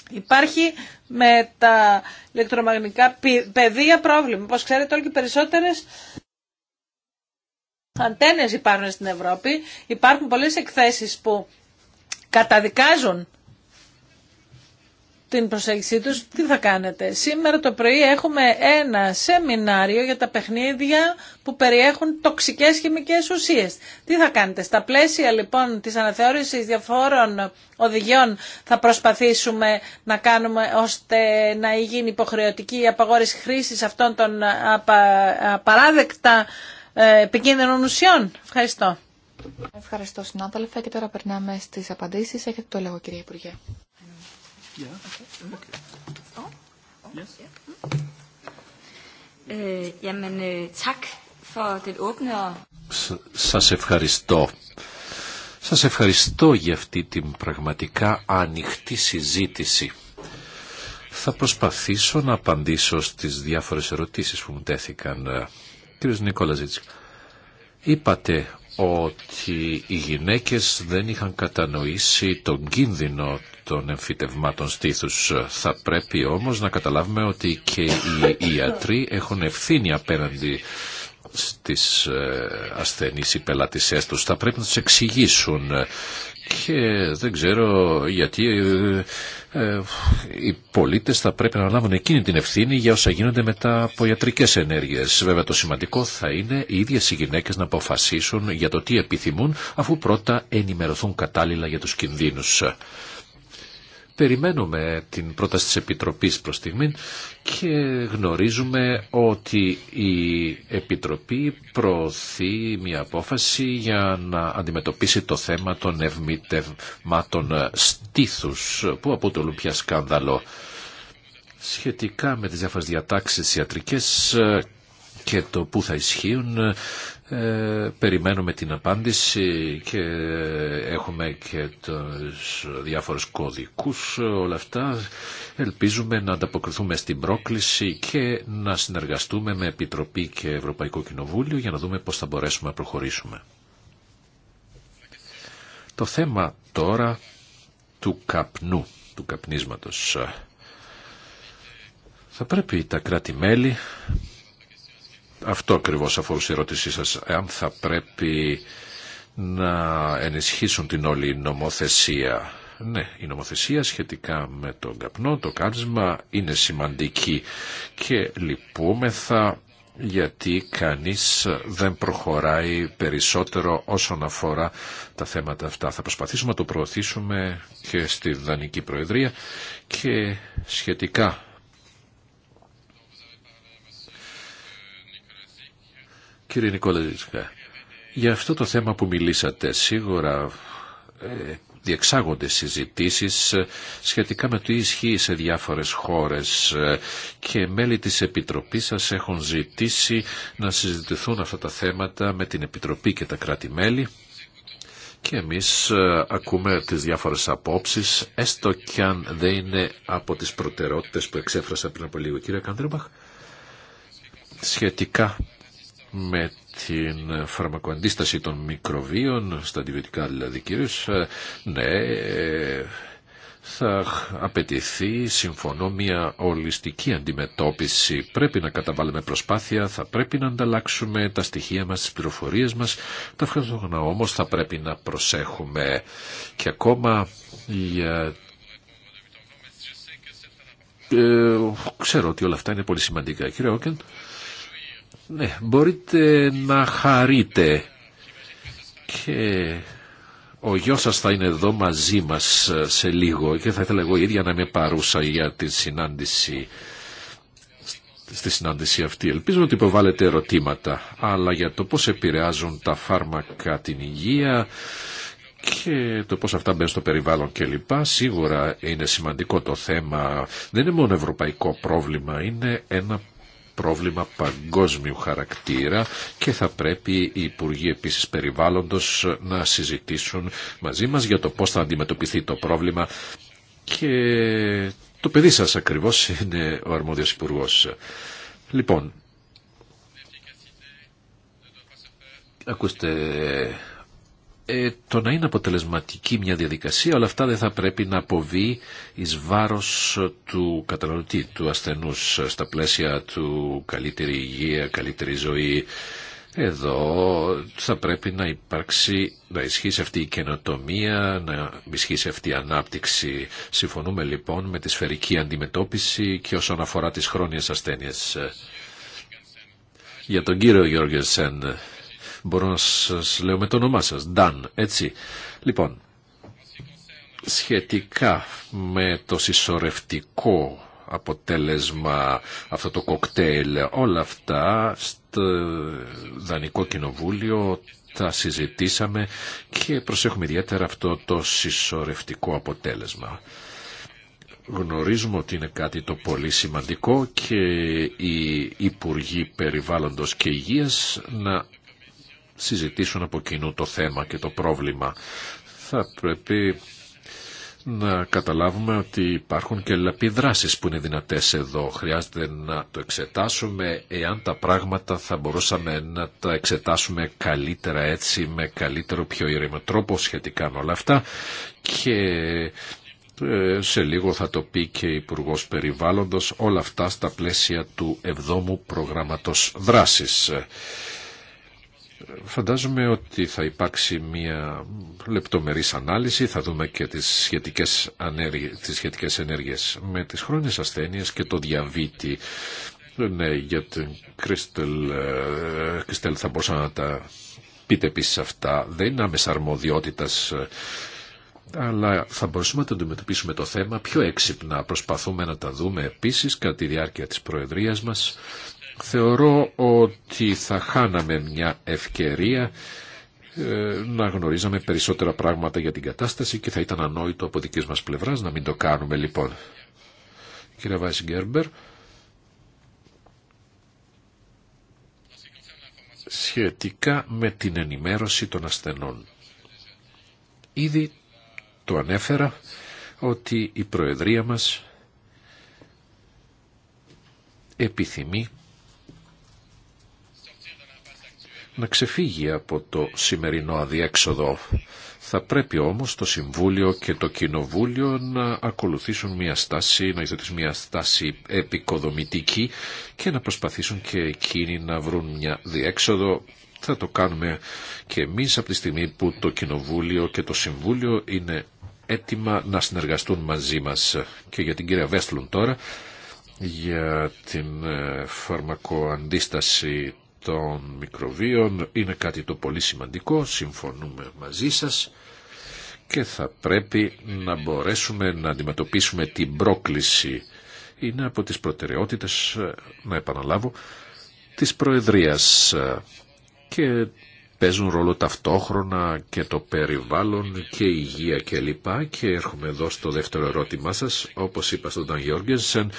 Υπάρχει με τα ηλεκτρομαγνητικά πεδία πρόβλημα. Όπως ξέρετε όλοι και περισσότερες αντένες υπάρχουν στην Ευρώπη. Υπάρχουν πολλές εκθέσεις που καταδικάζουν την προσέγγιση τους, τι θα κάνετε. Σήμερα το πρωί έχουμε ένα σεμινάριο για τα παιχνίδια που περιέχουν τοξικές χημικές ουσίες. Τι θα κάνετε. Στα πλαίσια λοιπόν της αναθεώρησης διαφόρων οδηγιών θα προσπαθήσουμε να κάνουμε ώστε να γίνει υποχρεωτική η απαγόρηση χρήσης αυτών των απαράδεκτα ε, επικίνδυνων ουσιών. Ευχαριστώ. Ευχαριστώ συνάδελφε και τώρα περνάμε στις απαντήσεις. Έχετε το λόγο κύριε Υπουργέ. Σας ευχαριστώ. Σας ευχαριστώ για αυτή την πραγματικά ανοιχτή συζήτηση. Θα προσπαθήσω να απαντήσω στις διάφορες ερωτήσεις που μου τέθηκαν. Ε, κύριος Νικόλα είπατε ότι οι γυναίκες δεν είχαν κατανοήσει τον κίνδυνο των εμφυτευμάτων στήθους. Θα πρέπει όμως να καταλάβουμε ότι και οι ιατροί έχουν ευθύνη απέναντι στις ε, ασθενείς πελάτησές τους. Θα πρέπει να τους εξηγήσουν ε, και δεν ξέρω γιατί ε, ε, οι πολίτες θα πρέπει να λάβουν εκείνη την ευθύνη για όσα γίνονται μετά από ιατρικές ενέργειες. Βέβαια το σημαντικό θα είναι οι ίδιες οι γυναίκες να αποφασίσουν για το τι επιθυμούν αφού πρώτα ενημερωθούν κατάλληλα για τους κινδύνους. Περιμένουμε την πρόταση της Επιτροπής προς στιγμή και γνωρίζουμε ότι η Επιτροπή προωθεί μια απόφαση για να αντιμετωπίσει το θέμα των ευμητευμάτων στήθους που αποτελούν πια σκάνδαλο σχετικά με τις διάφορες διατάξεις ιατρικές και το που θα ισχύουν ε, περιμένουμε την απάντηση και έχουμε και τους διάφορους κωδικούς όλα αυτά. Ελπίζουμε να ανταποκριθούμε στην πρόκληση και να συνεργαστούμε με Επιτροπή και Ευρωπαϊκό Κοινοβούλιο για να δούμε πώς θα μπορέσουμε να προχωρήσουμε. Το θέμα τώρα του καπνού, του καπνίσματος. Θα πρέπει τα κράτη-μέλη αυτό ακριβώς αφορούσε η ερώτησή σας. Αν θα πρέπει να ενισχύσουν την όλη νομοθεσία. Ναι, η νομοθεσία σχετικά με τον καπνό, το κάρσμα είναι σημαντική και λυπούμεθα γιατί κανείς δεν προχωράει περισσότερο όσον αφορά τα θέματα αυτά. Θα προσπαθήσουμε να το προωθήσουμε και στη Δανική Προεδρία και σχετικά Κύριε Νικόλα, για αυτό το θέμα που μιλήσατε, σίγουρα ε, διεξάγονται συζητήσεις ε, σχετικά με το ισχύει σε διάφορες χώρες ε, και μέλη της Επιτροπής σας έχουν ζητήσει να συζητηθούν αυτά τα θέματα με την Επιτροπή και τα κράτη-μέλη και εμείς ακούμε τις διάφορες απόψεις έστω κι αν δεν είναι από τις προτεραιότητες που εξέφρασα πριν από λίγο. Κύριε σχετικά με την φαρμακοαντίσταση των μικροβίων, στα αντιβιωτικά δηλαδή κυρίως, ε, ναι, θα απαιτηθεί, συμφωνώ, μια ολιστική αντιμετώπιση. Πρέπει να καταβάλουμε προσπάθεια, θα πρέπει να ανταλλάξουμε τα στοιχεία μας, τις πληροφορίες μας. Ταυτόχρονα όμως θα πρέπει να προσέχουμε και ακόμα για... Ε, ξέρω ότι όλα αυτά είναι πολύ σημαντικά. Κύριε Όκεν. Ναι, μπορείτε να χαρείτε και ο γιος σας θα είναι εδώ μαζί μας ε, σε λίγο και θα ήθελα εγώ ίδια να είμαι παρούσα για τη συνάντηση στη συνάντηση αυτή. Ελπίζω ότι υποβάλλετε ερωτήματα, αλλά για το πώς επηρεάζουν τα φάρμακα την υγεία και το πώς αυτά μπαίνουν στο περιβάλλον κλπ. Σίγουρα είναι σημαντικό το θέμα. Δεν είναι μόνο ευρωπαϊκό πρόβλημα, είναι ένα πρόβλημα παγκόσμιου χαρακτήρα και θα πρέπει οι Υπουργοί επίσης περιβάλλοντος να συζητήσουν μαζί μας για το πώς θα αντιμετωπιστεί το πρόβλημα και το παιδί σας ακριβώς είναι ο αρμόδιος υπουργός. Λοιπόν, ακούστε ε, το να είναι αποτελεσματική μια διαδικασία, όλα αυτά δεν θα πρέπει να αποβεί εις βάρος του καταναλωτή, του ασθενούς, στα πλαίσια του καλύτερη υγεία, καλύτερη ζωή. Εδώ θα πρέπει να υπάρξει, να ισχύσει αυτή η καινοτομία, να ισχύσει αυτή η ανάπτυξη. Συμφωνούμε λοιπόν με τη σφαιρική αντιμετώπιση και όσον αφορά τις χρόνιες ασθένειες. Για τον κύριο Σεν, Μπορώ να σας λέω με το όνομά σας. Νταν, έτσι. Λοιπόν, σχετικά με το συσσωρευτικό αποτέλεσμα αυτό το κοκτέιλ, όλα αυτά στο Δανικό Κοινοβούλιο τα συζητήσαμε και προσέχουμε ιδιαίτερα αυτό το συσσωρευτικό αποτέλεσμα. Γνωρίζουμε ότι είναι κάτι το πολύ σημαντικό και οι Υπουργοί Περιβάλλοντος και Υγείας να συζητήσουν από κοινού το θέμα και το πρόβλημα. Θα πρέπει να καταλάβουμε ότι υπάρχουν και λαπιδράσεις που είναι δυνατές εδώ. Χρειάζεται να το εξετάσουμε εάν τα πράγματα θα μπορούσαμε να τα εξετάσουμε καλύτερα έτσι, με καλύτερο πιο ήρεμο τρόπο σχετικά με όλα αυτά και ε, σε λίγο θα το πει και υπουργό Περιβάλλοντος όλα αυτά στα πλαίσια του 7ου προγράμματος Φαντάζομαι ότι θα υπάρξει μια λεπτομερής ανάλυση, θα δούμε και τις σχετικές, ανέργειες, τις σχετικές ενέργειες με τις χρόνιες ασθένειες και το διαβήτη. Ναι, για την Κρίστελ, Κρίστελ θα μπορούσα να τα πείτε επίση αυτά. Δεν είναι άμεσα αρμοδιότητας ε, αλλά θα μπορούσαμε να το αντιμετωπίσουμε το θέμα πιο έξυπνα. Προσπαθούμε να τα δούμε επίσης κατά τη διάρκεια της Προεδρίας μας Θεωρώ ότι θα χάναμε μια ευκαιρία ε, να γνωρίζαμε περισσότερα πράγματα για την κατάσταση και θα ήταν ανόητο από δική μας πλευράς να μην το κάνουμε λοιπόν. Κύριε Βάις Γκέρμπερ, σχετικά με την ενημέρωση των ασθενών. Ήδη το ανέφερα ότι η Προεδρία μας επιθυμεί να ξεφύγει από το σημερινό αδιέξοδο. Θα πρέπει όμως το Συμβούλιο και το Κοινοβούλιο να ακολουθήσουν μια στάση, να υιοθετήσουν μια στάση επικοδομητική και να προσπαθήσουν και εκείνοι να βρουν μια διέξοδο. Θα το κάνουμε και εμείς από τη στιγμή που το Κοινοβούλιο και το Συμβούλιο είναι έτοιμα να συνεργαστούν μαζί μας. Και για την κυρία Βέστλουν τώρα, για την ε, φαρμακοαντίσταση των μικροβίων είναι κάτι το πολύ σημαντικό, συμφωνούμε μαζί σας και θα πρέπει να μπορέσουμε να αντιμετωπίσουμε την πρόκληση. Είναι από τις προτεραιότητες, να επαναλάβω, της Προεδρίας και παίζουν ρόλο ταυτόχρονα και το περιβάλλον και η υγεία κλπ. Και, και έρχομαι εδώ στο δεύτερο ερώτημά σας. Όπως είπα στον Ταν Γιώργενσεν,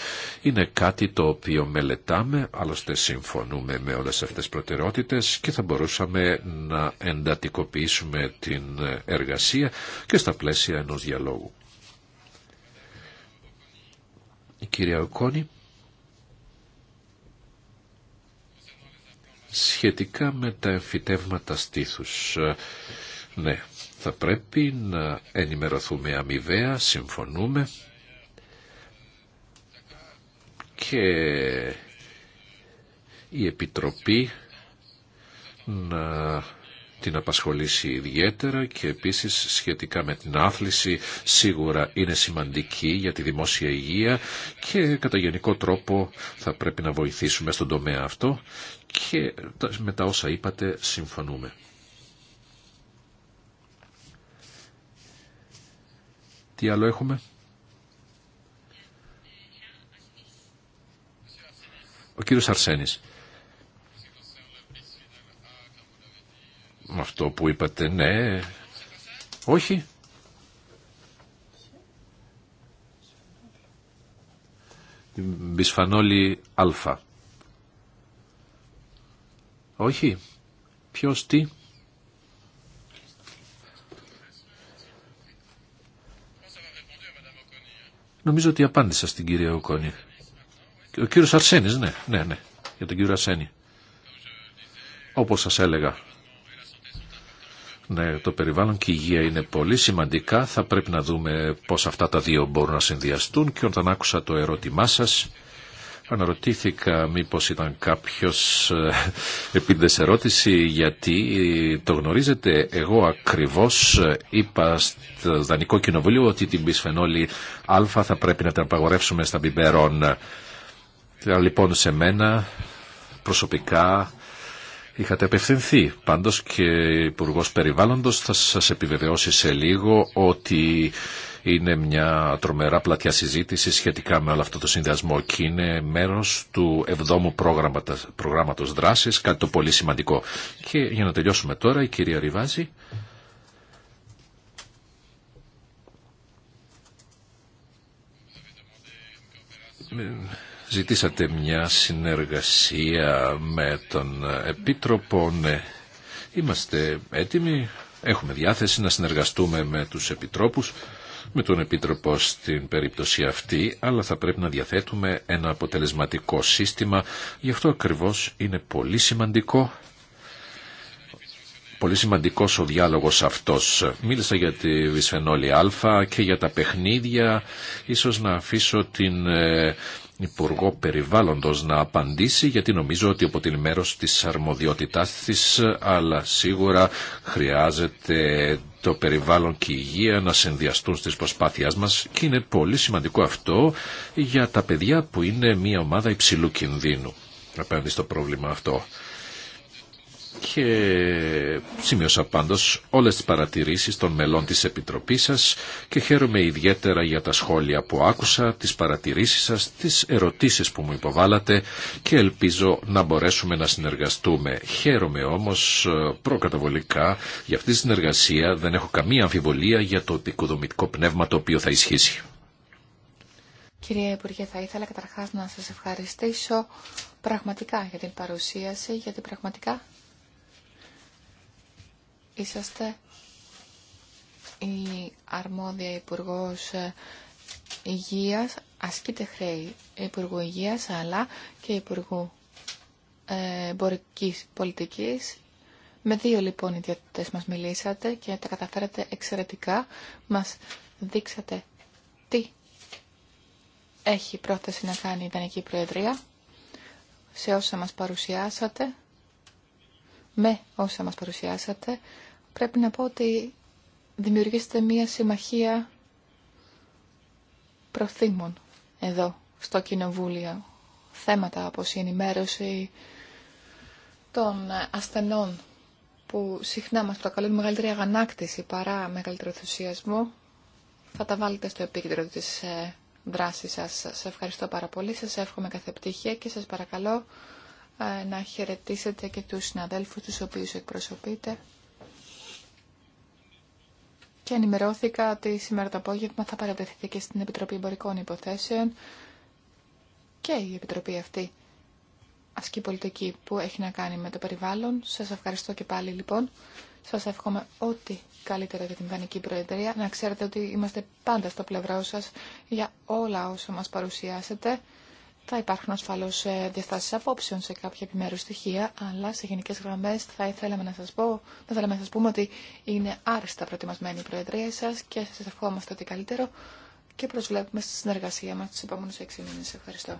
είναι κάτι το οποίο μελετάμε, άλλωστε συμφωνούμε με όλες αυτές τις προτεραιότητες και θα μπορούσαμε να εντατικοποιήσουμε την εργασία και στα πλαίσια ενός διαλόγου. Η κυρία Οκόνη. σχετικά με τα εμφυτεύματα στήθους. Ε, ναι, θα πρέπει να ενημερωθούμε αμοιβαία, συμφωνούμε και η Επιτροπή να την απασχολήσει ιδιαίτερα και επίσης σχετικά με την άθληση σίγουρα είναι σημαντική για τη δημόσια υγεία και κατά γενικό τρόπο θα πρέπει να βοηθήσουμε στον τομέα αυτό και με τα όσα είπατε συμφωνούμε. Τι άλλο έχουμε? Ο κύριος Αρσένης. Αυτό που είπατε, ναι. Όχι. Μπισφανόλη Αλφα όχι. Ποιος τι. Νομίζω ότι απάντησα στην κυρία Οκόνη. Ο κύριος Αρσένης, ναι, ναι, ναι, για τον κύριο Αρσένη. Όπως σας έλεγα. Ναι, το περιβάλλον και η υγεία είναι πολύ σημαντικά. Θα πρέπει να δούμε πώς αυτά τα δύο μπορούν να συνδυαστούν και όταν άκουσα το ερώτημά σας, Αναρωτήθηκα μήπως ήταν κάποιος ε, επίδεσε ερώτηση γιατί ε, το γνωρίζετε εγώ ακριβώς ε, είπα στο Δανικό Κοινοβουλίο ότι την πισφενόλη Α θα πρέπει να την απαγορεύσουμε στα μπιμπερών. Λοιπόν σε μένα προσωπικά είχατε απευθυνθεί. Πάντως και υπουργό Περιβάλλοντος θα σας επιβεβαιώσει σε λίγο ότι είναι μια τρομερά πλατιά συζήτηση σχετικά με όλο αυτό το συνδυασμό και είναι μέρος του 7ου προγράμματος, προγράμματος δράσης, κάτι το πολύ σημαντικό. Και για να τελειώσουμε τώρα, η κυρία Ριβάζη. Ζητήσατε μια συνεργασία με τον Επίτροπο, ναι. Είμαστε έτοιμοι, έχουμε διάθεση να συνεργαστούμε με τους Επιτρόπους με τον Επίτροπο στην περίπτωση αυτή, αλλά θα πρέπει να διαθέτουμε ένα αποτελεσματικό σύστημα. Γι' αυτό ακριβώς είναι πολύ σημαντικό πολύ σημαντικός ο διάλογος αυτός. Μίλησα για τη Βυσφενόλη Α και για τα παιχνίδια. Ίσως να αφήσω την ε, Υπουργό Περιβάλλοντος να απαντήσει γιατί νομίζω ότι από την μέρος της αρμοδιότητάς της αλλά σίγουρα χρειάζεται το περιβάλλον και η υγεία να συνδυαστούν στις προσπάθειές μας και είναι πολύ σημαντικό αυτό για τα παιδιά που είναι μια ομάδα υψηλού κινδύνου απέναντι στο πρόβλημα αυτό και σημείωσα πάντως όλες τις παρατηρήσεις των μελών της Επιτροπής σας και χαίρομαι ιδιαίτερα για τα σχόλια που άκουσα, τις παρατηρήσεις σας, τις ερωτήσεις που μου υποβάλατε και ελπίζω να μπορέσουμε να συνεργαστούμε. Χαίρομαι όμως ε, προκαταβολικά για αυτή τη συνεργασία δεν έχω καμία αμφιβολία για το επικοδομητικό πνεύμα το οποίο θα ισχύσει. Κύριε Υπουργέ, θα ήθελα καταρχάς να σας ευχαριστήσω πραγματικά για την παρουσίαση, γιατί πραγματικά είσαστε η αρμόδια υπουργό ε, Υγείας, ασκείτε χρέη Υπουργού Υγεία, αλλά και Υπουργού ε, Μπορικής Πολιτικής. Με δύο λοιπόν οι μα μας μιλήσατε και τα καταφέρατε εξαιρετικά. Μας δείξατε τι έχει πρόθεση να κάνει η ιδανική Προεδρία σε όσα μας παρουσιάσατε, με όσα μας παρουσιάσατε πρέπει να πω ότι δημιουργήσετε μία συμμαχία προθήμων εδώ, στο Κοινοβούλιο. Θέματα όπως η ενημέρωση των ασθενών που συχνά μας προκαλούν μεγαλύτερη αγανάκτηση παρά μεγαλύτερο ενθουσιασμό. Θα τα βάλετε στο επίκεντρο της ε, δράσης σας. Σας ευχαριστώ πάρα πολύ, σας εύχομαι κάθε και σας παρακαλώ ε, να χαιρετήσετε και τους συναδέλφους τους οποίους εκπροσωπείτε και ενημερώθηκα ότι σήμερα το απόγευμα θα παρατεθεί και στην Επιτροπή Εμπορικών Υποθέσεων και η Επιτροπή αυτή ασκεί πολιτική που έχει να κάνει με το περιβάλλον. Σας ευχαριστώ και πάλι λοιπόν. Σας εύχομαι ό,τι καλύτερα για την Βανική Προεδρία. Να ξέρετε ότι είμαστε πάντα στο πλευρό σας για όλα όσα μας παρουσιάσετε. Θα υπάρχουν ασφαλώ ε, διαστάσει απόψεων σε κάποια επιμέρου στοιχεία, αλλά σε γενικέ γραμμέ θα ήθελαμε να σα πω, θα θέλαμε να σα πούμε ότι είναι άριστα προετοιμασμένη η Προεδρία σα και σα ευχόμαστε ότι καλύτερο και προσβλέπουμε στη συνεργασία μα του επόμενου έξι μήνε. Ευχαριστώ.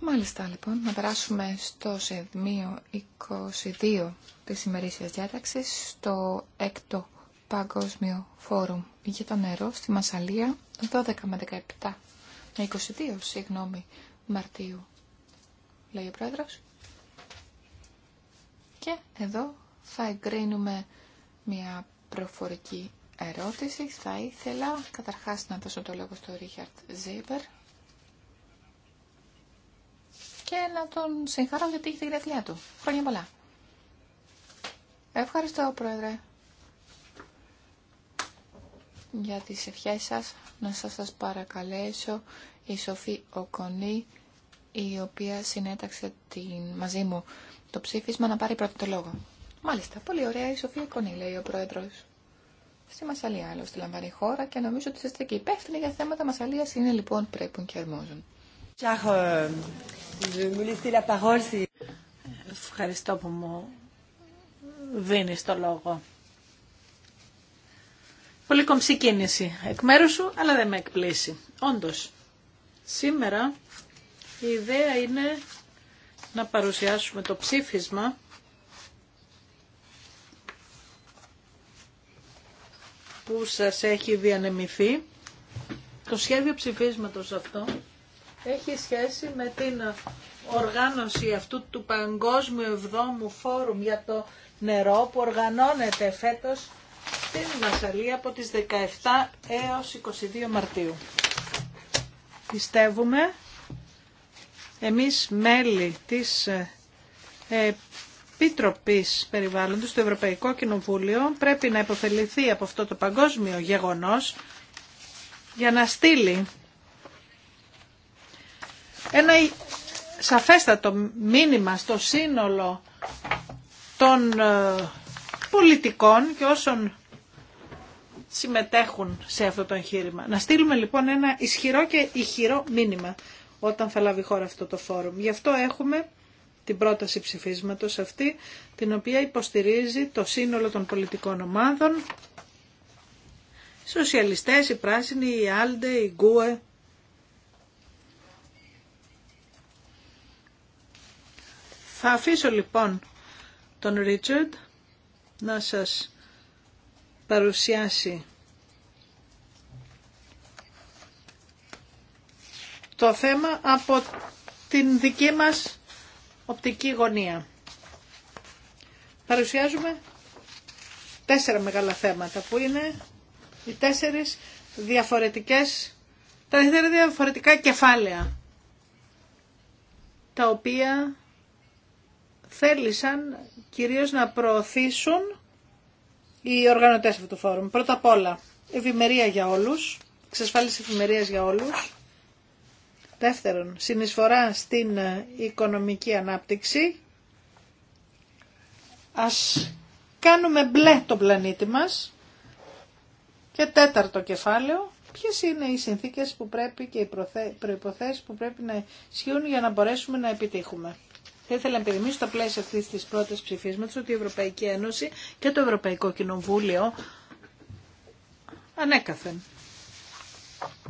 Μάλιστα λοιπόν, να περάσουμε στο σημείο 22 της ημερήσιας διάταξης, στο 6ο Παγκόσμιο Φόρουμ για το νερό στη Μασαλία, 12 με 17, με 22, συγγνώμη, Μαρτίου, λέει ο Πρόεδρος. Και εδώ θα εγκρίνουμε μια προφορική ερώτηση θα ήθελα καταρχάς να δώσω το λόγο στο Ρίχαρτ Ζίπερ και να τον συγχαρώ γιατί έχει τη γραφειά του. Χρόνια πολλά. Ευχαριστώ, Πρόεδρε, για τις ευχές σας. Να σας, σας παρακαλέσω η Σοφή Οκονή, η οποία συνέταξε την, μαζί μου το ψήφισμα, να πάρει πρώτο το λόγο. Μάλιστα, πολύ ωραία η Σοφία Κονή, λέει ο Πρόεδρος στη Μασαλία στη λαμβάνει χώρα και νομίζω ότι είστε και υπεύθυνοι για θέματα Μασαλία. είναι λοιπόν πρέπει και αρμόζουν. Euh, Ευχαριστώ που μου δίνει το λόγο. Πολύ κομψή κίνηση εκ μέρου, σου, αλλά δεν με εκπλήσει. Όντω. σήμερα η ιδέα είναι να παρουσιάσουμε το ψήφισμα που σας έχει διανεμηθεί. Το σχέδιο ψηφίσματος αυτό έχει σχέση με την οργάνωση αυτού του Παγκόσμιου Εβδόμου Φόρουμ για το νερό που οργανώνεται φέτος στην Μασαλία από τις 17 έως 22 Μαρτίου. Πιστεύουμε εμείς μέλη της Επίτροπη Περιβάλλοντος, του Ευρωπαϊκό Κοινοβούλιο, πρέπει να υποφεληθεί από αυτό το παγκόσμιο γεγονός για να στείλει ένα σαφέστατο μήνυμα στο σύνολο των ε, πολιτικών και όσων συμμετέχουν σε αυτό το εγχείρημα. Να στείλουμε λοιπόν ένα ισχυρό και ηχηρό μήνυμα όταν θα λάβει χώρα αυτό το φόρουμ. Γι' αυτό έχουμε την πρόταση ψηφίσματος αυτή, την οποία υποστηρίζει το σύνολο των πολιτικών ομάδων, οι σοσιαλιστές, οι πράσινοι, οι άλντε, οι γκούε. Θα αφήσω λοιπόν τον Ρίτσαρντ να σας παρουσιάσει το θέμα από την δική μας οπτική γωνία. Παρουσιάζουμε τέσσερα μεγάλα θέματα που είναι οι τέσσερις διαφορετικές, τα τέσσερα διαφορετικά κεφάλαια τα οποία θέλησαν κυρίως να προωθήσουν οι οργανωτές αυτού του φόρουμ. Πρώτα απ' όλα, ευημερία για όλους, εξασφάλιση ευημερίας για όλους, Δεύτερον, συνεισφορά στην ε, οικονομική ανάπτυξη. Ας κάνουμε μπλε τον πλανήτη μας. Και τέταρτο κεφάλαιο, ποιες είναι οι συνθήκες που πρέπει και οι προϋποθέσεις που πρέπει να ισχύουν για να μπορέσουμε να επιτύχουμε. Θα ήθελα να περιμήσω στα πλαίσια αυτής της πρώτης ψηφίσματος ότι η Ευρωπαϊκή Ένωση και το Ευρωπαϊκό Κοινοβούλιο ανέκαθεν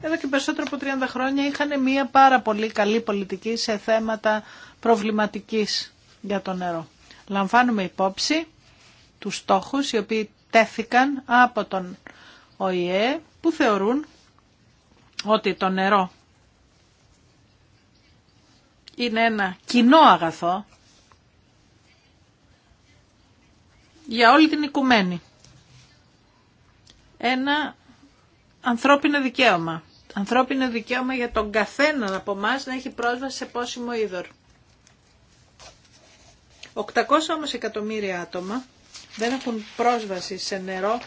εδώ και περισσότερο από 30 χρόνια είχαν μια πάρα πολύ καλή πολιτική σε θέματα προβληματικής για το νερό. Λαμβάνουμε υπόψη τους στόχους οι οποίοι τέθηκαν από τον ΟΗΕ που θεωρούν ότι το νερό είναι ένα κοινό αγαθό για όλη την οικουμένη. Ένα ανθρώπινο δικαίωμα. Ανθρώπινο δικαίωμα για τον καθένα από εμά να έχει πρόσβαση σε πόσιμο είδωρ. 800 όμως εκατομμύρια άτομα δεν έχουν πρόσβαση σε νερό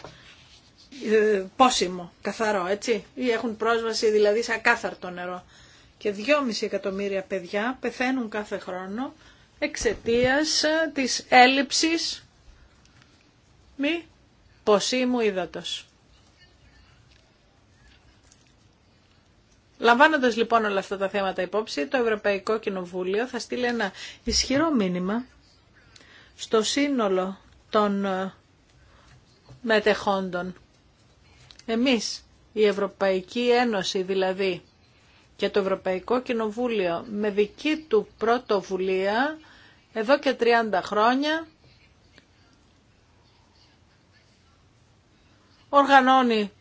ε, πόσιμο, καθαρό, έτσι. Ή έχουν πρόσβαση δηλαδή σε ακάθαρτο νερό. Και 2,5 εκατομμύρια παιδιά πεθαίνουν κάθε χρόνο εξαιτίας ε, της έλλειψης μη ποσίμου ύδατος. Λαμβάνοντα λοιπόν όλα αυτά τα θέματα υπόψη, το Ευρωπαϊκό Κοινοβούλιο θα στείλει ένα ισχυρό μήνυμα στο σύνολο των ε, μετεχόντων. Εμείς, η Ευρωπαϊκή Ένωση δηλαδή και το Ευρωπαϊκό Κοινοβούλιο με δική του πρωτοβουλία εδώ και 30 χρόνια οργανώνει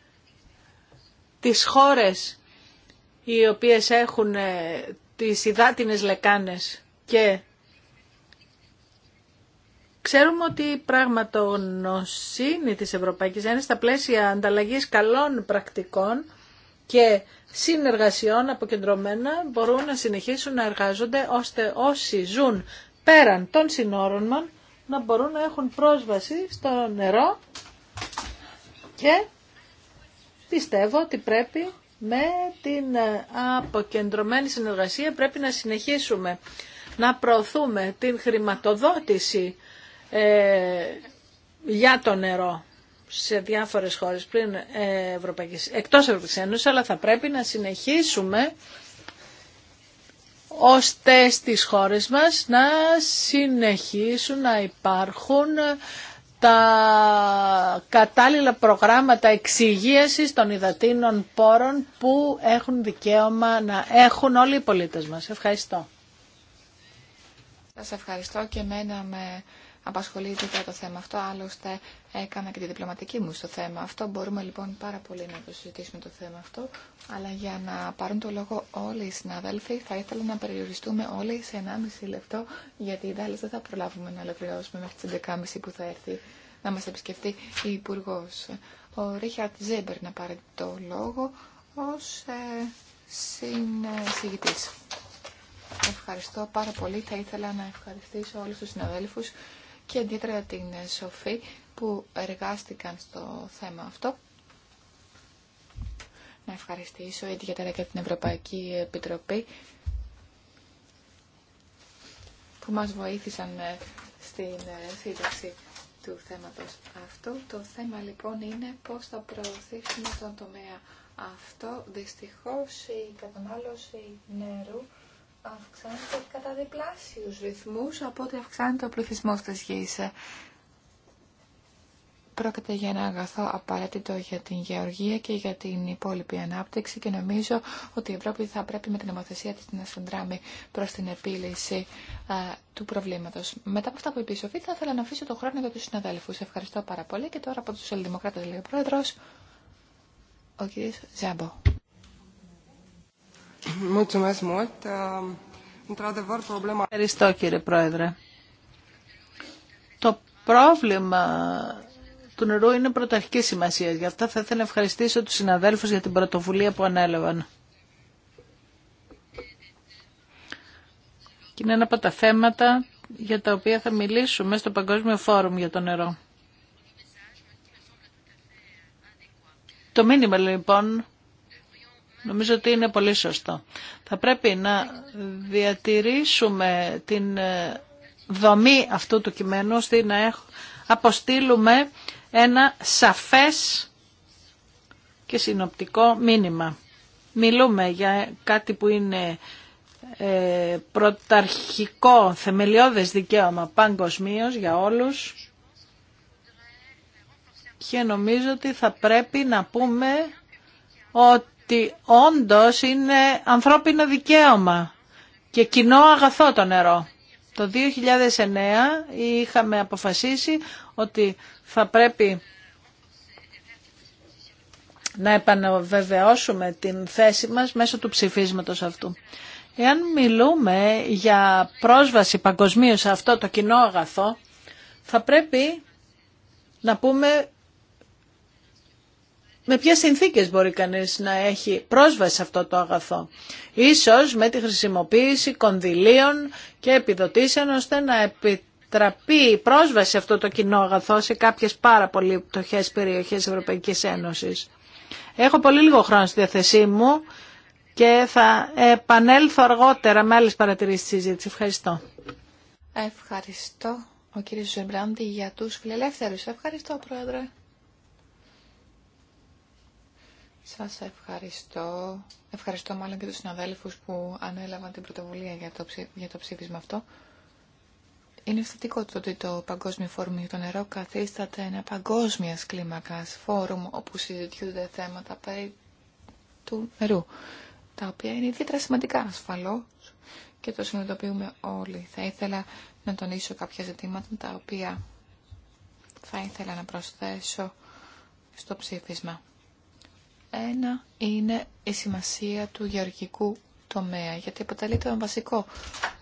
τις χώρες οι οποίες έχουν ε, τις υδάτινες λεκάνες και Ξέρουμε ότι η πραγματογνωσύνη της Ευρωπαϊκής Ένωσης στα πλαίσια ανταλλαγής καλών πρακτικών και συνεργασιών αποκεντρωμένα μπορούν να συνεχίσουν να εργάζονται ώστε όσοι ζουν πέραν των συνόρων μας να μπορούν να έχουν πρόσβαση στο νερό και πιστεύω ότι πρέπει με την ε, αποκεντρωμένη συνεργασία πρέπει να συνεχίσουμε να προωθούμε την χρηματοδότηση ε, για το νερό σε διάφορες χώρες πριν ε, Ευρωπαϊκής, εκτός Ευρωπαϊκής Ένωσης, αλλά θα πρέπει να συνεχίσουμε ώστε στις χώρες μας να συνεχίσουν να υπάρχουν τα κατάλληλα προγράμματα εξυγίασης των υδατίνων πόρων που έχουν δικαίωμα να έχουν όλοι οι πολίτες μας. Ευχαριστώ. Σας ευχαριστώ και εμένα με Απασχολείται για το θέμα αυτό. Άλλωστε έκανα και τη διπλωματική μου στο θέμα αυτό. Μπορούμε λοιπόν πάρα πολύ να το συζητήσουμε το θέμα αυτό. Αλλά για να πάρουν το λόγο όλοι οι συναδέλφοι θα ήθελα να περιοριστούμε όλοι σε 1,5 λεπτό γιατί οι δεν θα προλάβουμε να ολοκληρώσουμε μέχρι τις 11.30 που θα έρθει να μας επισκεφτεί η υπουργό. Ο Ρίχαρτ Ζέμπερ να πάρει το λόγο ως ε, συνεισηγητής. Ευχαριστώ πάρα πολύ. Θα ήθελα να ευχαριστήσω όλους τους συναδέλφους και ιδιαίτερα την Σοφή που εργάστηκαν στο θέμα αυτό. Να ευχαριστήσω ιδιαίτερα και την Ευρωπαϊκή Επιτροπή που μας βοήθησαν ε, στην ε, σύνταξη του θέματος αυτού. Το θέμα λοιπόν είναι πώς θα προωθήσουμε τον τομέα αυτό. Δυστυχώς η κατανάλωση νερού αυξάνεται κατά διπλάσιους ρυθμούς από ό,τι αυξάνεται ο πληθυσμός της γης. Πρόκειται για ένα αγαθό απαραίτητο για την γεωργία και για την υπόλοιπη ανάπτυξη και νομίζω ότι η Ευρώπη θα πρέπει με την νομοθεσία της να συνδράμει προς την επίλυση του προβλήματος. Μετά από αυτά που είπε η Σοφή θα ήθελα να αφήσω το χρόνο για τους συναδέλφους. Ευχαριστώ πάρα πολύ και τώρα από τους Ελληνικοκράτες λέει ο Πρόεδρος, ο κ. Ζάμπο. Uh, Ευχαριστώ κύριε Πρόεδρε. Το πρόβλημα του νερού είναι πρωταρχική σημασία. Γι' αυτό θα ήθελα να ευχαριστήσω τους συναδέλφους για την πρωτοβουλία που ανέλαβαν. Και είναι ένα από τα θέματα για τα οποία θα μιλήσουμε στο Παγκόσμιο Φόρουμ για το νερό. Το μήνυμα λοιπόν Νομίζω ότι είναι πολύ σωστό. Θα πρέπει να διατηρήσουμε την ε, δομή αυτού του κειμένου ώστε να αποστείλουμε ένα σαφές και συνοπτικό μήνυμα. Μιλούμε για κάτι που είναι ε, πρωταρχικό, θεμελιώδες δικαίωμα παγκοσμίω για όλους και νομίζω ότι θα πρέπει να πούμε ότι ότι όντως είναι ανθρώπινο δικαίωμα και κοινό αγαθό το νερό. Το 2009 είχαμε αποφασίσει ότι θα πρέπει να επαναβεβαιώσουμε την θέση μας μέσω του ψηφίσματος αυτού. Εάν μιλούμε για πρόσβαση παγκοσμίως σε αυτό το κοινό αγαθό, θα πρέπει να πούμε με ποιες συνθήκες μπορεί κανείς να έχει πρόσβαση σε αυτό το αγαθό. Ίσως με τη χρησιμοποίηση κονδυλίων και επιδοτήσεων ώστε να επιτραπεί η πρόσβαση σε αυτό το κοινό αγαθό σε κάποιες πάρα πολύ πτωχές περιοχές Ευρωπαϊκής Ένωσης. Έχω πολύ λίγο χρόνο στη διαθεσή μου και θα επανέλθω αργότερα με άλλες παρατηρήσεις της συζήτησης. Ευχαριστώ. Ευχαριστώ ο κύριος Ζεμπράντη για τους φιλελεύθερους. Ευχαριστώ πρόεδρε. Σας ευχαριστώ. Ευχαριστώ μάλλον και τους συναδέλφους που ανέλαβαν την πρωτοβουλία για το, για το ψήφισμα αυτό. Είναι θετικό το ότι το Παγκόσμιο Φόρουμ για το Νερό καθίσταται ένα παγκόσμια κλίμακα φόρουμ όπου συζητιούνται θέματα περί του νερού, τα οποία είναι ιδιαίτερα σημαντικά ασφαλώ και το συνειδητοποιούμε όλοι. Θα ήθελα να τονίσω κάποια ζητήματα τα οποία θα ήθελα να προσθέσω στο ψήφισμα. Ένα είναι η σημασία του γεωργικού τομέα, γιατί αποτελεί το βασικό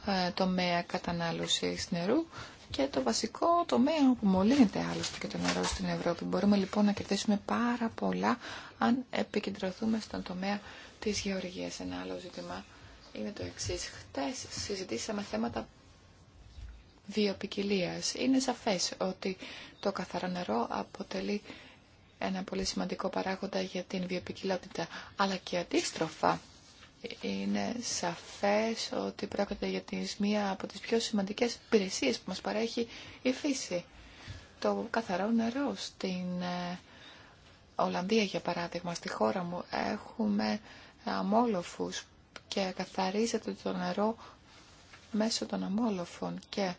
ε, τομέα κατανάλωσης νερού και το βασικό τομέα που μολύνεται άλλωστε και το νερό στην Ευρώπη. Μπορούμε λοιπόν να κερδίσουμε πάρα πολλά αν επικεντρωθούμε στον τομέα της γεωργίας. Ένα άλλο ζήτημα είναι το εξή. Χτες συζητήσαμε θέματα βιοπικιλίας. Είναι σαφές ότι το καθαρό νερό αποτελεί ένα πολύ σημαντικό παράγοντα για την βιοπικιλότητα, αλλά και αντίστροφα. Είναι σαφές ότι πρόκειται για τις μία από τις πιο σημαντικές υπηρεσίε που μας παρέχει η φύση. Το καθαρό νερό στην ε, Ολλανδία, για παράδειγμα, στη χώρα μου, έχουμε αμόλοφους και καθαρίζεται το νερό μέσω των αμόλοφων και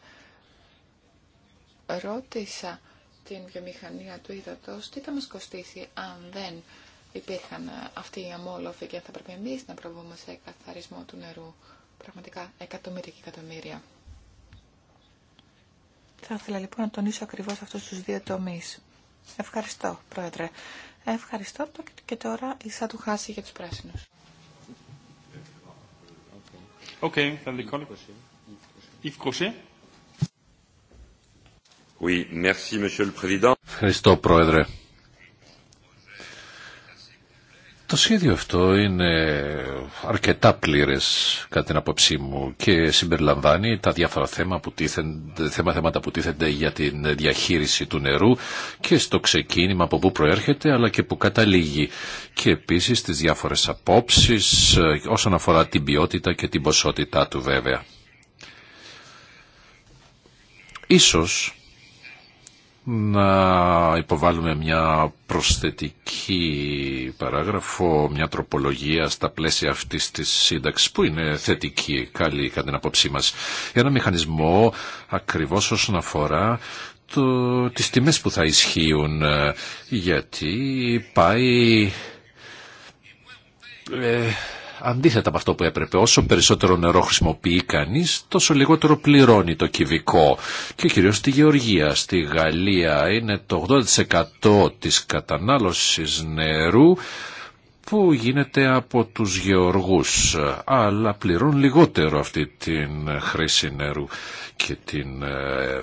ρώτησα την βιομηχανία του ύδατος, τι θα μας κοστίσει αν δεν υπήρχαν αυτοί οι αμόλοφοι και θα πρέπει εμεί να προβούμε σε καθαρισμό του νερού. Πραγματικά εκατομμύρια και εκατομμύρια. Θα ήθελα λοιπόν να τονίσω ακριβώς αυτούς τους δύο τομείς. Ευχαριστώ, Πρόεδρε. Ευχαριστώ και τώρα η Σάτου Χάση για τους πράσινους. Okay, then Ευχαριστώ, Πρόεδρε. Το σχέδιο αυτό είναι αρκετά πλήρες κατά την απόψή μου και συμπεριλαμβάνει τα διάφορα θέματα που τίθενται, θέματα που τίθενται για την διαχείριση του νερού και στο ξεκίνημα από που προέρχεται αλλά και που καταλήγει και επίσης τις διάφορες απόψεις ε, όσον αφορά την ποιότητα και την ποσότητά του βέβαια. Ίσως να υποβάλουμε μια προσθετική παράγραφο, μια τροπολογία στα πλαίσια αυτής της σύνταξης που είναι θετική, καλή κατά την απόψή μας. Ένα μηχανισμό ακριβώς όσον αφορά το, τις τιμές που θα ισχύουν γιατί πάει... Ε, αντίθετα από αυτό που έπρεπε. Όσο περισσότερο νερό χρησιμοποιεί κανεί, τόσο λιγότερο πληρώνει το κυβικό. Και κυρίως στη Γεωργία, στη Γαλλία είναι το 80% της κατανάλωσης νερού που γίνεται από τους γεωργούς, αλλά πληρώνουν λιγότερο αυτή την χρήση νερού και την ε,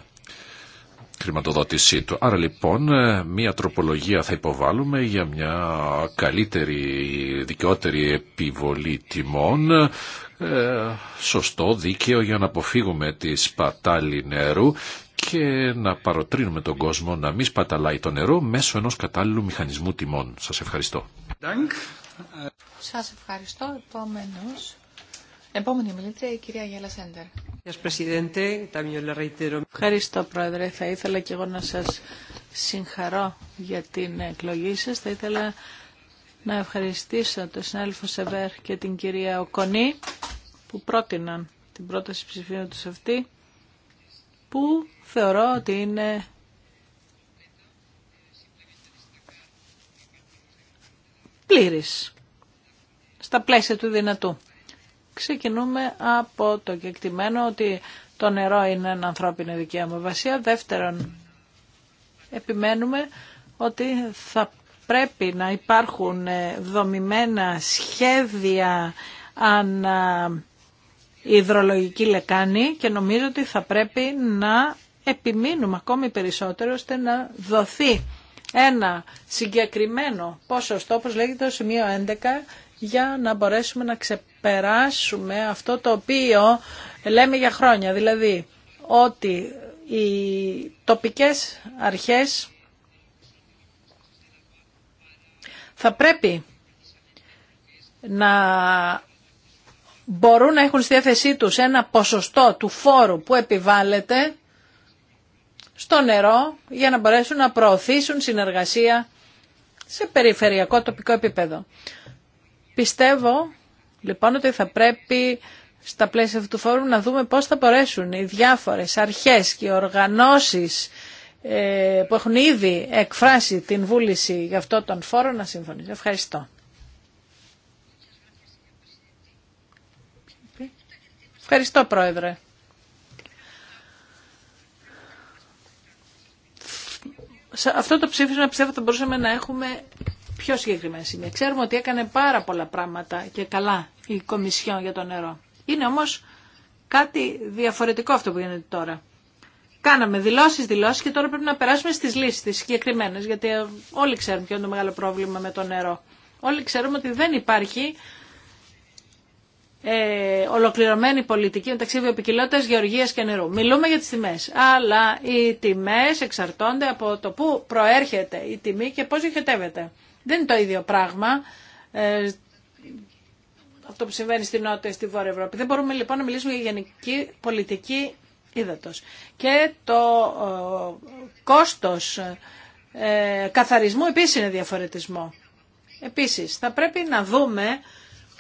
χρηματοδότησή του. Άρα λοιπόν ε, μία τροπολογία θα υποβάλουμε για μια καλύτερη, δικαιότερη επιβολή τιμών, ε, σωστό, δίκαιο για να αποφύγουμε τη σπατάλη νερού και να παροτρύνουμε τον κόσμο να μην σπαταλάει το νερό μέσω ενός κατάλληλου μηχανισμού τιμών. Σας ευχαριστώ. Σας ευχαριστώ. Επόμενος Επόμενη μιλήτρια, η κυρία Γιάννα Σέντερ. Ευχαριστώ, Πρόεδρε. Θα ήθελα και εγώ να σας συγχαρώ για την εκλογή σας. Θα ήθελα να ευχαριστήσω τον συνάδελφο Σεβέρ και την κυρία Οκονή που πρότειναν την πρόταση ψηφίου τους αυτή που θεωρώ ότι είναι πλήρης στα πλαίσια του δυνατού ξεκινούμε από το κεκτημένο ότι το νερό είναι ένα ανθρώπινο δικαίωμα βασία. Δεύτερον, επιμένουμε ότι θα πρέπει να υπάρχουν ε, δομημένα σχέδια ανα υδρολογική λεκάνη και νομίζω ότι θα πρέπει να επιμείνουμε ακόμη περισσότερο ώστε να δοθεί ένα συγκεκριμένο ποσοστό, όπως λέγεται το σημείο 11, για να μπορέσουμε να ξεπεράσουμε αυτό το οποίο λέμε για χρόνια. Δηλαδή ότι οι τοπικές αρχές θα πρέπει να μπορούν να έχουν στη διάθεσή τους ένα ποσοστό του φόρου που επιβάλλεται στο νερό για να μπορέσουν να προωθήσουν συνεργασία σε περιφερειακό τοπικό επίπεδο. Πιστεύω λοιπόν ότι θα πρέπει στα πλαίσια αυτού του φόρου να δούμε πώς θα μπορέσουν οι διάφορες αρχές και οργανώσεις ε, που έχουν ήδη εκφράσει την βούληση για αυτό τον φόρο να συμφωνήσουν. Ευχαριστώ. Ευχαριστώ Πρόεδρε. Σε αυτό το ψήφισμα πιστεύω θα μπορούσαμε να έχουμε πιο συγκεκριμένα σημεία. Ξέρουμε ότι έκανε πάρα πολλά πράγματα και καλά η Κομισιόν για το νερό. Είναι όμως κάτι διαφορετικό αυτό που γίνεται τώρα. Κάναμε δηλώσεις, δηλώσεις και τώρα πρέπει να περάσουμε στις λύσεις, τις συγκεκριμένες, γιατί ε, όλοι ξέρουμε ποιο είναι το μεγάλο πρόβλημα με το νερό. Όλοι ξέρουμε ότι δεν υπάρχει ε, ολοκληρωμένη πολιτική μεταξύ βιοπικιλότητας, γεωργίας και νερού. Μιλούμε για τις τιμές, αλλά οι τιμές εξαρτώνται από το πού προέρχεται η τιμή και πώς διοχετεύεται. Δεν είναι το ίδιο πράγμα ε, αυτό που συμβαίνει στη Νότια, στη Βόρεια Ευρώπη. Δεν μπορούμε λοιπόν να μιλήσουμε για γενική πολιτική ύδατος. Και το ε, κόστος καθαρισμού επίσης είναι διαφορετισμό. Επίσης, θα πρέπει να δούμε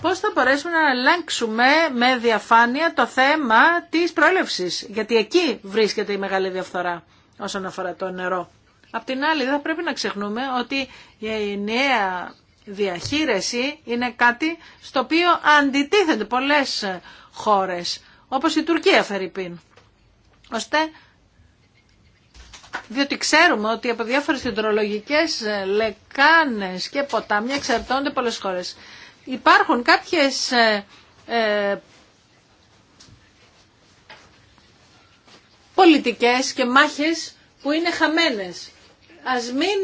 πώς θα μπορέσουμε να ελέγξουμε με διαφάνεια το θέμα της προέλευσης. Γιατί εκεί βρίσκεται η μεγάλη διαφθορά όσον αφορά το νερό. Απ' την άλλη θα πρέπει να ξεχνούμε ότι η νέα διαχείριση είναι κάτι στο οποίο αντιτίθενται πολλές χώρες, όπως η Τουρκία Φερρυπίν. Ώστε, διότι ξέρουμε ότι από διάφορες υδρολογικές λεκάνες και ποτάμια εξαρτώνται πολλές χώρες. Υπάρχουν κάποιες ε, ε, πολιτικές και μάχες που είναι χαμένες. Ας μην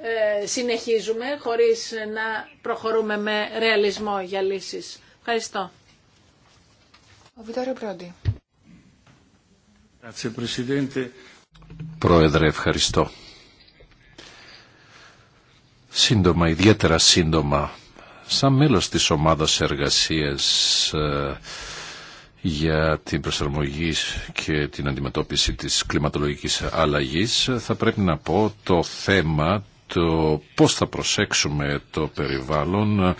ε, ε, συνεχίζουμε χωρίς να προχωρούμε με ρεαλισμό για λύσεις. Ευχαριστώ. Ο Βιτόριο Πρόντι. Πρόεδρε, ευχαριστώ. Σύντομα, ιδιαίτερα σύντομα, σαν μέλος της ομάδας εργασίας ε, για την προσαρμογή και την αντιμετώπιση της κλιματολογικής αλλαγής θα πρέπει να πω το θέμα το πώς θα προσέξουμε το περιβάλλον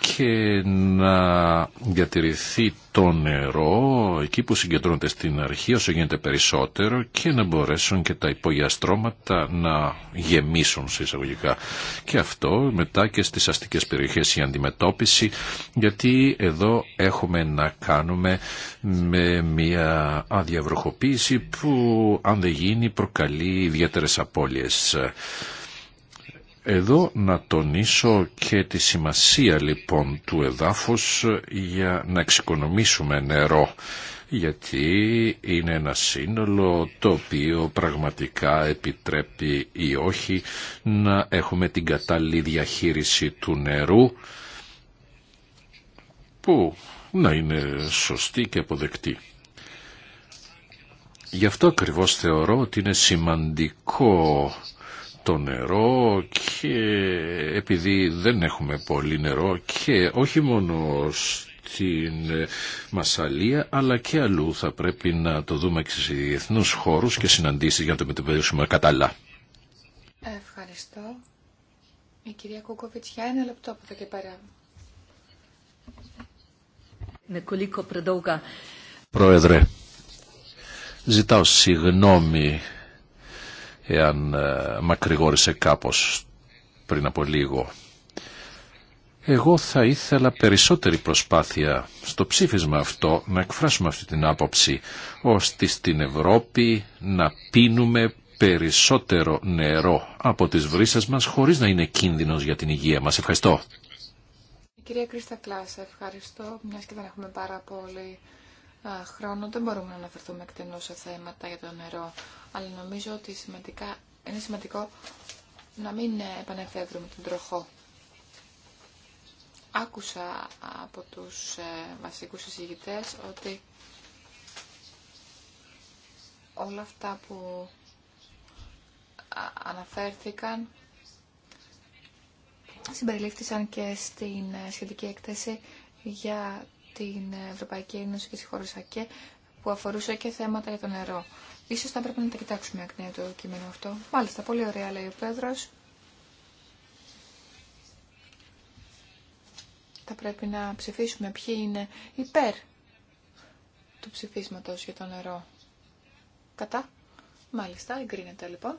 και να διατηρηθεί το νερό εκεί που συγκεντρώνεται στην αρχή όσο γίνεται περισσότερο και να μπορέσουν και τα υπόγεια να γεμίσουν σε εισαγωγικά. Και αυτό μετά και στις αστικές περιοχές η αντιμετώπιση γιατί εδώ έχουμε να κάνουμε με μια αδιαβροχοποίηση που αν δεν γίνει προκαλεί ιδιαίτερες απώλειες. Εδώ να τονίσω και τη σημασία λοιπόν του εδάφους για να εξοικονομήσουμε νερό γιατί είναι ένα σύνολο το οποίο πραγματικά επιτρέπει ή όχι να έχουμε την κατάλληλη διαχείριση του νερού που να είναι σωστή και αποδεκτή. Γι' αυτό ακριβώς θεωρώ ότι είναι σημαντικό το νερό και επειδή δεν έχουμε πολύ νερό και όχι μόνο στην Μασαλία αλλά και αλλού θα πρέπει να το δούμε και σε διεθνούς χώρους και συναντήσεις για να το μεταπαιδεύσουμε κατάλληλα. Ευχαριστώ. Η κυρία Κουκοβιτσιά, ένα λεπτό από εδώ και πέρα. Πρόεδρε, ζητάω συγγνώμη εάν ε, μακρηγόρησε κάπως πριν από λίγο. Εγώ θα ήθελα περισσότερη προσπάθεια στο ψήφισμα αυτό να εκφράσουμε αυτή την άποψη, ώστε στην Ευρώπη να πίνουμε περισσότερο νερό από τις βρύσες μας χωρίς να είναι κίνδυνος για την υγεία μας. Ευχαριστώ. κυρία Κρίστα Κλάσε ευχαριστώ, μιας και δεν έχουμε πάρα πολύ χρόνο δεν μπορούμε να αναφερθούμε εκτενώς σε θέματα για το νερό, αλλά νομίζω ότι σημαντικά, είναι σημαντικό να μην επανεφεύρουμε τον τροχό. Άκουσα από τους ε, βασικούς συζητητές ότι όλα αυτά που αναφέρθηκαν συμπεριλήφθησαν και στην ε, σχετική έκθεση για την Ευρωπαϊκή Ένωση και τη χώρα που αφορούσε και θέματα για το νερό. Σω θα πρέπει να τα κοιτάξουμε εκ το κείμενο αυτό. Μάλιστα, πολύ ωραία λέει ο Πέδρος. Θα πρέπει να ψηφίσουμε ποιοι είναι υπέρ του ψηφίσματος για το νερό. Κατά. Μάλιστα, εγκρίνεται λοιπόν.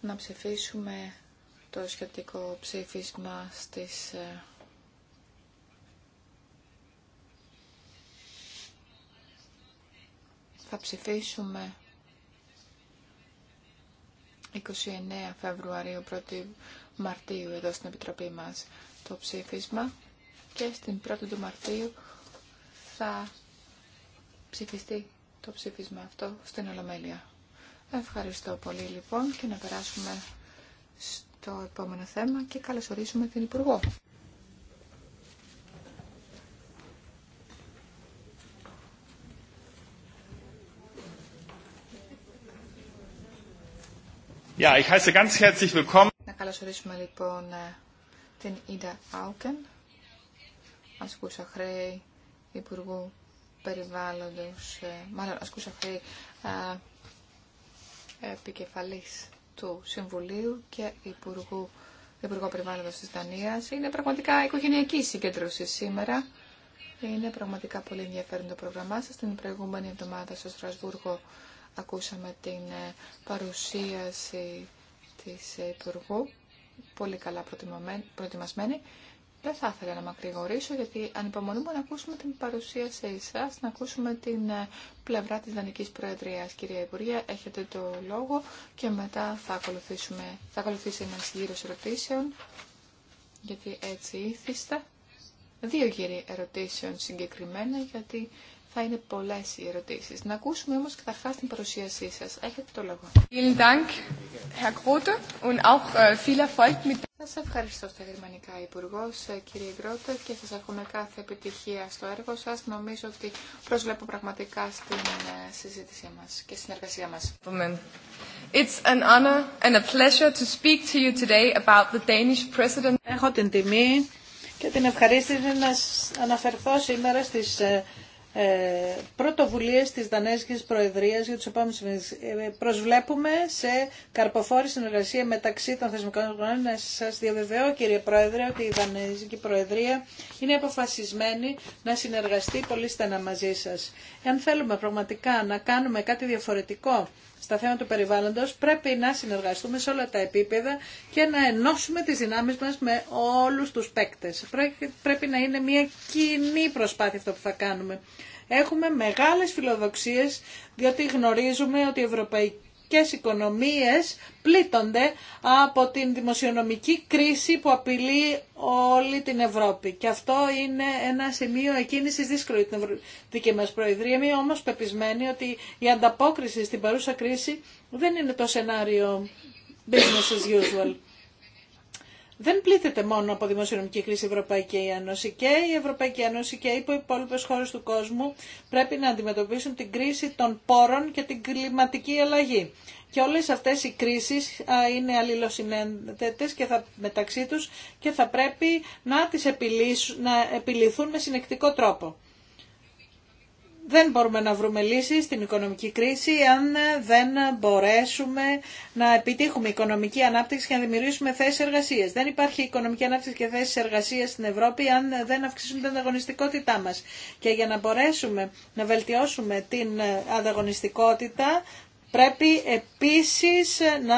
Να ψηφίσουμε το σχετικό ψήφισμα στις ε, θα ψηφίσουμε 29 Φεβρουαρίου, 1η Μαρτίου εδώ στην Επιτροπή μας το ψήφισμα και στην 1η του Μαρτίου θα ψηφιστεί το ψήφισμα αυτό στην Ολομέλεια. Ευχαριστώ πολύ λοιπόν και να περάσουμε στο επόμενο θέμα και καλωσορίσουμε την Υπουργό. Να καλωσορίσουμε λοιπόν ε, την Ίντα Άουκεν, ασκούσα χρέη Υπουργού Περιβάλλοντος, ε, μάλλον ασκούσα χρέη ε, επικεφαλής του Συμβουλίου και Υπουργού Υπουργό Περιβάλλοντος της Δανίας. Είναι πραγματικά οικογενειακή συγκέντρωση σήμερα. Είναι πραγματικά πολύ ενδιαφέρον το πρόγραμμά σας. Την προηγούμενη εβδομάδα στο Στρασβούργο Ακούσαμε την ε, παρουσίαση της ε, Υπουργού, πολύ καλά προετοιμασμένη. Δεν θα ήθελα να μακρηγορήσω, γιατί ανυπομονούμε να ακούσουμε την παρουσίαση εσά, να ακούσουμε την ε, πλευρά της Δανικής Προεδρίας. Κυρία Υπουργέ, έχετε το λόγο και μετά θα, ακολουθήσουμε, θα ακολουθήσει ένας γύρος ερωτήσεων, γιατί έτσι ήθιστα. Δύο γύροι ερωτήσεων συγκεκριμένα, γιατί θα είναι πολλέ οι ερωτήσει. Να ακούσουμε όμω καταρχά την παρουσίασή σα. Έχετε το λόγο. Äh, σα ευχαριστώ στα γερμανικά, Υπουργό, ε, κύριε Γκρότε, και σα εύχομαι κάθε επιτυχία στο έργο σα. Νομίζω ότι προσβλέπω πραγματικά στην ε, συζήτησή μα και συνεργασία μας. It's Έχω την τιμή και την ευχαρίστηση να αναφερθώ σήμερα στις ε, ε, πρωτοβουλίες της Δανέζικης Προεδρίας για τους επόμενους ε, Προσβλέπουμε σε καρποφόρη συνεργασία μεταξύ των θεσμικών οργανών. Να σας διαβεβαιώ κύριε Πρόεδρε ότι η Δανέζικη Προεδρία είναι αποφασισμένη να συνεργαστεί πολύ στενά μαζί σας. Εάν θέλουμε πραγματικά να κάνουμε κάτι διαφορετικό στα θέματα του περιβάλλοντος πρέπει να συνεργαστούμε σε όλα τα επίπεδα και να ενώσουμε τις δυνάμεις μας με όλους τους παίκτες. Πρέπει να είναι μια κοινή προσπάθεια αυτό που θα κάνουμε. Έχουμε μεγάλες φιλοδοξίες διότι γνωρίζουμε ότι η Ευρωπαϊκή ευρωπαϊκές οικονομίες πλήττονται από την δημοσιονομική κρίση που απειλεί όλη την Ευρώπη. Και αυτό είναι ένα σημείο εκκίνησης δύσκολο για μας Προεδρία. Είμαι όμως πεπισμένη ότι η ανταπόκριση στην παρούσα κρίση δεν είναι το σενάριο business as usual δεν πλήθεται μόνο από δημοσιονομική κρίση η Ευρωπαϊκή Ένωση και η Ευρωπαϊκή Ένωση και οι υπόλοιπε χώρε του κόσμου πρέπει να αντιμετωπίσουν την κρίση των πόρων και την κλιματική αλλαγή. Και όλε αυτέ οι κρίσει είναι αλληλοσυνέντετε και θα, μεταξύ του και θα πρέπει να τις επιλύσουν, επιληθούν με συνεκτικό τρόπο δεν μπορούμε να βρούμε λύσεις στην οικονομική κρίση αν δεν μπορέσουμε να επιτύχουμε οικονομική ανάπτυξη και να δημιουργήσουμε θέσεις εργασίας. Δεν υπάρχει οικονομική ανάπτυξη και θέσεις εργασίας στην Ευρώπη αν δεν αυξήσουμε την ανταγωνιστικότητά μας. Και για να μπορέσουμε να βελτιώσουμε την ανταγωνιστικότητα πρέπει επίσης να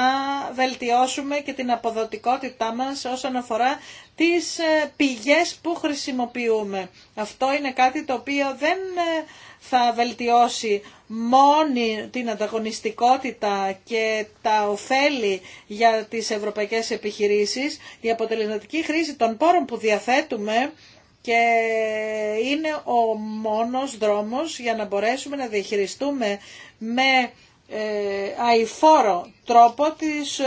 βελτιώσουμε και την αποδοτικότητά μας όσον αφορά τις πηγές που χρησιμοποιούμε. Αυτό είναι κάτι το οποίο δεν θα βελτιώσει μόνη την ανταγωνιστικότητα και τα ωφέλη για τις ευρωπαϊκές επιχειρήσεις, η αποτελεσματική χρήση των πόρων που διαθέτουμε και είναι ο μόνος δρόμος για να μπορέσουμε να διαχειριστούμε με ε, αηφόρο τρόπο τις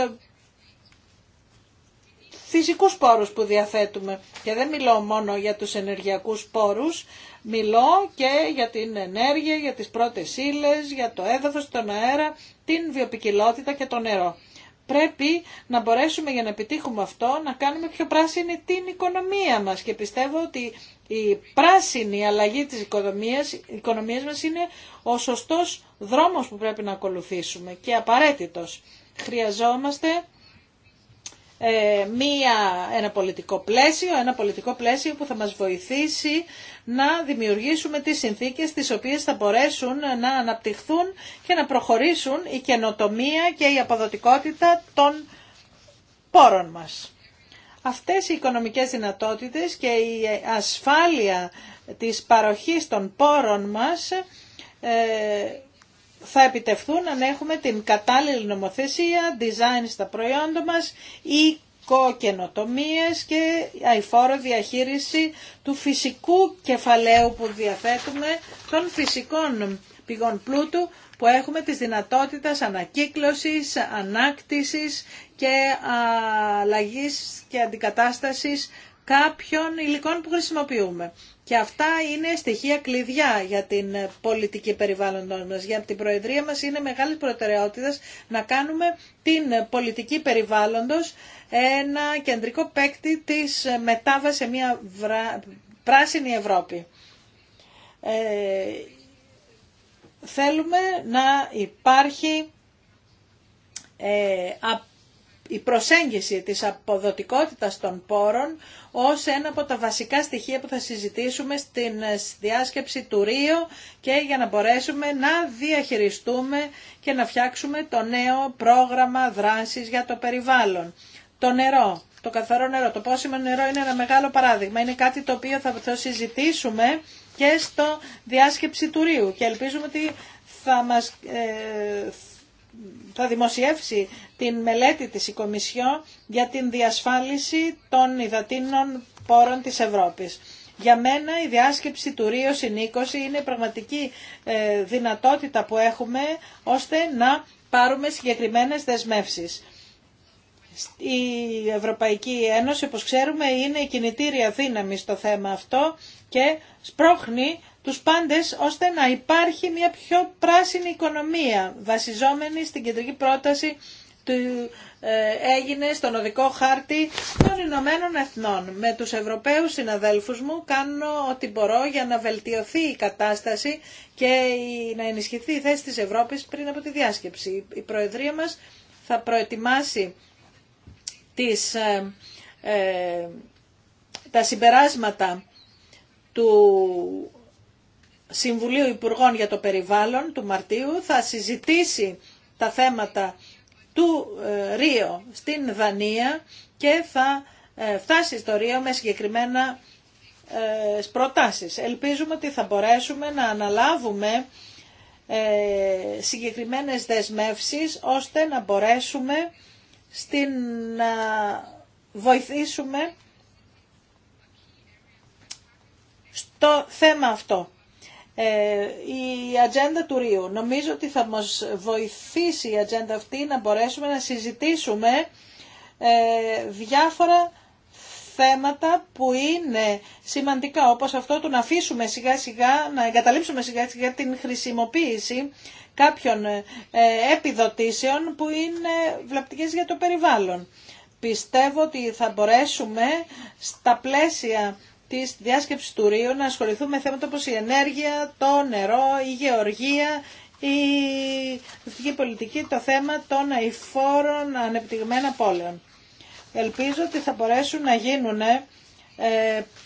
φυσικούς πόρους που διαθέτουμε. Και δεν μιλώ μόνο για τους ενεργειακούς πόρους, μιλώ και για την ενέργεια, για τις πρώτες ύλε, για το έδαφος, τον αέρα, την βιοπικιλότητα και το νερό. Πρέπει να μπορέσουμε για να επιτύχουμε αυτό να κάνουμε πιο πράσινη την οικονομία μας και πιστεύω ότι η πράσινη αλλαγή της οικονομίας, οικονομίας μας είναι ο σωστός δρόμος που πρέπει να ακολουθήσουμε και απαραίτητος. Χρειαζόμαστε ε, μία, ένα πολιτικό πλαίσιο, ένα πολιτικό πλαίσιο που θα μας βοηθήσει να δημιουργήσουμε τις συνθήκες τις οποίες θα μπορέσουν να αναπτυχθούν και να προχωρήσουν η καινοτομία και η αποδοτικότητα των πόρων μας. Αυτές οι οικονομικές δυνατότητες και η ασφάλεια της παροχής των πόρων μας ε, θα επιτευχθούν αν έχουμε την κατάλληλη νομοθεσία, design στα προϊόντα μας, ή κοκαινοτομίες και αηφόρο διαχείριση του φυσικού κεφαλαίου που διαθέτουμε των φυσικών πηγών πλούτου που έχουμε τις δυνατότητες ανακύκλωσης, ανάκτησης και αλλαγής και αντικατάστασης κάποιων υλικών που χρησιμοποιούμε. Και αυτά είναι στοιχεία κλειδιά για την πολιτική περιβάλλοντος μας. Για την Προεδρία μας είναι μεγάλη προτεραιότητα να κάνουμε την πολιτική περιβάλλοντος ένα κεντρικό παίκτη της μετάβασης σε μια πράσινη Ευρώπη. Ε, θέλουμε να υπάρχει ε, η προσέγγιση της αποδοτικότητας των πόρων ως ένα από τα βασικά στοιχεία που θα συζητήσουμε στην διάσκεψη του Ρίο και για να μπορέσουμε να διαχειριστούμε και να φτιάξουμε το νέο πρόγραμμα δράσης για το περιβάλλον. Το νερό, το καθαρό νερό, το πόσιμο νερό είναι ένα μεγάλο παράδειγμα. Είναι κάτι το οποίο θα συζητήσουμε και στο διάσκεψη του Ρίου και ελπίζουμε ότι θα μας ε, θα δημοσιεύσει την μελέτη της η Κομισιό για την διασφάλιση των υδατίνων πόρων της Ευρώπης. Για μένα η διάσκεψη του Ρίο είναι είναι πραγματική ε, δυνατότητα που έχουμε ώστε να πάρουμε συγκεκριμένες δεσμεύσεις. Η Ευρωπαϊκή Ένωση, όπως ξέρουμε, είναι η κινητήρια δύναμη στο θέμα αυτό και σπρώχνει τους πάντες ώστε να υπάρχει μια πιο πράσινη οικονομία βασιζόμενη στην κεντρική πρόταση του ε, έγινε στον οδικό χάρτη των Ηνωμένων Εθνών. Με τους Ευρωπαίους συναδέλφους μου κάνω ό,τι μπορώ για να βελτιωθεί η κατάσταση και να ενισχυθεί η θέση της Ευρώπης πριν από τη διάσκεψη. Η Προεδρία μας θα προετοιμάσει τις, ε, ε, τα συμπεράσματα του Συμβουλίου Υπουργών για το Περιβάλλον του Μαρτίου θα συζητήσει τα θέματα του ε, Ρίο στην Δανία και θα ε, φτάσει στο Ρίο με συγκεκριμένα ε, προτάσεις. Ελπίζουμε ότι θα μπορέσουμε να αναλάβουμε συγκεκριμένες δεσμεύσεις ώστε να μπορέσουμε στην, να βοηθήσουμε στο θέμα αυτό. Ε, η ατζέντα του Ρίου. Νομίζω ότι θα μας βοηθήσει η ατζέντα αυτή να μπορέσουμε να συζητήσουμε ε, διάφορα θέματα που είναι σημαντικά, όπως αυτό του να αφήσουμε σιγά σιγά, να εγκαταλείψουμε σιγά σιγά την χρησιμοποίηση κάποιων ε, επιδοτήσεων που είναι βλαπτικές για το περιβάλλον. Πιστεύω ότι θα μπορέσουμε στα πλαίσια Τη διάσκεψη του Ρίου να ασχοληθούμε με θέματα όπω η ενέργεια, το νερό, η γεωργία, η δυτική πολιτική, το θέμα των αηφόρων ανεπτυγμένων πόλεων. Ελπίζω ότι θα μπορέσουν να γίνουν ε,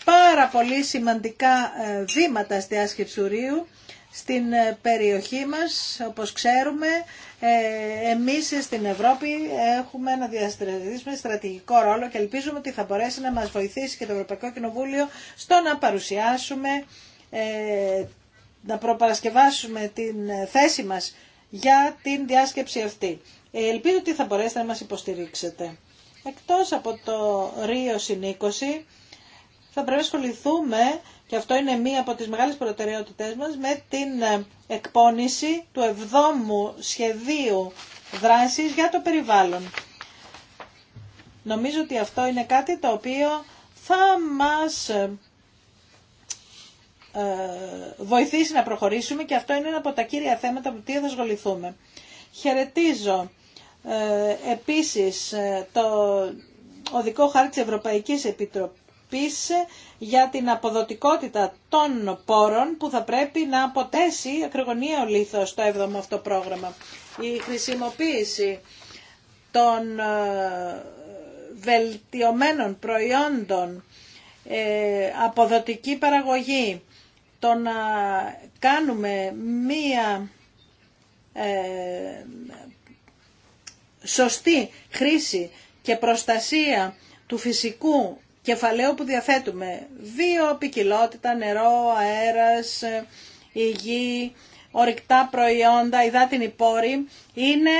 πάρα πολύ σημαντικά ε, βήματα στη Διάσκεψη του Ρίου στην ε, περιοχή μας, όπως ξέρουμε, ε, εμείς στην Ευρώπη έχουμε ένα διαστρατηγικό στρατηγικό ρόλο και ελπίζουμε ότι θα μπορέσει να μας βοηθήσει και το Ευρωπαϊκό Κοινοβούλιο στο να παρουσιάσουμε, ε, να προπαρασκευάσουμε την θέση μας για την διάσκεψη αυτή. Ελπίζω ότι θα μπορέσετε να μας υποστηρίξετε. Εκτός από το Ρίο Συνήκωση, θα πρέπει να ασχοληθούμε και αυτό είναι μία από τις μεγάλες προτεραιότητές μας, με την ε, εκπόνηση του εβδόμου σχεδίου δράσης για το περιβάλλον. Νομίζω ότι αυτό είναι κάτι το οποίο θα μας ε, ε, βοηθήσει να προχωρήσουμε και αυτό είναι ένα από τα κύρια θέματα που θα ασχοληθούμε. Χαιρετίζω επίσης το οδικό χάρτη Ευρωπαϊκής Επιτροπής πίσε για την αποδοτικότητα των πόρων που θα πρέπει να αποτέσει ακρογωνία λίθος το 7ο αυτό πρόγραμμα. Η χρησιμοποίηση των ε, βελτιωμένων προϊόντων, ε, αποδοτική παραγωγή, το να κάνουμε μία ε, σωστή χρήση και προστασία του φυσικού κεφαλαίο που διαθέτουμε. ποικιλότητα, νερό, αέρας, ε, υγιή, ορυκτά προϊόντα, υδάτινη πόρη, είναι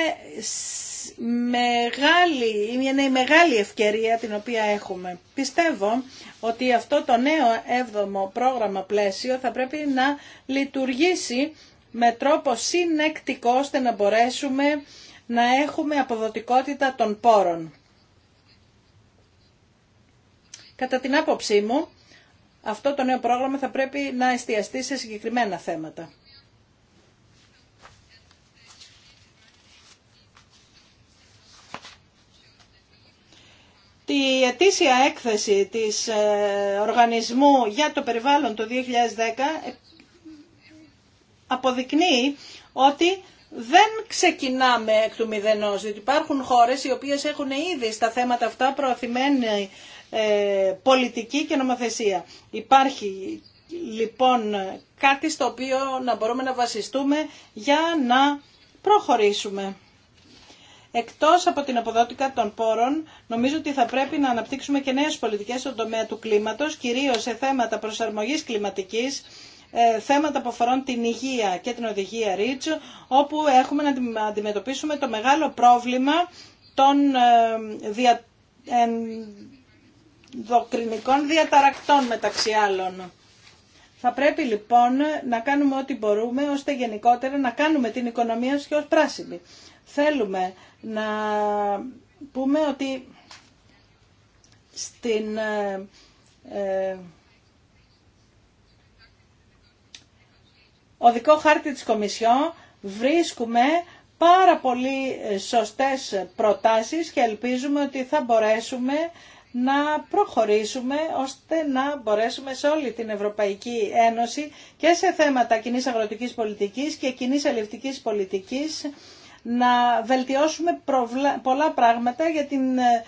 μεγάλη, είναι η μεγάλη ευκαιρία την οποία έχουμε. Πιστεύω ότι αυτό το νέο έβδομο πρόγραμμα πλαίσιο θα πρέπει να λειτουργήσει με τρόπο συνεκτικό ώστε να μπορέσουμε να έχουμε αποδοτικότητα των πόρων. Κατά την άποψή μου, αυτό το νέο πρόγραμμα θα πρέπει να εστιαστεί σε συγκεκριμένα θέματα. Τη ετήσια έκθεση της ε, Οργανισμού για το Περιβάλλον το 2010 ε, αποδεικνύει ότι δεν ξεκινάμε εκ του μηδενός, διότι υπάρχουν χώρες οι οποίες έχουν ήδη στα θέματα αυτά προωθημένη ε, πολιτική και νομοθεσία. Υπάρχει λοιπόν κάτι στο οποίο να μπορούμε να βασιστούμε για να προχωρήσουμε. Εκτός από την αποδότηκα των πόρων, νομίζω ότι θα πρέπει να αναπτύξουμε και νέες πολιτικές στον τομέα του κλίματος, κυρίως σε θέματα προσαρμογής κλιματικής, ε, θέματα που αφορούν την υγεία και την οδηγία REACH, όπου έχουμε να αντιμετωπίσουμε το μεγάλο πρόβλημα των ε, ενδοκρινικών διαταρακτών μεταξύ άλλων. Θα πρέπει λοιπόν να κάνουμε ό,τι μπορούμε ώστε γενικότερα να κάνουμε την οικονομία πιο πράσινη. Θέλουμε να πούμε ότι στην ε, ε, οδικό χάρτη της Κομισιό βρίσκουμε πάρα πολύ σωστές προτάσεις και ελπίζουμε ότι θα μπορέσουμε να προχωρήσουμε ώστε να μπορέσουμε σε όλη την Ευρωπαϊκή Ένωση και σε θέματα κοινή αγροτικής πολιτικής και κοινή αλληλευτικής πολιτικής να βελτιώσουμε πολλά πράγματα για την ε,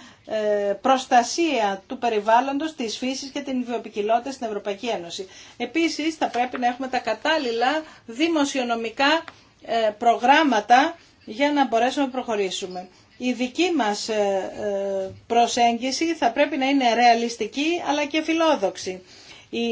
προστασία του περιβάλλοντος, της φύσης και την βιοπικιλότητα στην Ευρωπαϊκή Ένωση. Επίσης θα πρέπει να έχουμε τα κατάλληλα δημοσιονομικά ε, προγράμματα για να μπορέσουμε να προχωρήσουμε η δική μας ε, ε, προσέγγιση θα πρέπει να είναι ρεαλιστική αλλά και φιλόδοξη. Η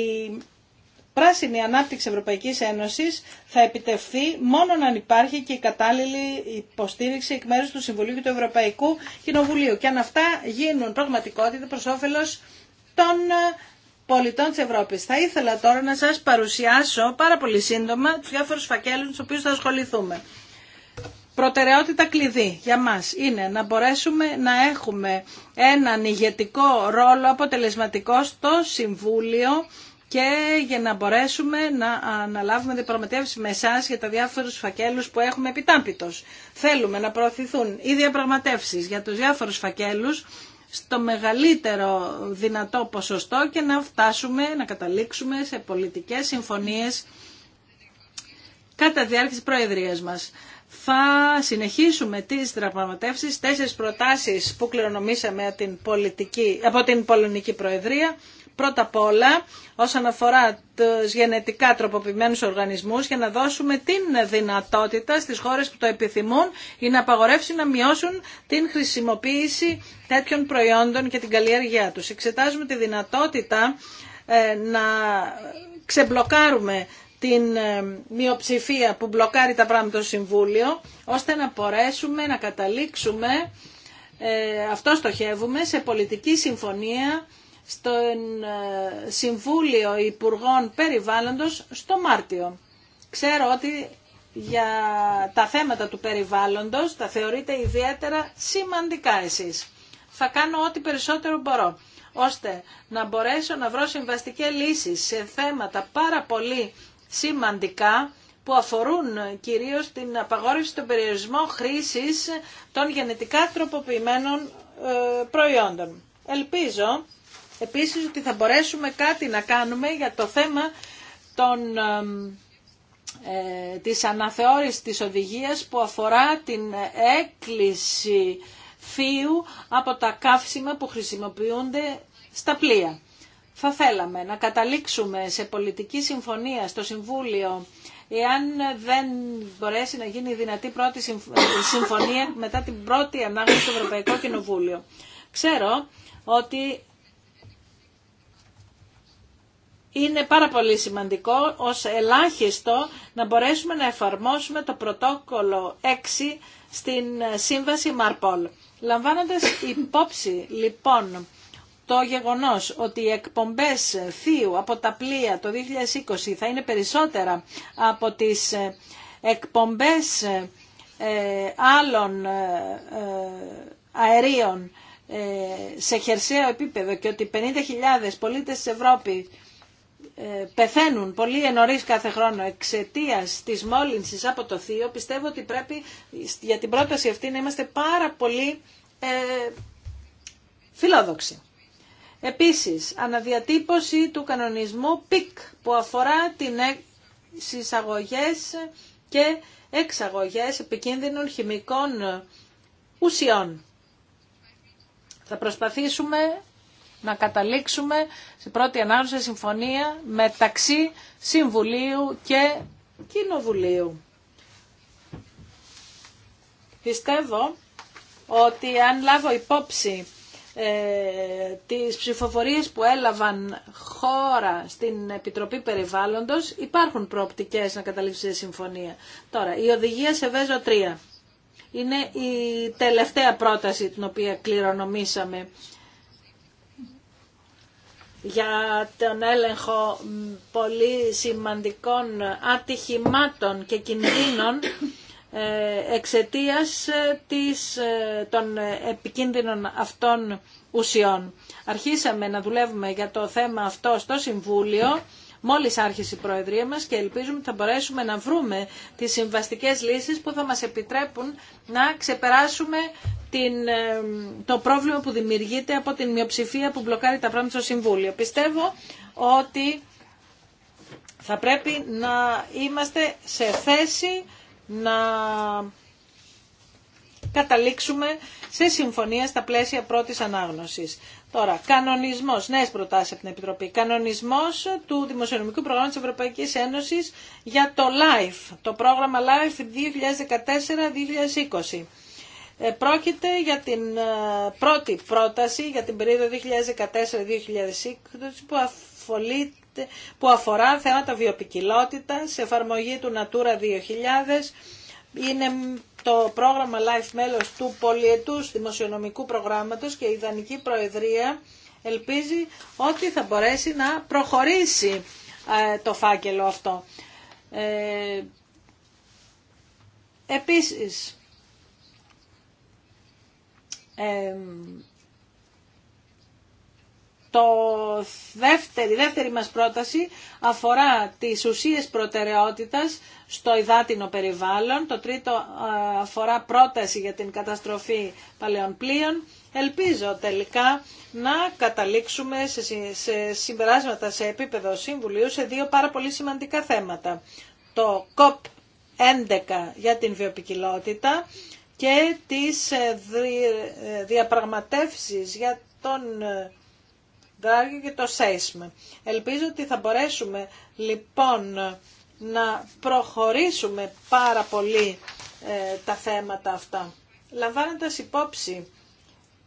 πράσινη ανάπτυξη Ευρωπαϊκής Ένωσης θα επιτευχθεί μόνο αν υπάρχει και η κατάλληλη υποστήριξη εκ μέρους του Συμβουλίου και του Ευρωπαϊκού Κοινοβουλίου και αν αυτά γίνουν πραγματικότητα προς όφελος των ε, πολιτών της Ευρώπης. Θα ήθελα τώρα να σας παρουσιάσω πάρα πολύ σύντομα τους διάφορους φακέλους στους οποίους θα ασχοληθούμε προτεραιότητα κλειδί για μας είναι να μπορέσουμε να έχουμε έναν ηγετικό ρόλο αποτελεσματικό στο Συμβούλιο και για να μπορέσουμε να αναλάβουμε διαπραγματεύσει με εσά για τα διάφορου φακέλου που έχουμε επιτάπητο. Θέλουμε να προωθηθούν οι διαπραγματεύσει για του διάφορου φακέλου στο μεγαλύτερο δυνατό ποσοστό και να φτάσουμε να καταλήξουμε σε πολιτικές συμφωνίες κατά διάρκεια της Προεδρίας μας θα συνεχίσουμε τις δραπραγματεύσεις, τέσσερις προτάσεις που κληρονομήσαμε από την, πολιτική, από την Πολωνική Προεδρία. Πρώτα απ' όλα, όσον αφορά τους γενετικά τροποποιημένους οργανισμούς, για να δώσουμε την δυνατότητα στις χώρες που το επιθυμούν ή να απαγορεύσουν να μειώσουν την χρησιμοποίηση τέτοιων προϊόντων και την καλλιέργειά τους. Εξετάζουμε τη δυνατότητα ε, να ξεμπλοκάρουμε την ε, μειοψηφία που μπλοκάρει τα πράγματα στο Συμβούλιο, ώστε να μπορέσουμε να καταλήξουμε, ε, αυτό στοχεύουμε, σε πολιτική συμφωνία στο ε, Συμβούλιο Υπουργών Περιβάλλοντος στο Μάρτιο. Ξέρω ότι για τα θέματα του περιβάλλοντος τα θεωρείτε ιδιαίτερα σημαντικά εσείς. Θα κάνω ό,τι περισσότερο μπορώ, ώστε να μπορέσω να βρω συμβαστικές λύσεις σε θέματα πάρα πολύ σημαντικά που αφορούν κυρίως την απαγόρευση των περιορισμών χρήσης των γενετικά τροποποιημένων ε, προϊόντων. Ελπίζω επίσης ότι θα μπορέσουμε κάτι να κάνουμε για το θέμα των, ε, της αναθεώρησης της οδηγίας που αφορά την έκκληση φύου από τα καύσιμα που χρησιμοποιούνται στα πλοία θα θέλαμε να καταλήξουμε σε πολιτική συμφωνία στο Συμβούλιο εάν δεν μπορέσει να γίνει δυνατή πρώτη ε, συμφωνία μετά την πρώτη ανάγκη στο Ευρωπαϊκό Κοινοβούλιο. Ξέρω ότι είναι πάρα πολύ σημαντικό ως ελάχιστο να μπορέσουμε να εφαρμόσουμε το πρωτόκολλο 6 στην Σύμβαση Μαρπόλ. Λαμβάνοντας υπόψη λοιπόν το γεγονός ότι οι εκπομπές θείου από τα πλοία το 2020 θα είναι περισσότερα από τις ε, εκπομπές ε, ε, άλλων αερίων σε χερσαίο επίπεδο και ότι 50.000 πολίτες της Ευρώπη πεθαίνουν πολύ ενωρίς κάθε χρόνο εξαιτίας της μόλυνσης από το θείο, πιστεύω ότι πρέπει για την πρόταση αυτή να είμαστε πάρα πολύ ε, φιλόδοξοι. Επίσης, αναδιατύπωση του κανονισμού ΠΙΚ που αφορά την ε- εισαγωγές και εξαγωγές επικίνδυνων χημικών ουσιών. Θα προσπαθήσουμε να καταλήξουμε σε πρώτη ανάγνωση συμφωνία μεταξύ Συμβουλίου και Κοινοβουλίου. Πιστεύω ότι αν λάβω υπόψη ε, τις ψηφοφορίες που έλαβαν χώρα στην Επιτροπή Περιβάλλοντος υπάρχουν προοπτικές να καταλήξει συμφωνία. Τώρα, η οδηγία σε Βέζο 3 είναι η τελευταία πρόταση την οποία κληρονομήσαμε για τον έλεγχο πολύ σημαντικών ατυχημάτων και κινδύνων ε, εξαιτίας ε, της, ε, των επικίνδυνων αυτών ουσιών. Αρχίσαμε να δουλεύουμε για το θέμα αυτό στο Συμβούλιο μόλις άρχισε η Προεδρία μας και ελπίζουμε ότι θα μπορέσουμε να βρούμε τις συμβαστικές λύσεις που θα μας επιτρέπουν να ξεπεράσουμε την, το πρόβλημα που δημιουργείται από την μειοψηφία που μπλοκάρει τα πράγματα στο Συμβούλιο. Πιστεύω ότι θα πρέπει να είμαστε σε θέση να καταλήξουμε σε συμφωνία στα πλαίσια πρώτης ανάγνωσης. Τώρα, κανονισμός, νέες προτάσεις από την Επιτροπή, κανονισμός του Δημοσιονομικού Προγράμματος Ευρωπαϊκής Ένωσης για το LIFE, το πρόγραμμα LIFE 2014-2020. Ε, πρόκειται για την ε, πρώτη πρόταση για την περίοδο 2014-2020 που αφολείται που αφορά θέματα σε εφαρμογή του Natura 2000, είναι το πρόγραμμα Life μέλος του πολιετούς δημοσιονομικού προγράμματος και η Ιδανική Προεδρία ελπίζει ότι θα μπορέσει να προχωρήσει ε, το φάκελο αυτό. Ε, επίσης, ε, το δεύτερη, δεύτερη μας πρόταση αφορά τις ουσίες προτεραιότητας στο υδάτινο περιβάλλον. Το τρίτο αφορά πρόταση για την καταστροφή παλαιών πλοίων. Ελπίζω τελικά να καταλήξουμε σε συμπεράσματα σε επίπεδο Συμβουλίου σε δύο πάρα πολύ σημαντικά θέματα. Το COP11 για την βιοπικιλότητα και τις ε, ε, διαπραγματεύσεις για τον ε, και το σείσμε. Ελπίζω ότι θα μπορέσουμε λοιπόν να προχωρήσουμε πάρα πολύ ε, τα θέματα αυτά. Λαμβάνοντας υπόψη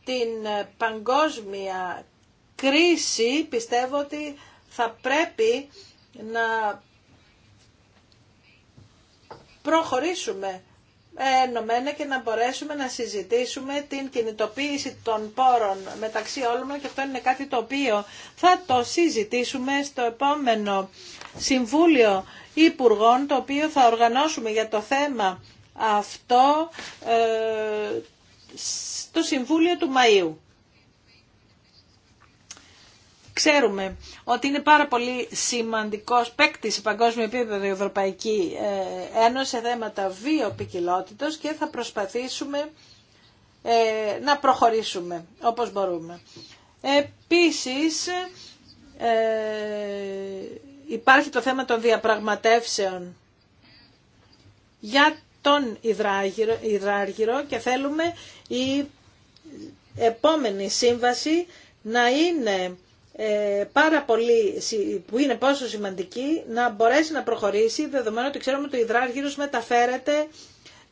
την ε, παγκόσμια κρίση, πιστεύω ότι θα πρέπει να προχωρήσουμε ενωμένα και να μπορέσουμε να συζητήσουμε την κινητοποίηση των πόρων μεταξύ όλων και αυτό είναι κάτι το οποίο θα το συζητήσουμε στο επόμενο Συμβούλιο Υπουργών το οποίο θα οργανώσουμε για το θέμα αυτό ε, στο Συμβούλιο του Μαΐου. Ξέρουμε ότι είναι πάρα πολύ σημαντικός παίκτη σε παγκόσμιο επίπεδο η Ευρωπαϊκή ε, Ένωση σε θέματα βιοπικιλότητος και θα προσπαθήσουμε ε, να προχωρήσουμε όπως μπορούμε. Επίσης ε, υπάρχει το θέμα των διαπραγματεύσεων για τον υδράργυρο και θέλουμε η επόμενη σύμβαση να είναι ε, πάρα πολύ, που είναι πόσο σημαντική, να μπορέσει να προχωρήσει, δεδομένου ότι ξέρουμε ότι ο υδράργυρος μεταφέρεται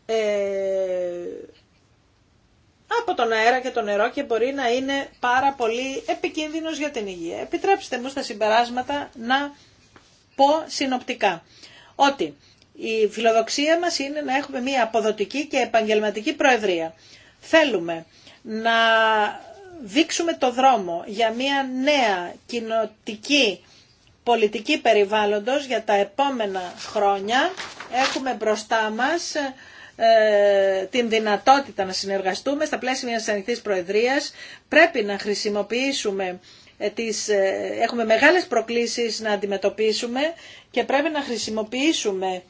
ε, από τον αέρα και το νερό και μπορεί να είναι πάρα πολύ επικίνδυνος για την υγεία. Επιτρέψτε μου στα συμπεράσματα να πω συνοπτικά ότι η φιλοδοξία μας είναι να έχουμε μια αποδοτική και επαγγελματική προεδρία. Θέλουμε να δείξουμε το δρόμο για μια νέα κοινοτική πολιτική περιβάλλοντος για τα επόμενα χρόνια. Έχουμε μπροστά μας ε, την δυνατότητα να συνεργαστούμε στα πλαίσια μιας ανοιχτής προεδρίας. Πρέπει να χρησιμοποιήσουμε ε, τις, ε, έχουμε μεγάλες προκλήσεις να αντιμετωπίσουμε και πρέπει να χρησιμοποιήσουμε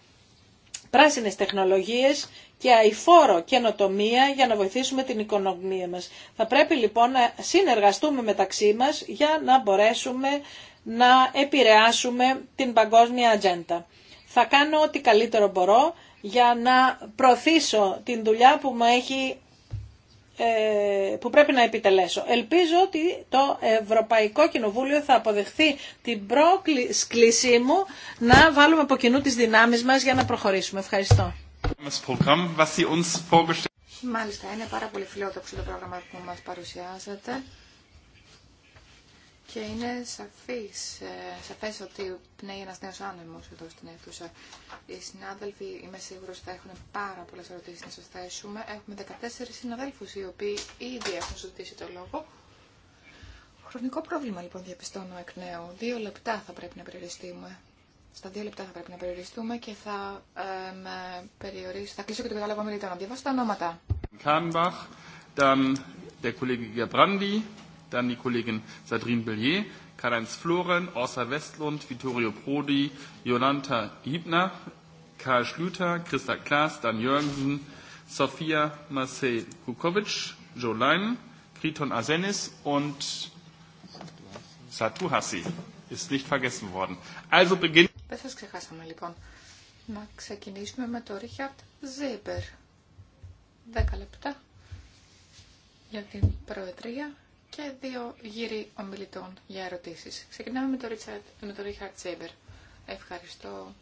πράσινες τεχνολογίες και αηφόρο καινοτομία για να βοηθήσουμε την οικονομία μας. Θα πρέπει λοιπόν να συνεργαστούμε μεταξύ μας για να μπορέσουμε να επηρεάσουμε την παγκόσμια ατζέντα. Θα κάνω ό,τι καλύτερο μπορώ για να προωθήσω την δουλειά που μου έχει ε, που πρέπει να επιτελέσω. Ελπίζω ότι το Ευρωπαϊκό Κοινοβούλιο θα αποδεχθεί την προσκλήση μου να βάλουμε από κοινού τις δυνάμεις μας για να προχωρήσουμε. Ευχαριστώ. Μάλιστα, είναι πάρα πολύ φιλόδοξο το πρόγραμμα που μας παρουσιάζεται και είναι σαφής, ε, σαφές ότι πνέει ένας νέος άνεμος εδώ στην αίθουσα. Οι συνάδελφοι, είμαι σίγουρος, θα έχουν πάρα πολλές ερωτήσεις να σας θέσουμε. Έχουμε 14 συναδέλφους οι οποίοι ήδη έχουν ζητήσει το λόγο. Χρονικό πρόβλημα λοιπόν διαπιστώνω εκ νέου. Δύο λεπτά θα πρέπει να περιοριστούμε. Στα δύο λεπτά θα πρέπει να περιοριστούμε και θα, ε, με περιορίσω, θα κλείσω και το κατάλογο μιλητών. Να διαβάσω τα ονόματα. Kahnbach, dann der Kollege Gabrandi, dann die Kollegin Sadrine Bellier, Karl-Heinz Floren, Orsa Westlund, Vittorio Prodi, Jolanta Hibner, Karl Schlüter, Christa Klaas, Dan Jörgensen, Sofia Marcel Kukovic, Jo Lein, Kriton Asenis und Satu Hassi. Ist nicht vergessen worden. Also beginnt. Δεν σας ξεχάσαμε λοιπόν. Να ξεκινήσουμε με το Richard Zeber. 10 λεπτά για την Προεδρία και δύο γύροι ομιλητών για ερωτήσεις. Ξεκινάμε με το, Richard, με το Richard Ευχαριστώ.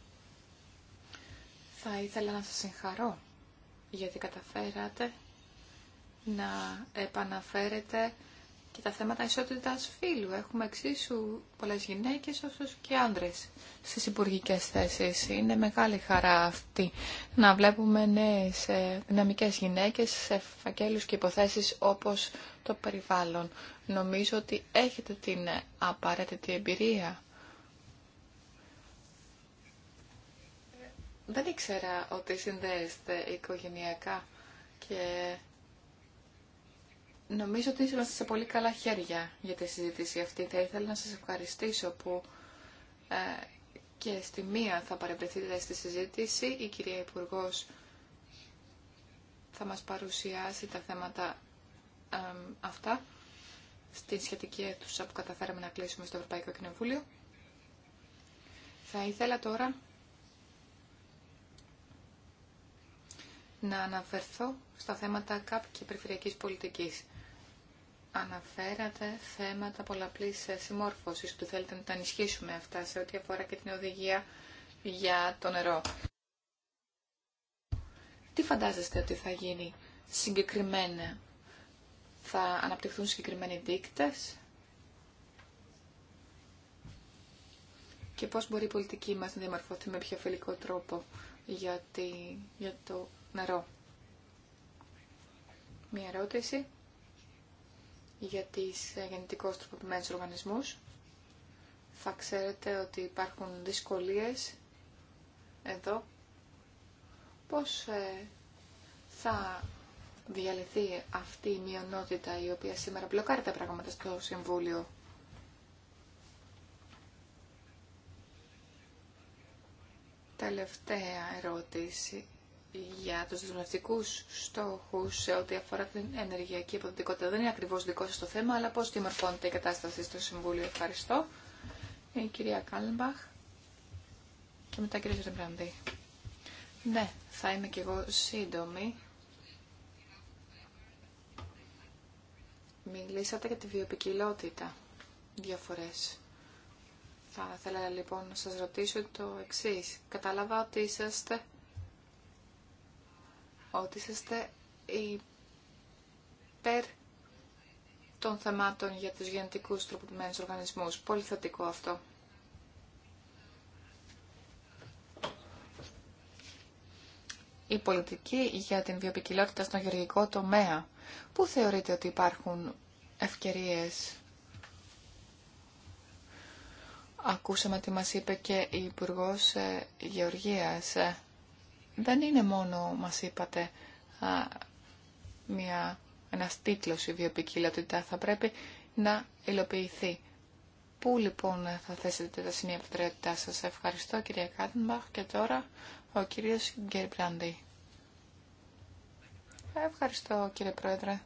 Θα ήθελα να σας συγχαρώ γιατί καταφέρατε να επαναφέρετε και τα θέματα ισότητας φύλου. Έχουμε εξίσου πολλές γυναίκες όσο και άνδρες στις υπουργικέ θέσεις. Είναι μεγάλη χαρά αυτή να βλέπουμε νέες ε, δυναμικές γυναίκες σε φακέλους και υποθέσεις όπως το περιβάλλον. Νομίζω ότι έχετε την απαραίτητη εμπειρία. Δεν ήξερα ότι συνδέεστε οικογενειακά και Νομίζω ότι ήσασταν σε πολύ καλά χέρια για τη συζήτηση αυτή. Θα ήθελα να σας ευχαριστήσω που ε, και στη μία θα παρευρεθείτε στη συζήτηση. Η κυρία Υπουργό θα μας παρουσιάσει τα θέματα αυτά στην σχετική αίθουσα που καταφέραμε να κλείσουμε στο Ευρωπαϊκό Κοινοβούλιο. Θα ήθελα τώρα να αναφερθώ στα θέματα ΚΑΠ και περιφερειακής πολιτικής αναφέρατε θέματα πολλαπλής ε, συμμόρφωσης, που θέλετε να τα ενισχύσουμε αυτά σε ό,τι αφορά και την οδηγία για το νερό. Τι φαντάζεστε ότι θα γίνει συγκεκριμένα. Θα αναπτυχθούν συγκεκριμένοι δείκτες και πώς μπορεί η πολιτική μας να διαμορφωθεί με πιο φιλικό τρόπο για, για το νερό. Μία ερώτηση για τις ε, γεννητικώς τροποποιημένους οργανισμούς. Θα ξέρετε ότι υπάρχουν δυσκολίες εδώ. Πώς ε, θα διαλυθεί αυτή η μειονότητα η οποία σήμερα μπλοκάρει τα πράγματα στο Συμβούλιο. Τελευταία ερώτηση για τους δεσμευτικούς στόχους σε ό,τι αφορά την ενεργειακή υποδοτικότητα. Δεν είναι ακριβώς δικό σας το θέμα, αλλά πώς δημορφώνεται η κατάσταση στο Συμβούλιο. Ευχαριστώ. Η κυρία Κάλμπαχ και μετά η κυρία Ζεμπραντή. Ναι, θα είμαι κι εγώ σύντομη. Μιλήσατε για τη βιοπικιλότητα διαφορές. Θα ήθελα λοιπόν να σας ρωτήσω το εξής. Κατάλαβα ότι είσαστε ότι είστε υπέρ των θεμάτων για τους γενετικούς τροποποιημένους οργανισμούς. Πολύ θετικό αυτό. Η πολιτική για την βιοπικιλότητα στον γεωργικό τομέα. Πού θεωρείτε ότι υπάρχουν ευκαιρίες. Ακούσαμε τι μας είπε και η Υπουργός ε, Γεωργίας δεν είναι μόνο, μας είπατε, μια, ένας τίτλος η βιοποικιλότητα Θα πρέπει να υλοποιηθεί. Πού λοιπόν θα θέσετε τα σημεία προτεραιότητά σας. Ευχαριστώ κυρία Κάτενμπαχ και τώρα ο κύριος Γκέρμπραντι. Ευχαριστώ κύριε Πρόεδρε.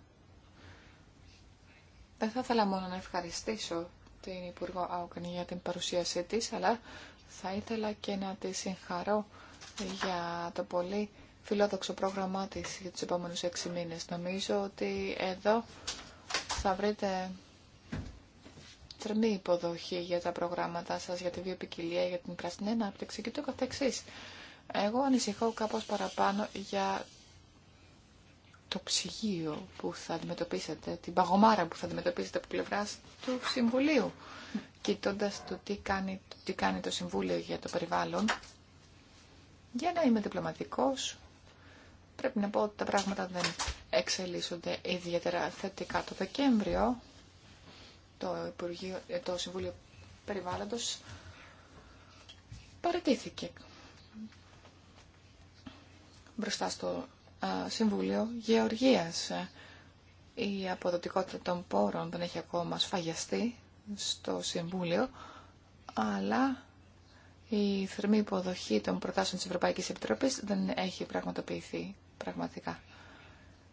Δεν θα ήθελα μόνο να ευχαριστήσω την Υπουργό Άουκεν για την παρουσίασή της, αλλά θα ήθελα και να τη συγχαρώ για το πολύ φιλόδοξο πρόγραμμά της για τους επόμενους έξι μήνες. Νομίζω ότι εδώ θα βρείτε τρμή υποδοχή για τα προγράμματα σας, για τη βιοπικιλία, για την πράσινη ανάπτυξη και το καθεξής. Εγώ ανησυχώ κάπως παραπάνω για το ψυγείο που θα αντιμετωπίσετε, την παγωμάρα που θα αντιμετωπίσετε από πλευρά του Συμβουλίου. Κοιτώντα το τι κάνει, τι κάνει το Συμβούλιο για το περιβάλλον, για να είμαι διπλωματικός, πρέπει να πω ότι τα πράγματα δεν εξελίσσονται ιδιαίτερα θετικά. Το Δεκέμβριο το, Υπουργείο, ε, το Συμβούλιο Περιβάλλοντος παρατήθηκε μπροστά στο Συμβούλιο Γεωργίας. Η αποδοτικότητα των πόρων δεν έχει ακόμα σφαγιαστεί στο Συμβούλιο, αλλά η θερμή υποδοχή των προτάσεων της Ευρωπαϊκής Επιτροπής δεν έχει πραγματοποιηθεί πραγματικά.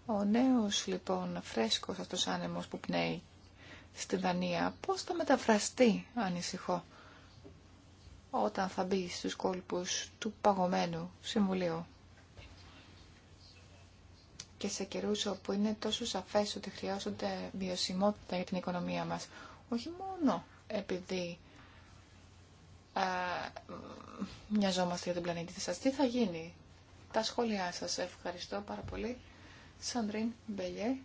Ο νέος λοιπόν φρέσκος αυτός άνεμος που πνέει στη Δανία, πώς θα μεταφραστεί ανησυχώ όταν θα μπει στους κόλπους του παγωμένου Συμβουλίου. Και σε καιρούς όπου είναι τόσο σαφές ότι χρειάζονται βιωσιμότητα για την οικονομία μας, όχι μόνο επειδή μοιαζόμαστε για τον πλανήτη σας. Τι θα γίνει. Τα σχόλιά σας. Ευχαριστώ πάρα πολύ. Σαντρίν Μπελιέ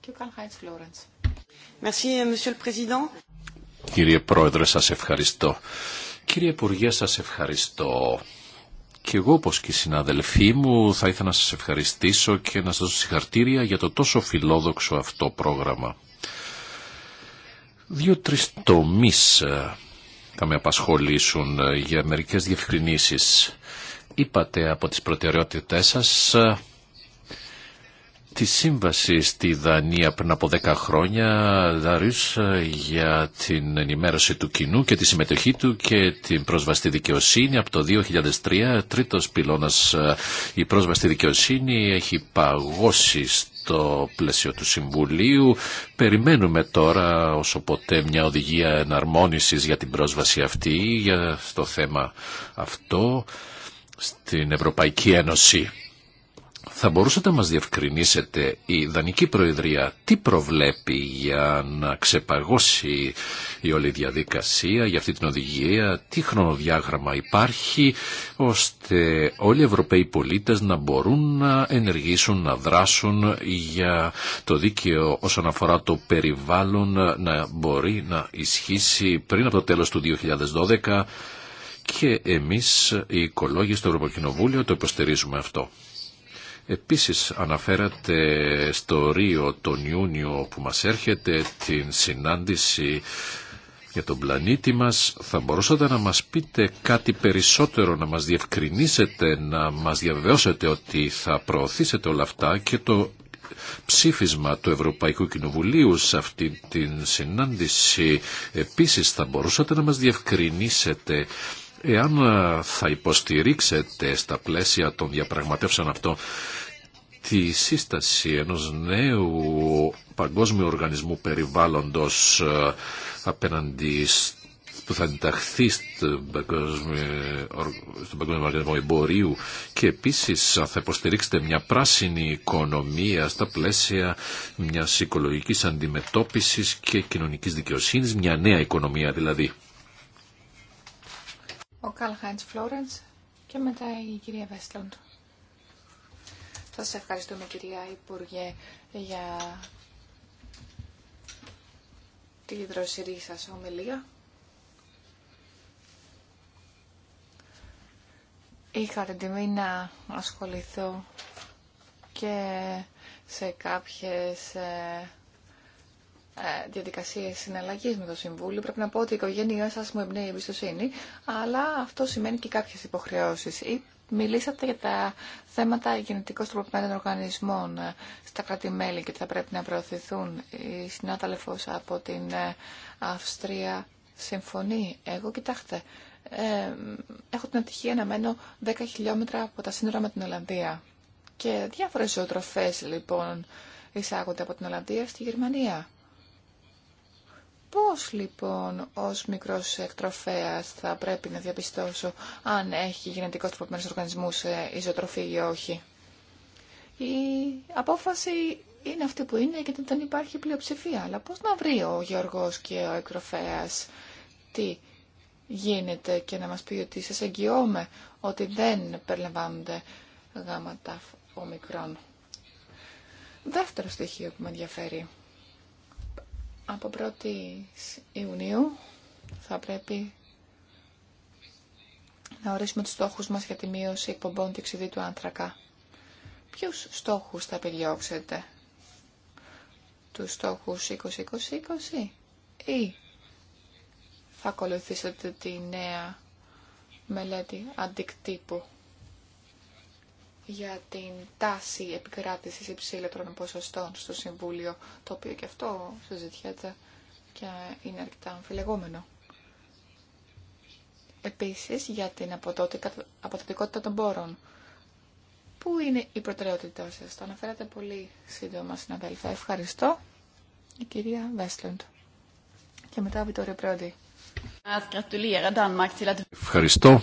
και ο Καλχάιτς Φλόρεντς. Κύριε Πρόεδρε, σας ευχαριστώ. Κύριε Υπουργέ, σας ευχαριστώ. Και εγώ, όπως και οι συναδελφοί μου, θα ήθελα να σας ευχαριστήσω και να σας δώσω συγχαρτήρια για το τόσο φιλόδοξο αυτό πρόγραμμα. Δύο-τρεις τομείς ε, θα με απασχολήσουν ε, για μερικές διευκρινήσεις. Είπατε από τις προτεραιότητές σας ε, τη σύμβαση στη Δανία πριν από 10 χρόνια, Δαρούς, ε, για την ενημέρωση του κοινού και τη συμμετοχή του και την πρόσβαση στη δικαιοσύνη. Από το 2003, τρίτος πυλώνας, η πρόσβαση στη δικαιοσύνη έχει παγώσει στο πλαίσιο του Συμβουλίου. Περιμένουμε τώρα όσο ποτέ μια οδηγία εναρμόνισης για την πρόσβαση αυτή, για το θέμα αυτό στην Ευρωπαϊκή Ένωση. Θα μπορούσατε να μας διευκρινίσετε η Δανική Προεδρία τι προβλέπει για να ξεπαγώσει η όλη διαδικασία για αυτή την οδηγία, τι χρονοδιάγραμμα υπάρχει ώστε όλοι οι Ευρωπαίοι πολίτες να μπορούν να ενεργήσουν, να δράσουν για το δίκαιο όσον αφορά το περιβάλλον να μπορεί να ισχύσει πριν από το τέλος του 2012 και εμείς οι οικολόγοι στο Ευρωπαϊκό Κοινοβούλιο το υποστηρίζουμε αυτό. Επίσης αναφέρατε στο Ρίο τον Ιούνιο που μας έρχεται την συνάντηση για τον πλανήτη μας. Θα μπορούσατε να μας πείτε κάτι περισσότερο, να μας διευκρινίσετε, να μας διαβεβαιώσετε ότι θα προωθήσετε όλα αυτά και το ψήφισμα του Ευρωπαϊκού Κοινοβουλίου σε αυτή την συνάντηση. Επίσης θα μπορούσατε να μας διευκρινίσετε εάν ε, θα υποστηρίξετε στα πλαίσια των διαπραγματεύσεων αυτό τη σύσταση ενός νέου παγκόσμιου οργανισμού περιβάλλοντος ε, απέναντι που θα ενταχθεί στον Παγκόσμιο, Οργανισμό Εμπορίου και επίσης θα υποστηρίξετε μια πράσινη οικονομία στα πλαίσια μιας οικολογικής αντιμετώπισης και κοινωνικής δικαιοσύνης, μια νέα οικονομία δηλαδή ο Καλ Χάιντ και μετά η κυρία Βέσλοντ. Σας ευχαριστούμε κυρία Υπουργέ για τη δροσερή σας ομιλία. Είχα την τιμή να ασχοληθώ και σε κάποιες ε, ε, διαδικασίε συναλλαγή με το Συμβούλιο. Πρέπει να πω ότι η οικογένειά σα μου εμπνέει εμπιστοσύνη, αλλά αυτό σημαίνει και κάποιε υποχρεώσει. Μιλήσατε για τα θέματα γενετικώ τροποποιημένων οργανισμών ε, στα κράτη-μέλη και ότι θα πρέπει να προωθηθούν. Η συνάδελφο από την ε, Αυστρία συμφωνεί. Εγώ, κοιτάξτε, ε, έχω την ατυχία να μένω 10 χιλιόμετρα από τα σύνορα με την Ολλανδία. Και διάφορε ζωοτροφέ λοιπόν εισάγονται από την Ολλανδία στη Γερμανία. Πώς λοιπόν ως μικρός εκτροφέας θα πρέπει να διαπιστώσω αν έχει γενετικώς οργανισμού ε, ιζωτροφή ή όχι. Η απόφαση είναι αυτή που είναι γιατί δεν υπάρχει πλειοψηφία. Αλλά πώς να βρει ο Γεωργός και ο εκτροφέας τι γίνεται και να μας πει ότι σας εγγυώμαι ότι δεν περιλαμβάνονται γάματα ομικρών. Δεύτερο στοιχείο που με ενδιαφέρει από 1η Ιουνίου θα πρέπει να ορίσουμε τους στόχους μας για τη μείωση εκπομπών διοξιδίου του άνθρακα. Ποιους στόχους θα επιδιώξετε, τους στόχους 20-20-20 ή θα ακολουθήσετε τη νέα μελέτη αντικτύπου για την τάση επικράτησης υψηλότερων ποσοστών στο Συμβούλιο, το οποίο και αυτό συζητιέται και είναι αρκετά αμφιλεγόμενο. Επίσης, για την αποδοτικότητα των πόρων. Πού είναι η προτεραιότητά σας. Το αναφέρατε πολύ σύντομα, συναδέλφα. Ευχαριστώ. Η κυρία Βέσλοντ. Και μετά Βιτόριο Πρόντι. Ευχαριστώ.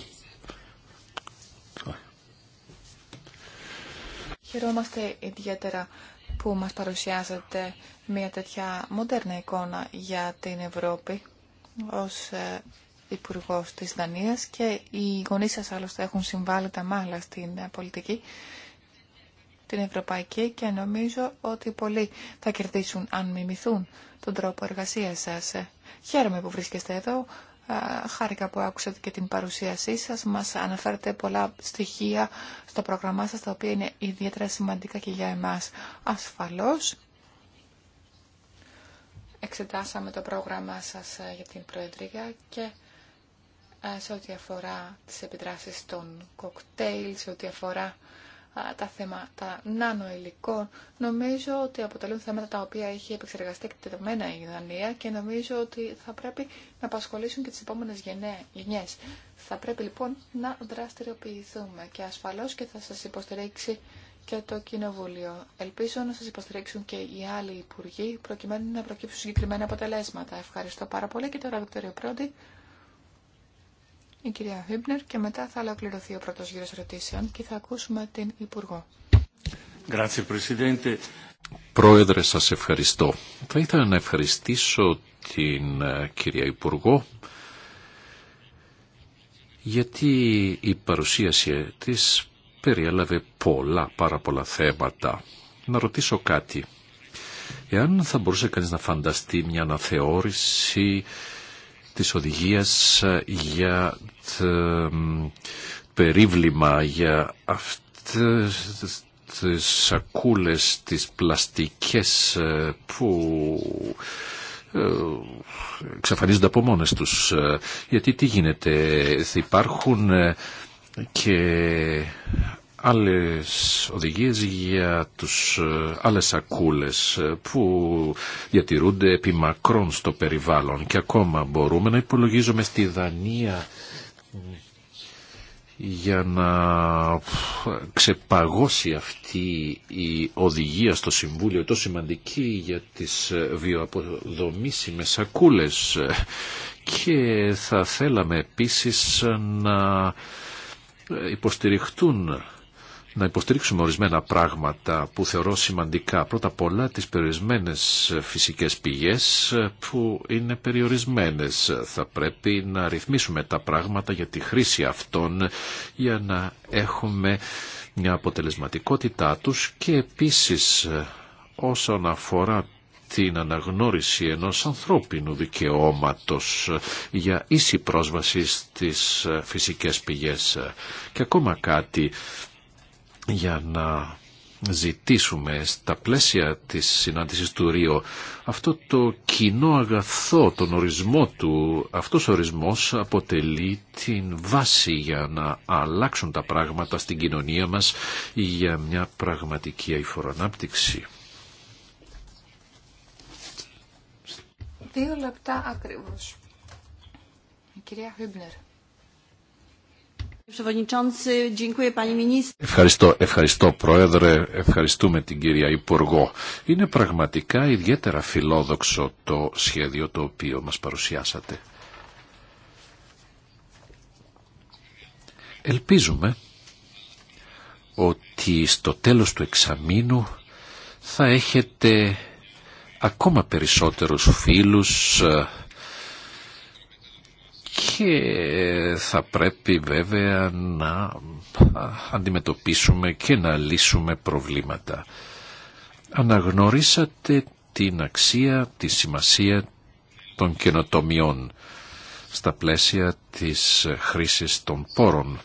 Χαιρόμαστε ιδιαίτερα που μας παρουσιάζετε μια τέτοια μοντέρνα εικόνα για την Ευρώπη ως ε, υπουργό της Δανίας και οι γονείς σας άλλωστε έχουν συμβάλει τα μάλλα στην ε, πολιτική την ευρωπαϊκή και νομίζω ότι πολλοί θα κερδίσουν αν μιμηθούν τον τρόπο εργασίας σας. Ε, χαίρομαι που βρίσκεστε εδώ, χάρηκα που άκουσατε και την παρουσίασή σας. Μας αναφέρετε πολλά στοιχεία στο πρόγραμμά σας, τα οποία είναι ιδιαίτερα σημαντικά και για εμάς. Ασφαλώς, εξετάσαμε το πρόγραμμά σας ε, για την Προεδρία και ε, σε ό,τι αφορά τις επιδράσεις των κοκτέιλ, σε ό,τι αφορά τα θέματα νανοηλικών νομίζω ότι αποτελούν θέματα τα οποία έχει επεξεργαστεί εκτεταμένα η Δανία και νομίζω ότι θα πρέπει να απασχολήσουν και τις επόμενες γενιές. Θα πρέπει λοιπόν να δραστηριοποιηθούμε και ασφαλώς και θα σας υποστηρίξει και το Κοινοβούλιο. Ελπίζω να σας υποστηρίξουν και οι άλλοι υπουργοί προκειμένου να προκύψουν συγκεκριμένα αποτελέσματα. Ευχαριστώ πάρα πολύ και τώρα Βικτωριο Πρόντι η κυρία Χίμπνερ και μετά θα ολοκληρωθεί ο πρώτος γύρος ερωτήσεων και θα ακούσουμε την Υπουργό. Πρόεδρε, σας ευχαριστώ. Θα ήθελα να ευχαριστήσω την ε, κυρία Υπουργό γιατί η παρουσίαση της περιέλαβε πολλά, πάρα πολλά θέματα. Να ρωτήσω κάτι. Εάν θα μπορούσε κανείς να φανταστεί μια αναθεώρηση της οδηγίας ε, για το περίβλημα, για αυτές τις σακούλες, τις πλαστικές ε, που ε, εξαφανίζονται από μόνες τους. Γιατί τι γίνεται, θα υπάρχουν και άλλες οδηγίες για τους ε, άλλες σακούλες ε, που διατηρούνται επί μακρόν στο περιβάλλον και ακόμα μπορούμε να υπολογίζουμε στη Δανία για να ξεπαγώσει αυτή η οδηγία στο Συμβούλιο τόσο σημαντική για τις ε, βιοαποδομήσιμες σακούλες και θα θέλαμε επίσης να υποστηριχτούν να υποστηρίξουμε ορισμένα πράγματα που θεωρώ σημαντικά. Πρώτα απ' όλα τις περιορισμένες φυσικές πηγές που είναι περιορισμένες. Θα πρέπει να ρυθμίσουμε τα πράγματα για τη χρήση αυτών για να έχουμε μια αποτελεσματικότητά τους και επίσης όσον αφορά την αναγνώριση ενός ανθρώπινου δικαιώματος για ίση πρόσβαση στις φυσικές πηγές. Και ακόμα κάτι, για να ζητήσουμε στα πλαίσια της συνάντησης του Ρίο αυτό το κοινό αγαθό, τον ορισμό του, αυτός ο ορισμός αποτελεί την βάση για να αλλάξουν τα πράγματα στην κοινωνία μας για μια πραγματική αηφορανάπτυξη. Δύο λεπτά ακριβώς. Η κυρία Χίμπνερ. Ευχαριστώ, ευχαριστώ Πρόεδρε, ευχαριστούμε την κυρία Υπουργό. Είναι πραγματικά ιδιαίτερα φιλόδοξο το σχέδιο το οποίο μας παρουσιάσατε. Ελπίζουμε ότι στο τέλος του εξαμήνου θα έχετε ακόμα περισσότερους φίλους, ε, και θα πρέπει βέβαια να αντιμετωπίσουμε και να λύσουμε προβλήματα. Αναγνωρίσατε την αξία, τη σημασία των καινοτομιών στα πλαίσια της χρήσης των πόρων.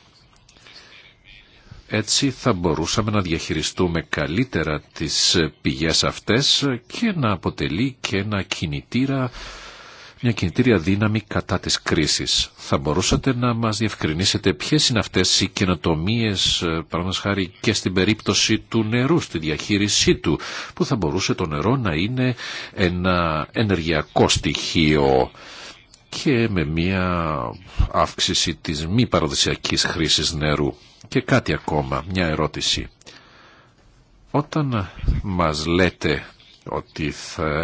Έτσι θα μπορούσαμε να διαχειριστούμε καλύτερα τις πηγές αυτές και να αποτελεί και ένα κινητήρα μια κινητήρια δύναμη κατά της κρίσης. Θα μπορούσατε να μας διευκρινίσετε ποιες είναι αυτές οι καινοτομίες, ε, παραδείγματος χάρη και στην περίπτωση του νερού, στη διαχείρισή του, που θα μπορούσε το νερό να είναι ένα ενεργειακό στοιχείο και με μια αύξηση της μη παραδοσιακής χρήσης νερού. Και κάτι ακόμα, μια ερώτηση. Όταν μας λέτε ότι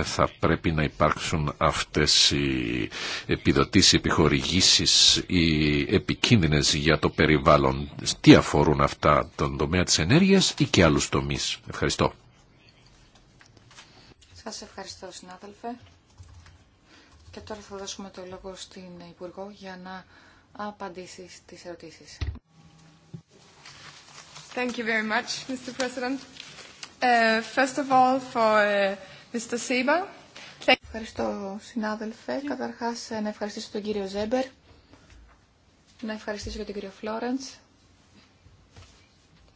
θα, πρέπει να υπάρξουν αυτές οι επιδοτήσεις, επιχορηγήσεις, οι επικίνδυνες για το περιβάλλον. Τι αφορούν αυτά τον τομέα της ενέργειας ή και άλλους τομείς. Ευχαριστώ. Σας ευχαριστώ συνάδελφε. Και τώρα θα δώσουμε το λόγο στην Υπουργό για να απαντήσει στις ερωτήσεις. Thank you very much, Uh, first uh, Ευχαριστώ συνάδελφε. Καταρχάς να ευχαριστήσω τον κύριο Ζέμπερ, να ευχαριστήσω και τον κύριο Φλόρεντς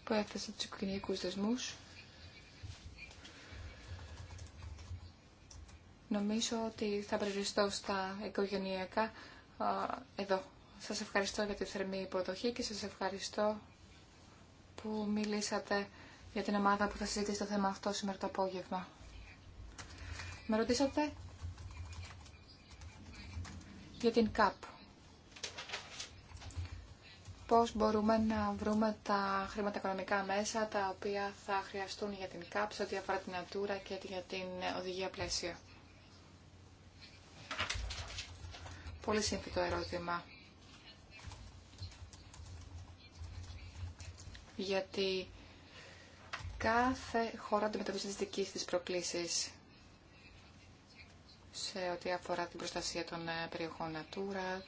που έφτασε τους οικογενειακούς δεσμούς. Νομίζω ότι θα περιοριστώ στα οικογενειακά εδώ. Σας ευχαριστώ για τη θερμή υποδοχή και σας ευχαριστώ που μιλήσατε για την ομάδα που θα συζητήσει το θέμα αυτό σήμερα το απόγευμα. Με ρωτήσατε για την ΚΑΠ. Πώς μπορούμε να βρούμε τα χρήματα οικονομικά μέσα τα οποία θα χρειαστούν για την ΚΑΠ σε ό,τι αφορά την Ατούρα και για την οδηγία πλαίσια. Πολύ σύνθετο ερώτημα. Γιατί Κάθε χώρα αντιμετωπίζει τις δικές της προκλήσεις σε ό,τι αφορά την προστασία των ε, περιοχών Natura,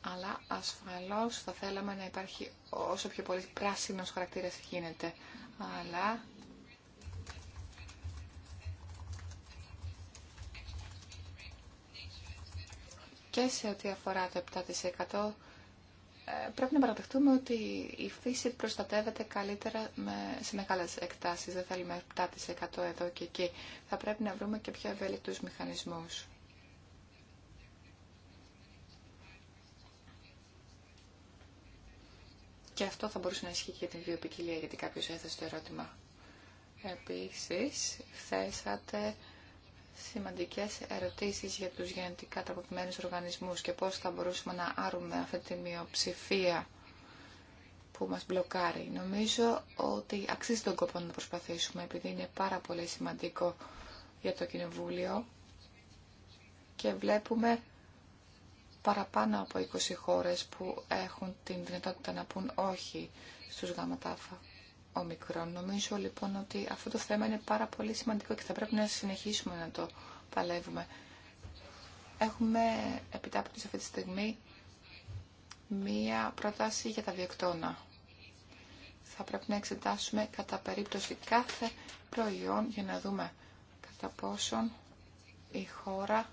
αλλά ασφαλώς θα θέλαμε να υπάρχει όσο πιο πολύ πράσινος χαρακτήρας γίνεται. Αλλά και σε ό,τι αφορά το 7% ε, πρέπει να παραδεχτούμε ότι η φύση προστατεύεται καλύτερα σε μεγάλε εκτάσει. Δεν θέλουμε 7% εδώ και εκεί. Θα πρέπει να βρούμε και πιο ευέλικτου μηχανισμού. Και αυτό θα μπορούσε να ισχύει και για την βιοπικιλία, γιατί κάποιο έθεσε το ερώτημα. Επίση, θέσατε σημαντικές ερωτήσεις για τους γενετικά τροποποιημένους οργανισμούς και πώς θα μπορούσαμε να άρουμε αυτή τη μειοψηφία που μας μπλοκάρει. Νομίζω ότι αξίζει τον κόπο να προσπαθήσουμε επειδή είναι πάρα πολύ σημαντικό για το Κοινοβούλιο και βλέπουμε παραπάνω από 20 χώρες που έχουν την δυνατότητα να πούν όχι στους γάματάφα. Νομίζω λοιπόν ότι αυτό το θέμα είναι πάρα πολύ σημαντικό και θα πρέπει να συνεχίσουμε να το παλεύουμε. Έχουμε σε αυτή τη στιγμή μία πρόταση για τα διεκτόνα. Θα πρέπει να εξετάσουμε κατά περίπτωση κάθε προϊόν για να δούμε κατά πόσον η χώρα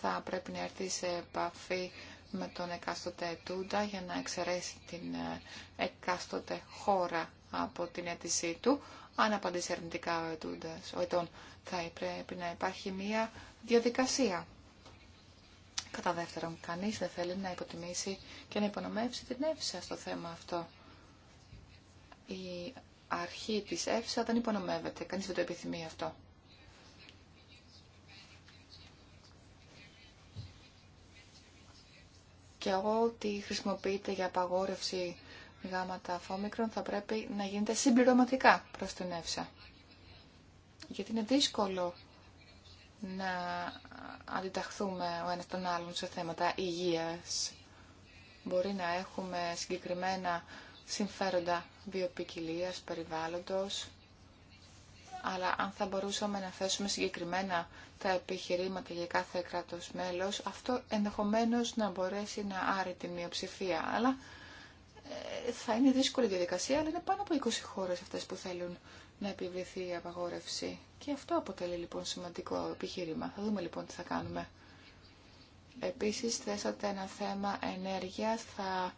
θα πρέπει να έρθει σε επαφή με τον εκάστοτε ετούντα για να εξαιρέσει την ε, εκάστοτε χώρα από την αίτησή του. Αν απαντήσει αρνητικά ο ετούντα, θα πρέπει να υπάρχει μία διαδικασία. Κατά δεύτερον, κανείς δεν θέλει να υποτιμήσει και να υπονομεύσει την έφυσα στο θέμα αυτό. Η αρχή της έφυσα δεν υπονομεύεται, κανείς δεν το επιθυμεί αυτό. και ό,τι χρησιμοποιείται για απαγόρευση γάματα φόμικρον θα πρέπει να γίνεται συμπληρωματικά προς την ΕΦΣΑ. Γιατί είναι δύσκολο να αντιταχθούμε ο ένας τον άλλον σε θέματα υγείας. Μπορεί να έχουμε συγκεκριμένα συμφέροντα βιοπικιλίας, περιβάλλοντος, αλλά αν θα μπορούσαμε να θέσουμε συγκεκριμένα τα επιχειρήματα για κάθε κράτος μέλος, αυτό ενδεχομένως να μπορέσει να άρει τη μειοψηφία. Αλλά ε, θα είναι δύσκολη διαδικασία, αλλά είναι πάνω από 20 χώρες αυτές που θέλουν να επιβληθεί η απαγόρευση. Και αυτό αποτελεί λοιπόν σημαντικό επιχείρημα. Θα δούμε λοιπόν τι θα κάνουμε. Επίσης θέσατε ένα θέμα ενέργειας. Θα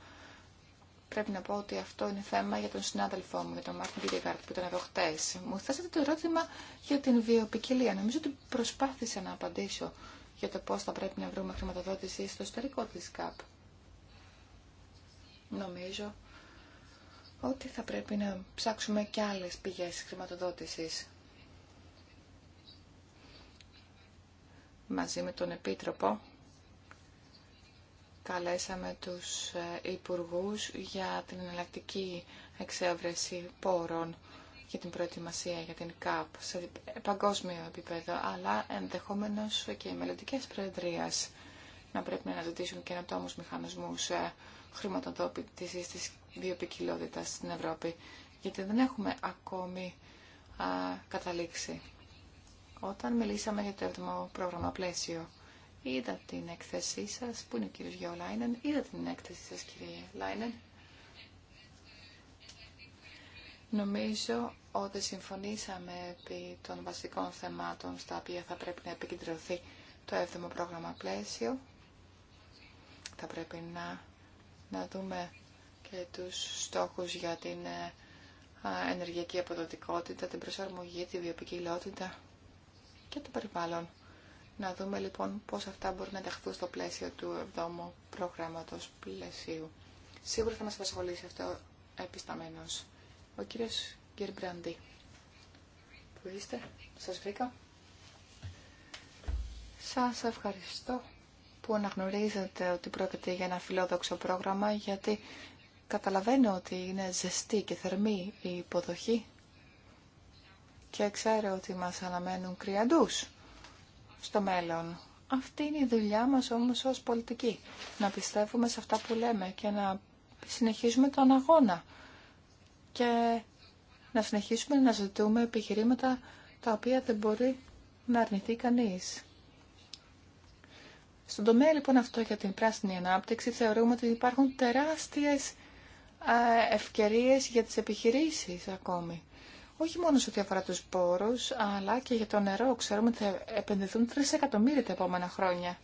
πρέπει να πω ότι αυτό είναι θέμα για τον συνάδελφό μου, για τον Μάρτιν Κιντεγκάρτ που ήταν εδώ χτε. Μου θέσατε το ερώτημα για την βιοπικιλία. Νομίζω ότι προσπάθησα να απαντήσω για το πώ θα πρέπει να βρούμε χρηματοδότηση στο εσωτερικό τη ΚΑΠ. Νομίζω ότι θα πρέπει να ψάξουμε και άλλες πηγές χρηματοδότηση. Μαζί με τον Επίτροπο καλέσαμε τους ε, υπουργούς για την εναλλακτική εξέβρεση πόρων για την προετοιμασία για την ΚΑΠ σε παγκόσμιο επίπεδο, αλλά ενδεχομένως και οι μελλοντικές προεδρίας να πρέπει να αναζητήσουν καινοτόμους μηχανισμούς ε, χρηματοδότησης της βιοπικιλότητας στην Ευρώπη, γιατί δεν έχουμε ακόμη α, καταλήξει. Όταν μιλήσαμε για το 7ο πρόγραμμα πλαίσιο, Είδα την έκθεσή σα Πού είναι ο κύριο Γιώργο Λάινεν. Είδα την έκθεσή σα κύριε Λάινεν. Νομίζω ότι συμφωνήσαμε επί των βασικών θεμάτων στα οποία θα πρέπει να επικεντρωθεί το 7ο πρόγραμμα πλαίσιο. Θα πρέπει να, να δούμε και τους στόχους για την ε, ενεργειακή αποδοτικότητα, την προσαρμογή, τη βιοπικιλότητα και το περιβάλλον. Να δούμε λοιπόν πώς αυτά μπορούν να ενταχθούν στο πλαίσιο του 7ου προγράμματος πλαισίου. Σίγουρα θα μας απασχολήσει αυτό επισταμένος. Ο κύριος Γκερμπραντή. Πού είστε, σας βρήκα. Σας ευχαριστώ που αναγνωρίζετε ότι πρόκειται για ένα φιλόδοξο πρόγραμμα, γιατί καταλαβαίνω ότι είναι ζεστή και θερμή η υποδοχή και ξέρω ότι μας αναμένουν κρυαντούς στο μέλλον. Αυτή είναι η δουλειά μας όμως ως πολιτική. Να πιστεύουμε σε αυτά που λέμε και να συνεχίσουμε τον αγώνα. Και να συνεχίσουμε να ζητούμε επιχειρήματα τα οποία δεν μπορεί να αρνηθεί κανείς. Στον τομέα λοιπόν αυτό για την πράσινη ανάπτυξη θεωρούμε ότι υπάρχουν τεράστιες ε, ευκαιρίες για τις επιχειρήσεις ακόμη όχι μόνο σε ό,τι αφορά τους πόρους, αλλά και για το νερό. Ξέρουμε ότι θα επενδυθούν 3 εκατομμύρια τα επόμενα χρόνια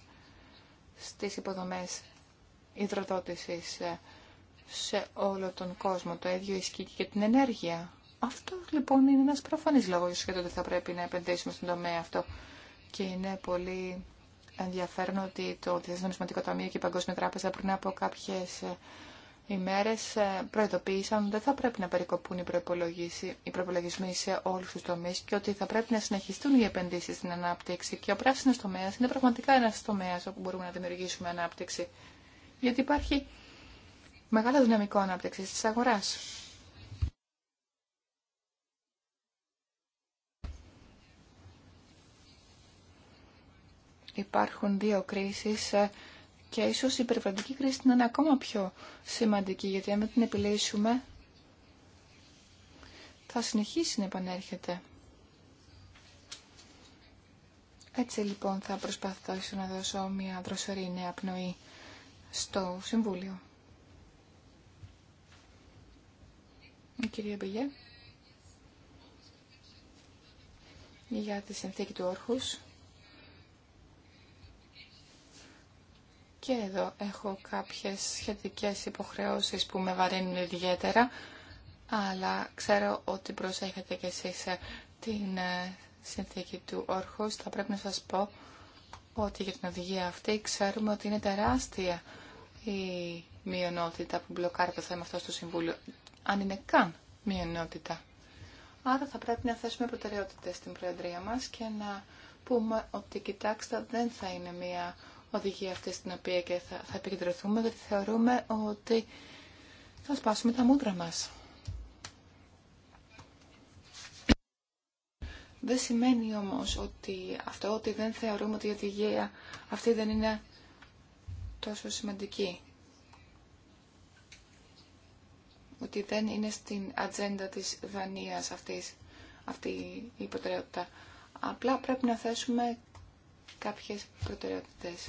στις υποδομές υδροδότησης σε όλο τον κόσμο. Το ίδιο ισχύει και για την ενέργεια. Αυτό λοιπόν είναι ένας προφανής λόγος για το ότι θα πρέπει να επενδύσουμε στον τομέα αυτό. Και είναι πολύ ενδιαφέρον ότι το Διεθνές Νομισματικό Ταμείο και η Παγκόσμια Τράπεζα πριν από κάποιες οι μέρε ε, προειδοποίησαν ότι δεν θα πρέπει να περικοπούν οι, οι προπολογισμοί σε όλους τους τομείς και ότι θα πρέπει να συνεχιστούν οι επενδύσει στην ανάπτυξη. Και ο πράσινο τομέα είναι πραγματικά ένας τομέα όπου μπορούμε να δημιουργήσουμε ανάπτυξη. Γιατί υπάρχει μεγάλο δυναμικό ανάπτυξη τη αγορά. Υπάρχουν δύο κρίσεις ε, και ίσως η περιβαλλοντική κρίση να είναι ακόμα πιο σημαντική, γιατί αν δεν την επιλύσουμε θα συνεχίσει να επανέρχεται. Έτσι λοιπόν θα προσπαθήσω να δώσω μια δροσερή νέα πνοή στο Συμβούλιο. Η κυρία Μπηγέ για τη συνθήκη του Όρχους. Και εδώ έχω κάποιες σχετικές υποχρεώσεις που με βαρύνουν ιδιαίτερα, αλλά ξέρω ότι προσέχετε κι εσείς ε, την ε, συνθήκη του όρχους. Θα πρέπει να σας πω ότι για την οδηγία αυτή ξέρουμε ότι είναι τεράστια η μειονότητα που μπλοκάρει το θέμα αυτό στο Συμβούλιο, αν είναι καν μειονότητα. Άρα θα πρέπει να θέσουμε προτεραιότητες στην Προεδρία μας και να πούμε ότι κοιτάξτε δεν θα είναι μια οδηγία αυτή στην οποία και θα, θα επικεντρωθούμε, γιατί θεωρούμε ότι θα σπάσουμε τα μούτρα μας. Δεν σημαίνει όμως ότι αυτό ότι δεν θεωρούμε ότι η οδηγία αυτή δεν είναι τόσο σημαντική. Ότι δεν είναι στην ατζέντα της Δανίας αυτής, αυτή η προτεραιότητα. Απλά πρέπει να θέσουμε κάποιες προτεραιότητες.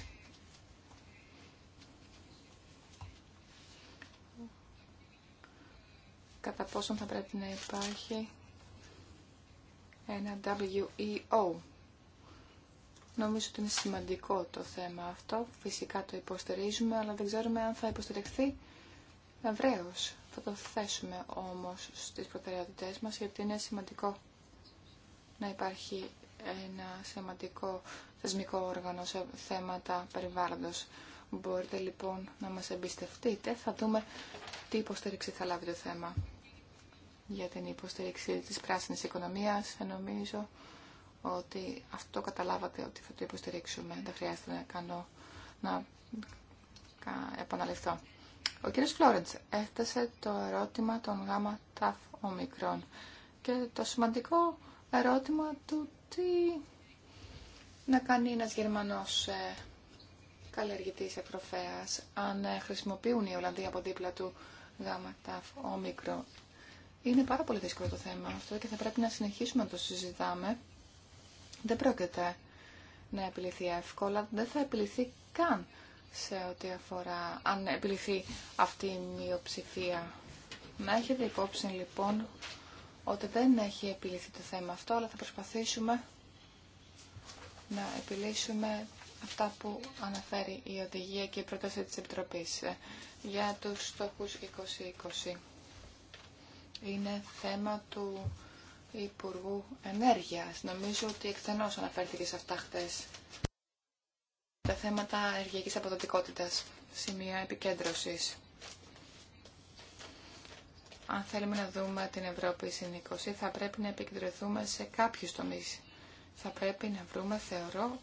κατά πόσον θα πρέπει να υπάρχει ένα WEO. Νομίζω ότι είναι σημαντικό το θέμα αυτό. Φυσικά το υποστηρίζουμε, αλλά δεν ξέρουμε αν θα υποστηριχθεί ευρέως. Θα το θέσουμε όμως στις προτεραιότητές μας, γιατί είναι σημαντικό να υπάρχει ένα σημαντικό θεσμικό όργανο σε θέματα περιβάλλοντος. Μπορείτε λοιπόν να μας εμπιστευτείτε. Θα δούμε τι υποστήριξη θα λάβει το θέμα για την υποστήριξη της πράσινης οικονομίας. Νομίζω ότι αυτό καταλάβατε ότι θα το υποστηρίξουμε. Δεν χρειάζεται να κάνω να επαναληφθώ. Ο κύριος Φλόρεντς έφτασε το ερώτημα των γάμα ταφ ομικρών και το σημαντικό ερώτημα του τι να κάνει ένας Γερμανός ε, καλλιεργητής εκτροφέας αν ε, χρησιμοποιούν οι Ολλανδοί από δίπλα του γάμα ταφ ομικρών. Είναι πάρα πολύ δύσκολο το θέμα αυτό και θα πρέπει να συνεχίσουμε να το συζητάμε. Δεν πρόκειται να επιληθεί εύκολα, δεν θα επιληθεί καν σε ό,τι αφορά αν επιληθεί αυτή η μειοψηφία. Να έχετε υπόψη λοιπόν ότι δεν έχει επιληθεί το θέμα αυτό, αλλά θα προσπαθήσουμε να επιλύσουμε αυτά που αναφέρει η οδηγία και η πρόταση της Επιτροπής ε, για τους στόχους 2020 είναι θέμα του Υπουργού Ενέργειας. Νομίζω ότι εκτενώς αναφέρθηκε σε αυτά χτες. Τα θέματα ενεργειακή αποδοτικότητας, σημεία επικέντρωσης. Αν θέλουμε να δούμε την Ευρώπη συνήκωση, θα πρέπει να επικεντρωθούμε σε κάποιους τομείς. Θα πρέπει να βρούμε, θεωρώ,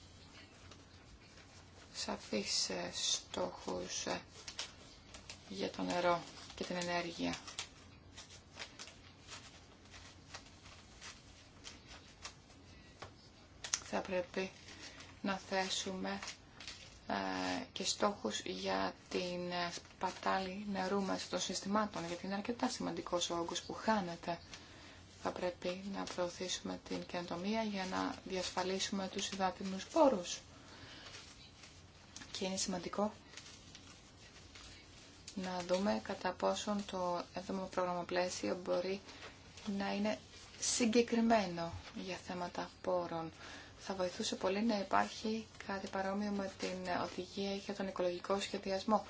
σαφείς ε, στόχους ε, για το νερό και την ενέργεια. θα πρέπει να θέσουμε ε, και στόχους για την πατάλη νερού μέσα των συστημάτων, γιατί είναι αρκετά σημαντικός ο όγκος που χάνεται. Θα πρέπει να προωθήσουμε την καινοτομία για να διασφαλίσουμε τους υδάτινους πόρους. Και είναι σημαντικό να δούμε κατά πόσον το 7 πρόγραμμα πλαίσιο μπορεί να είναι συγκεκριμένο για θέματα πόρων θα βοηθούσε πολύ να υπάρχει κάτι παρόμοιο με την οδηγία για τον οικολογικό σχεδιασμό.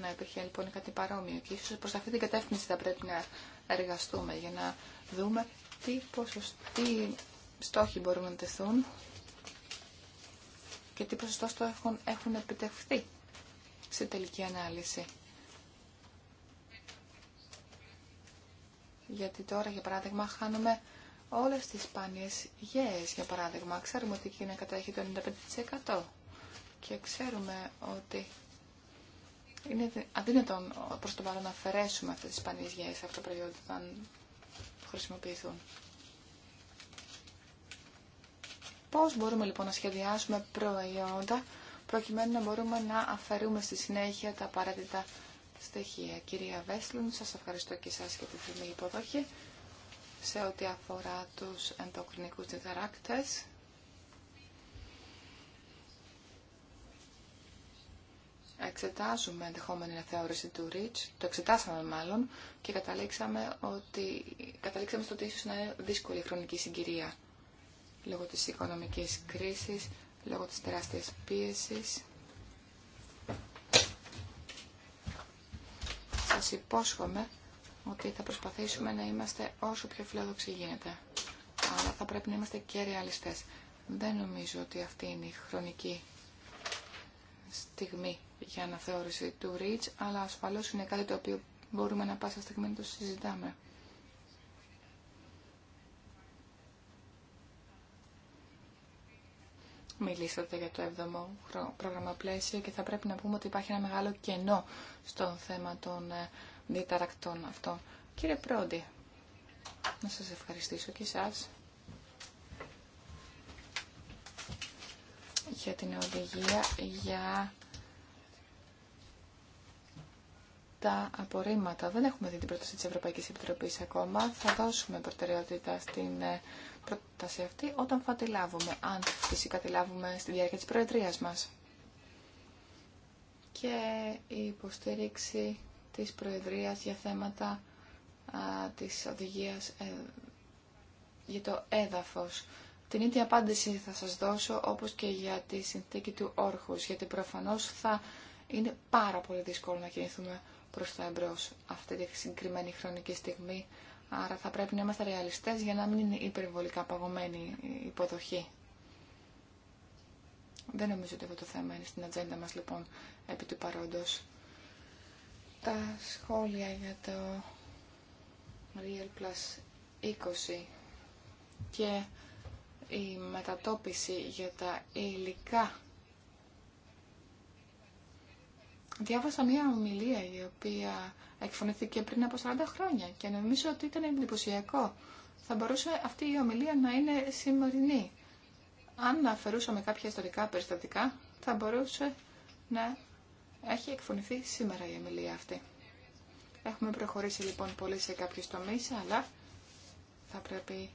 Να υπήρχε λοιπόν κάτι παρόμοιο και ίσως προς αυτή την κατεύθυνση θα πρέπει να εργαστούμε για να δούμε τι, ποσοστή, τι στόχοι μπορούν να τεθούν και τι ποσοστό στόχων έχουν επιτευχθεί σε τελική ανάλυση. Γιατί τώρα, για παράδειγμα, χάνουμε όλες τις σπάνιες γέες, για παράδειγμα. Ξέρουμε ότι η Κίνα κατέχει το 95% και ξέρουμε ότι είναι αδύνατον προς το παρόν να αφαιρέσουμε αυτές τις σπάνιες γέες από τα προϊόντα όταν χρησιμοποιηθούν. Πώς μπορούμε λοιπόν να σχεδιάσουμε προϊόντα προκειμένου να μπορούμε να αφαιρούμε στη συνέχεια τα απαραίτητα στοιχεία. Κυρία Βέσλουν, σας ευχαριστώ και εσάς για τη θερμή υποδοχή σε ό,τι αφορά τους ενδοκρινικούς διδαράκτες. Εξετάζουμε ενδεχόμενη θεώρηση του REACH, το εξετάσαμε μάλλον και καταλήξαμε, ότι, καταλήξαμε στο ότι ίσως είναι δύσκολη η χρονική συγκυρία λόγω της οικονομικής κρίσης, λόγω της τεράστιας πίεσης. Σας υπόσχομαι ότι θα προσπαθήσουμε να είμαστε όσο πιο φιλόδοξοι γίνεται. Αλλά θα πρέπει να είμαστε και ρεαλιστές. Δεν νομίζω ότι αυτή είναι η χρονική στιγμή για αναθεώρηση του REACH, αλλά ασφαλώς είναι κάτι το οποίο μπορούμε να πάσα στιγμή να το συζητάμε. Μιλήσατε για το 7ο πρόγραμμα πλαίσιο και θα πρέπει να πούμε ότι υπάρχει ένα μεγάλο κενό στον θέμα των ε, διταρακτών αυτό. Κύριε Πρόντι, να σας ευχαριστήσω και εσάς για την οδηγία για τα απορρίμματα. Δεν έχουμε δει την πρόταση της Ευρωπαϊκής Επιτροπής ακόμα. Θα δώσουμε προτεραιότητα στην ε, πρόταση αυτή όταν θα τη λάβουμε, αν φυσικά τη λάβουμε στη διάρκεια της Προεδρίας μας. Και η υποστήριξη της Προεδρίας για θέματα α, της οδηγίας ε, για το έδαφος. Την ίδια απάντηση θα σας δώσω όπως και για τη συνθήκη του όρχους, γιατί προφανώς θα είναι πάρα πολύ δύσκολο να κινηθούμε προς τα εμπρός αυτή τη συγκεκριμένη χρονική στιγμή, άρα θα πρέπει να είμαστε ρεαλιστές για να μην είναι υπερβολικά παγωμένη η υποδοχή. Δεν νομίζω ότι αυτό το θέμα είναι στην ατζέντα μας λοιπόν επί του παρόντος τα σχόλια για το Real Plus 20 και η μετατόπιση για τα υλικά. Διάβασα μία ομιλία η οποία εκφωνήθηκε πριν από 40 χρόνια και νομίζω ότι ήταν εντυπωσιακό. Θα μπορούσε αυτή η ομιλία να είναι σημερινή. Αν αφαιρούσαμε κάποια ιστορικά περιστατικά, θα μπορούσε να έχει εκφωνηθεί σήμερα η ομιλία αυτή. Έχουμε προχωρήσει λοιπόν πολύ σε κάποιους τομείς, αλλά θα πρέπει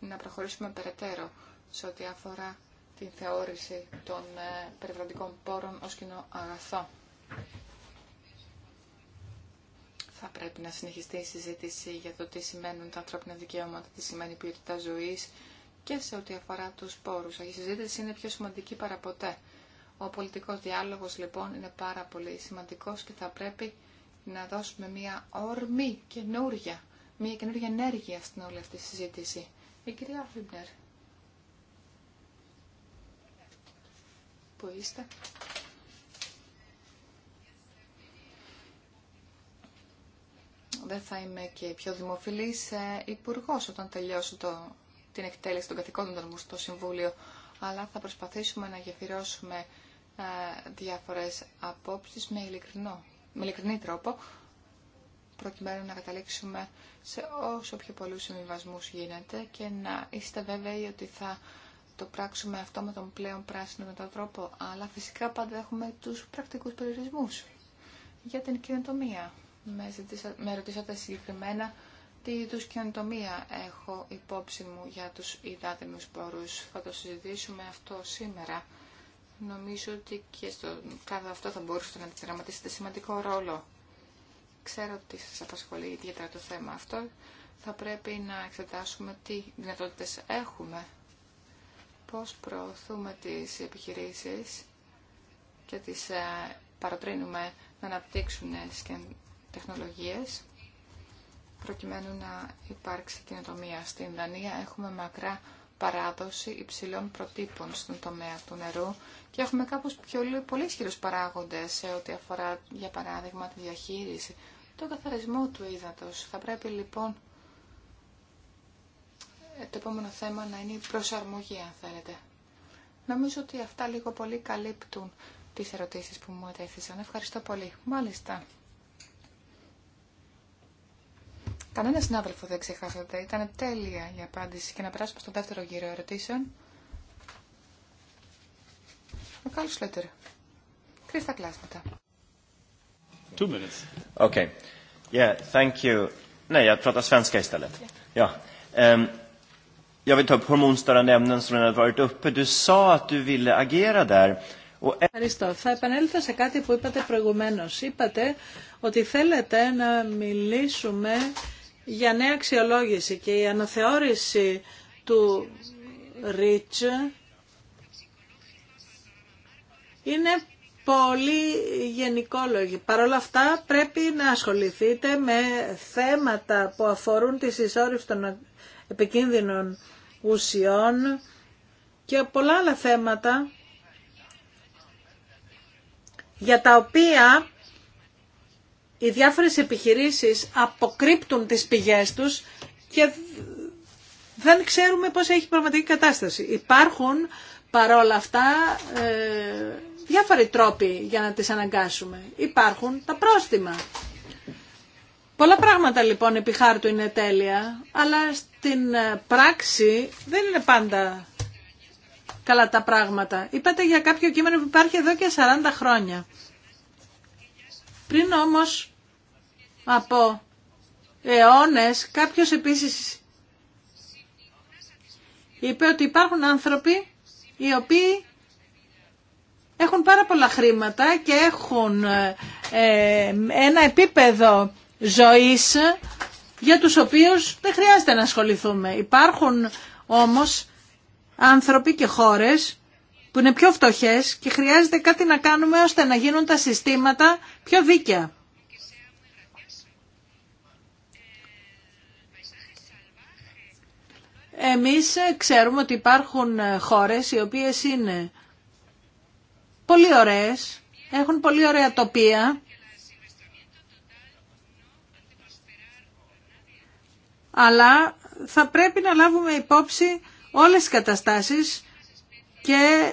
να προχωρήσουμε περαιτέρω σε ό,τι αφορά την θεώρηση των ε, περιβαλλοντικών πόρων ως κοινό αγαθό. Θα πρέπει να συνεχιστεί η συζήτηση για το τι σημαίνουν τα ανθρώπινα δικαιώματα, τι σημαίνει ποιότητα ζωής και σε ό,τι αφορά τους πόρους. Η συζήτηση είναι πιο σημαντική παραποτέ. Ο πολιτικός διάλογος λοιπόν είναι πάρα πολύ σημαντικός και θα πρέπει να δώσουμε μια ορμή καινούρια, μια καινούρια ενέργεια στην όλη αυτή τη συζήτηση. Η κυρία Φίμπνερ. Πού είστε. Δεν θα είμαι και πιο δημοφιλής ε, υπουργό όταν τελειώσω το, την εκτέλεση των καθηκόντων μου στο Συμβούλιο, αλλά θα προσπαθήσουμε να γεφυρώσουμε ε, διάφορες απόψεις με, ειλικρινό, με ειλικρινή τρόπο προκειμένου να καταλήξουμε σε όσο πιο πολλούς συμβιβασμού γίνεται και να είστε βέβαιοι ότι θα το πράξουμε αυτό με τον πλέον πράσινο τον τρόπο, αλλά φυσικά πάντα έχουμε τους πρακτικούς περιορισμούς για την κοινοτομία. Με, ζητήσα, ρωτήσατε συγκεκριμένα τι είδους καινοτομία έχω υπόψη μου για τους υδάτινους πόρους. Θα το συζητήσουμε αυτό σήμερα. Νομίζω ότι και στο κάθε αυτό θα μπορούσατε να αντιδραματίσετε σημαντικό ρόλο. Ξέρω ότι σας απασχολεί ιδιαίτερα το θέμα αυτό. Θα πρέπει να εξετάσουμε τι δυνατότητες έχουμε, πώς προωθούμε τις επιχειρήσεις και τις ε, παροτρύνουμε να αναπτύξουν και τεχνολογίες προκειμένου να υπάρξει κοινοτομία. Στην Δανία έχουμε μακρά παράδοση υψηλών προτύπων στον τομέα του νερού και έχουμε κάπως πιο, πολύ ισχυρού παράγοντες σε ό,τι αφορά, για παράδειγμα, τη διαχείριση, τον καθαρισμό του ύδατος. Θα πρέπει λοιπόν ε, το επόμενο θέμα να είναι η προσαρμογή, αν θέλετε. Νομίζω ότι αυτά λίγο πολύ καλύπτουν τις ερωτήσεις που μου ετέθησαν. Ευχαριστώ πολύ. Μάλιστα. Κανένα συνάδελφο δεν ξεχάσατε. Ήταν τέλεια η απάντηση. Και να περάσουμε στο δεύτερο γύρο ερωτήσεων. Με καλό Σλέτερ. Κρίστα κλάσματα. Two minutes. Okay. Yeah, thank you. Ναι, jag pratar svenska istället. Yeah. Ja. Um, jag vill ta upp hormonstörande ämnen som redan varit uppe. Du sa att du ville agera där. Ευχαριστώ. Θα επανέλθω σε κάτι που είπατε προηγουμένως. Είπατε ότι θέλετε να μιλήσουμε για νέα αξιολόγηση και η αναθεώρηση του ΡΙΤΣ είναι πολύ γενικόλογη. Παρ' όλα αυτά πρέπει να ασχοληθείτε με θέματα που αφορούν τη συσσόρυψη των επικίνδυνων ουσιών και πολλά άλλα θέματα για τα οποία οι διάφορες επιχειρήσεις αποκρύπτουν τις πηγές τους και δεν ξέρουμε πώς έχει πραγματική κατάσταση. Υπάρχουν παρόλα αυτά ε, διάφοροι τρόποι για να τις αναγκάσουμε. Υπάρχουν τα πρόστιμα. Πολλά πράγματα λοιπόν επί χάρτου είναι τέλεια, αλλά στην ε, πράξη δεν είναι πάντα καλά τα πράγματα. Είπατε για κάποιο κείμενο που υπάρχει εδώ και 40 χρόνια. Πριν όμως από αιώνες κάποιος επίσης είπε ότι υπάρχουν άνθρωποι οι οποίοι έχουν πάρα πολλά χρήματα και έχουν ε, ε, ένα επίπεδο ζωής για τους οποίους δεν χρειάζεται να ασχοληθούμε. Υπάρχουν όμως άνθρωποι και χώρες που είναι πιο φτωχές και χρειάζεται κάτι να κάνουμε ώστε να γίνουν τα συστήματα πιο δίκαια. Εμείς ξέρουμε ότι υπάρχουν χώρες οι οποίες είναι πολύ ωραίες, έχουν πολύ ωραία τοπία, αλλά θα πρέπει να λάβουμε υπόψη όλες τις καταστάσεις και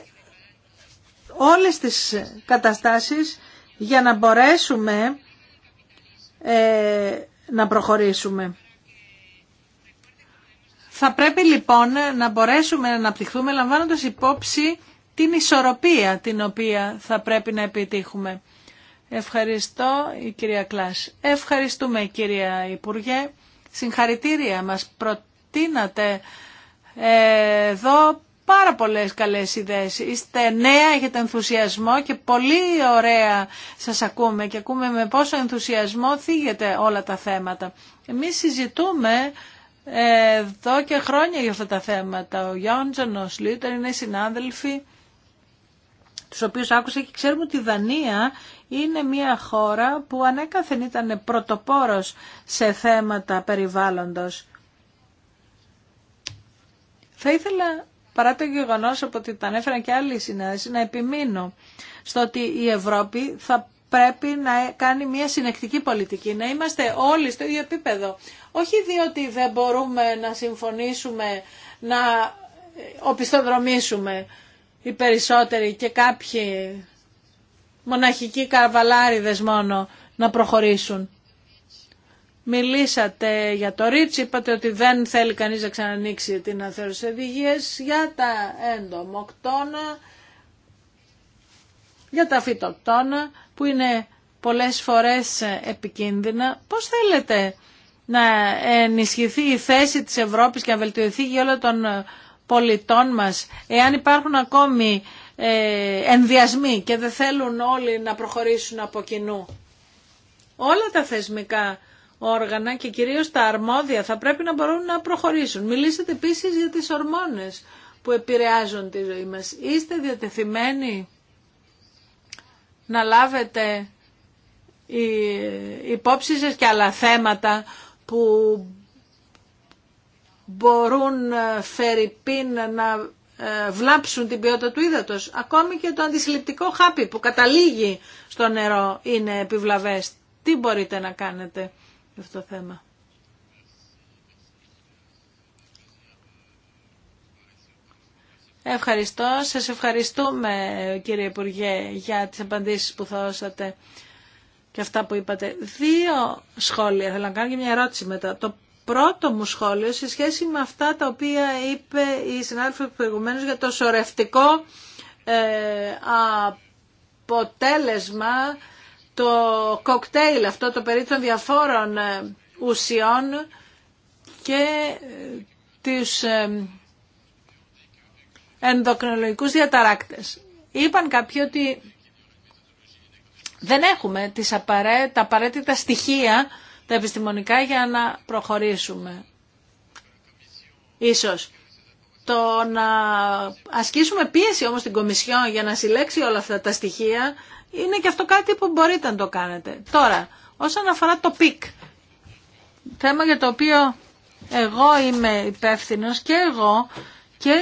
όλες τις καταστάσεις για να μπορέσουμε ε, να προχωρήσουμε. Θα πρέπει λοιπόν να μπορέσουμε να αναπτυχθούμε λαμβάνοντας υπόψη την ισορροπία την οποία θα πρέπει να επιτύχουμε. Ευχαριστώ η κυρία Κλάς. Ευχαριστούμε κυρία Υπουργέ. Συγχαρητήρια μας προτείνατε ε, εδώ πάρα πολλές καλές ιδέες. Είστε νέα, έχετε ενθουσιασμό και πολύ ωραία σας ακούμε και ακούμε με πόσο ενθουσιασμό θίγετε όλα τα θέματα. Εμείς συζητούμε ε, εδώ και χρόνια για αυτά τα θέματα. Ο Γιάννη ο Σλίτερ είναι συνάδελφοι τους οποίους άκουσα και ξέρουμε ότι η Δανία είναι μια χώρα που ανέκαθεν ήταν πρωτοπόρος σε θέματα περιβάλλοντος. Θα ήθελα παρά το γεγονός ότι τα ανέφεραν και άλλοι συνάδελφοι, να επιμείνω στο ότι η Ευρώπη θα πρέπει να κάνει μια συνεκτική πολιτική, να είμαστε όλοι στο ίδιο επίπεδο. Όχι διότι δεν μπορούμε να συμφωνήσουμε, να οπισθοδρομήσουμε οι περισσότεροι και κάποιοι μοναχικοί καρβαλάριδες μόνο να προχωρήσουν. Μιλήσατε για το ρίτσι, είπατε ότι δεν θέλει κανείς να ξανανοίξει την αθέρωση οδηγίες για τα εντομοκτώνα, για τα φυτοκτώνα που είναι πολλές φορές επικίνδυνα. Πώς θέλετε να ενισχυθεί η θέση της Ευρώπης και να βελτιωθεί για όλα των πολιτών μας εάν υπάρχουν ακόμη ε, ενδιασμοί και δεν θέλουν όλοι να προχωρήσουν από κοινού. Όλα τα θεσμικά όργανα και κυρίως τα αρμόδια θα πρέπει να μπορούν να προχωρήσουν. Μιλήσατε επίσης για τις ορμόνες που επηρεάζουν τη ζωή μας. Είστε διατεθειμένοι να λάβετε υπόψη σας και άλλα θέματα που μπορούν ε, φερειπίν να ε, βλάψουν την ποιότητα του ύδατος. Ακόμη και το αντισυλληπτικό χάπι που καταλήγει στο νερό είναι επιβλαβές. Τι μπορείτε να κάνετε για αυτό το θέμα. Ευχαριστώ. Σας ευχαριστούμε κύριε Υπουργέ για τις απαντήσεις που δώσατε και αυτά που είπατε. Δύο σχόλια. Θέλω να κάνω και μια ερώτηση μετά. Το πρώτο μου σχόλιο σε σχέση με αυτά τα οποία είπε η συνάδελφος προηγουμένω για το σωρευτικό ε, αποτέλεσμα το κοκτέιλ αυτό το περί των διαφόρων ε, ουσιών και ε, τις ε, ενδοκρινολογικούς διαταράκτες. Είπαν κάποιοι ότι δεν έχουμε τις τα απαραίτητα στοιχεία τα επιστημονικά για να προχωρήσουμε. Ίσως το να ασκήσουμε πίεση όμως στην Κομισιόν για να συλλέξει όλα αυτά τα στοιχεία είναι και αυτό κάτι που μπορείτε να το κάνετε. Τώρα, όσον αφορά το ΠΙΚ, θέμα για το οποίο εγώ είμαι υπεύθυνο και εγώ και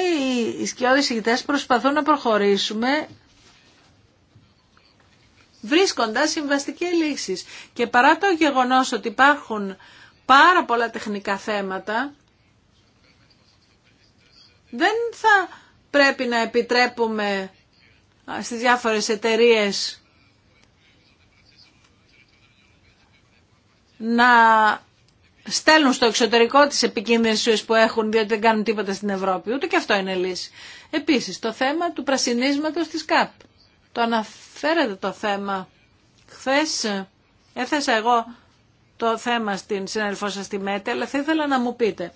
οι σκιώδεις ηγητές προσπαθούν να προχωρήσουμε βρίσκοντας συμβαστικές λύσεις. Και παρά το γεγονός ότι υπάρχουν πάρα πολλά τεχνικά θέματα, δεν θα πρέπει να επιτρέπουμε στις διάφορες εταιρείες να στέλνουν στο εξωτερικό τις επικίνδυνες που έχουν διότι δεν κάνουν τίποτα στην Ευρώπη. Ούτε και αυτό είναι λύση. Επίσης, το θέμα του πρασινίσματος της ΚΑΠ. Το αναφέρετε το θέμα. Χθες ε, έθεσα εγώ το θέμα στην συνάδελφό σας στη ΜΕΤΕ, αλλά θα ήθελα να μου πείτε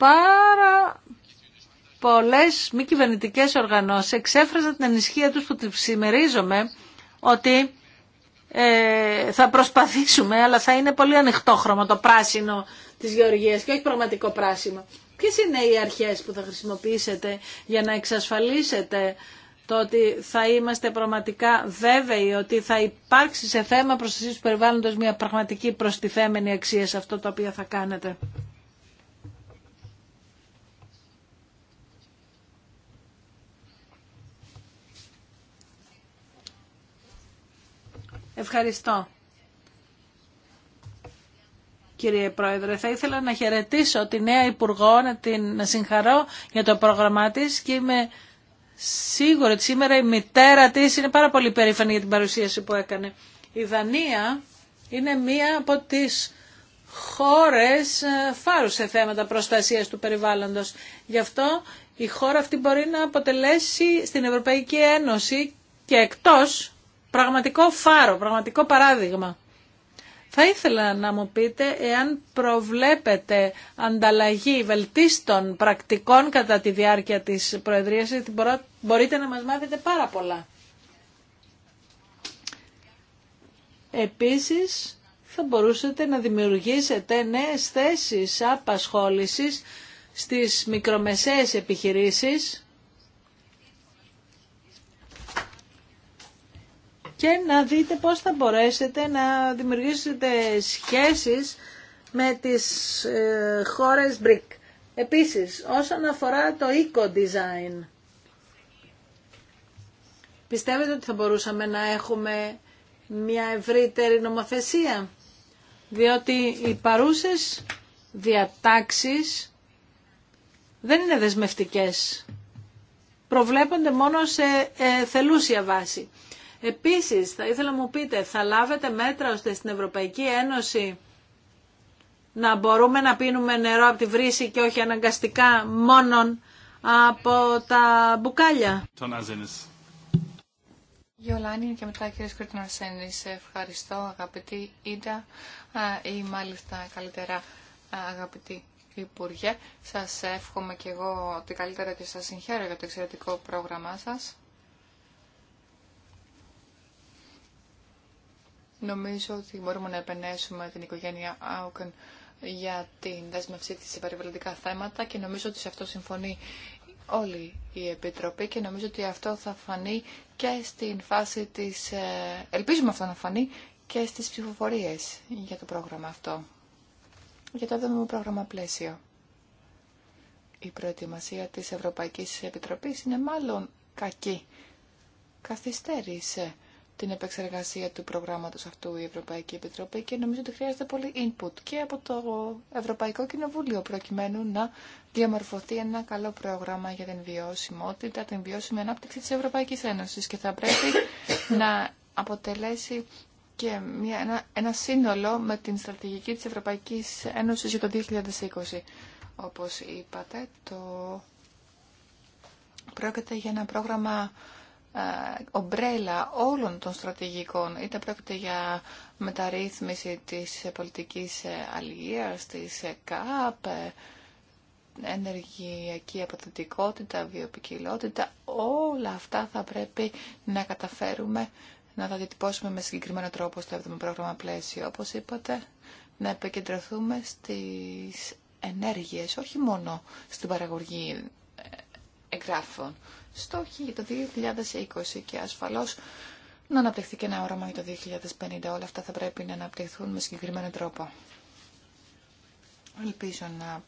πάρα πολλές μη κυβερνητικέ οργανώσεις εξέφραζαν την ανησυχία τους που τη συμμερίζομαι, ότι ε, θα προσπαθήσουμε αλλά θα είναι πολύ ανοιχτόχρωμα το πράσινο της γεωργίας και όχι πραγματικό πράσινο. Ποιες είναι οι αρχές που θα χρησιμοποιήσετε για να εξασφαλίσετε το ότι θα είμαστε πραγματικά βέβαιοι ότι θα υπάρξει σε θέμα προστασίας του περιβάλλοντος μια πραγματική προστιθέμενη αξία σε αυτό το οποίο θα κάνετε. Ευχαριστώ. Κύριε Πρόεδρε, θα ήθελα να χαιρετήσω τη νέα Υπουργό, να την να συγχαρώ για το πρόγραμμά της και είμαι σίγουρη ότι σήμερα η μητέρα της είναι πάρα πολύ περήφανη για την παρουσίαση που έκανε. Η Δανία είναι μία από τις χώρες ε, φάρους σε θέματα προστασίας του περιβάλλοντος. Γι' αυτό η χώρα αυτή μπορεί να αποτελέσει στην Ευρωπαϊκή Ένωση και εκτός πραγματικό φάρο, πραγματικό παράδειγμα. Θα ήθελα να μου πείτε εάν προβλέπετε ανταλλαγή βελτίστων πρακτικών κατά τη διάρκεια της Προεδρίας, γιατί μπορείτε να μας μάθετε πάρα πολλά. Επίσης, θα μπορούσατε να δημιουργήσετε νέες θέσεις απασχόλησης στις μικρομεσαίες επιχειρήσεις και να δείτε πώς θα μπορέσετε να δημιουργήσετε σχέσεις με τις ε, χώρες BRIC. Επίσης, όσον αφορά το eco-design, πιστεύετε ότι θα μπορούσαμε να έχουμε μια ευρύτερη νομοθεσία, διότι οι παρούσες διατάξεις δεν είναι δεσμευτικές. Προβλέπονται μόνο σε ε, θελούσια βάση. Επίσης, θα ήθελα να μου πείτε, θα λάβετε μέτρα ώστε στην Ευρωπαϊκή Ένωση να μπορούμε να πίνουμε νερό από τη βρύση και όχι αναγκαστικά μόνον από τα μπουκάλια. Γιολάνη και μετά κύριε Σκρίτον σε ευχαριστώ αγαπητή Ίντα ή μάλιστα καλύτερα αγαπητή Υπουργέ. Σας εύχομαι και εγώ ότι καλύτερα και σας συγχαίρω για το εξαιρετικό πρόγραμμά σας. Νομίζω ότι μπορούμε να επενέσουμε την οικογένεια Άουκεν για την δέσμευσή της σε περιβαλλοντικά θέματα και νομίζω ότι σε αυτό συμφωνεί όλη η Επιτροπή και νομίζω ότι αυτό θα φανεί και στην φάση της... Ε, ελπίζουμε αυτό να φανεί και στις ψηφοφορίες για το πρόγραμμα αυτό. Για το 7 πρόγραμμα πλαίσιο. Η προετοιμασία της Ευρωπαϊκής Επιτροπής είναι μάλλον κακή. Καθυστέρησε την επεξεργασία του προγράμματος αυτού η Ευρωπαϊκή Επιτροπή και νομίζω ότι χρειάζεται πολύ input και από το Ευρωπαϊκό Κοινοβούλιο προκειμένου να διαμορφωθεί ένα καλό πρόγραμμα για την βιώσιμότητα, την βιώσιμη ανάπτυξη της Ευρωπαϊκής Ένωσης και θα πρέπει να αποτελέσει και μια, ένα, ένα σύνολο με την στρατηγική της Ευρωπαϊκής Ένωσης για το 2020. Όπως είπατε, το... πρόκειται για ένα πρόγραμμα ε, ομπρέλα όλων των στρατηγικών, είτε πρόκειται για μεταρρύθμιση της πολιτικής ε, αλληλείας, της ε, ΚΑΠ, ενεργειακή αποθετικότητα, βιοπικιλότητα, όλα αυτά θα πρέπει να καταφέρουμε να τα διατυπώσουμε με συγκεκριμένο τρόπο στο 7ο πρόγραμμα πλαίσιο. Όπως είπατε, να επικεντρωθούμε στις ενέργειες, όχι μόνο στην παραγωγή εγγράφων στόχοι για το 2020 και ασφαλώς να αναπτυχθεί και ένα όραμα για το 2050. Όλα αυτά θα πρέπει να αναπτυχθούν με συγκεκριμένο τρόπο. Ελπίζω να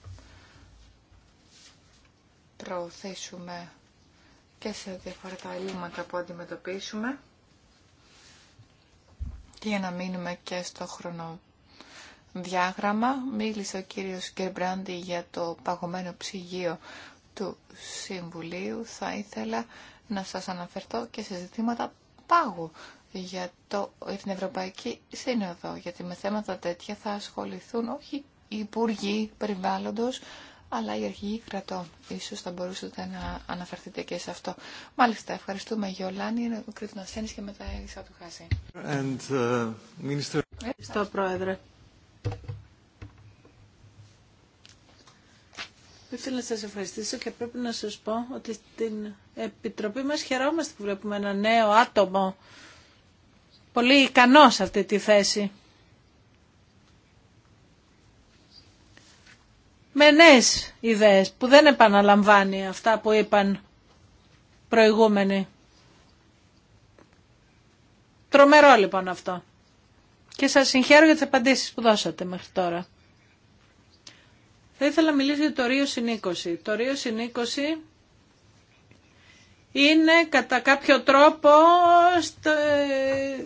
προωθήσουμε και σε διαφορετικά ελλείμματα που αντιμετωπίσουμε και για να μείνουμε και στο χρονοδιάγραμμα. Μίλησε ο κύριος Γκερμπράντι για το παγωμένο ψυγείο του Συμβουλίου θα ήθελα να σας αναφερθώ και σε ζητήματα πάγου για, το, για την Ευρωπαϊκή Σύνοδο, γιατί με θέματα τέτοια θα ασχοληθούν όχι οι Υπουργοί Περιβάλλοντος, αλλά οι αρχηγοί κρατών. Ίσως θα μπορούσατε να αναφερθείτε και σε αυτό. Μάλιστα, ευχαριστούμε Γιολάνη, ο Νασένης και μετά η Χάση. Uh, Ευχαριστώ, Πρόεδρε. Ήθελα να σας ευχαριστήσω και πρέπει να σας πω ότι στην Επιτροπή μας χαιρόμαστε που βλέπουμε ένα νέο άτομο πολύ ικανό σε αυτή τη θέση. Με νέες ιδέες που δεν επαναλαμβάνει αυτά που είπαν προηγούμενοι. Τρομερό λοιπόν αυτό. Και σας συγχαίρω για τις απαντήσεις που δώσατε μέχρι τώρα. Θα ήθελα να μιλήσω για το Ρίο Συνήκωση. Το Ρίο Συνήκωση είναι κατά κάποιο τρόπο ε,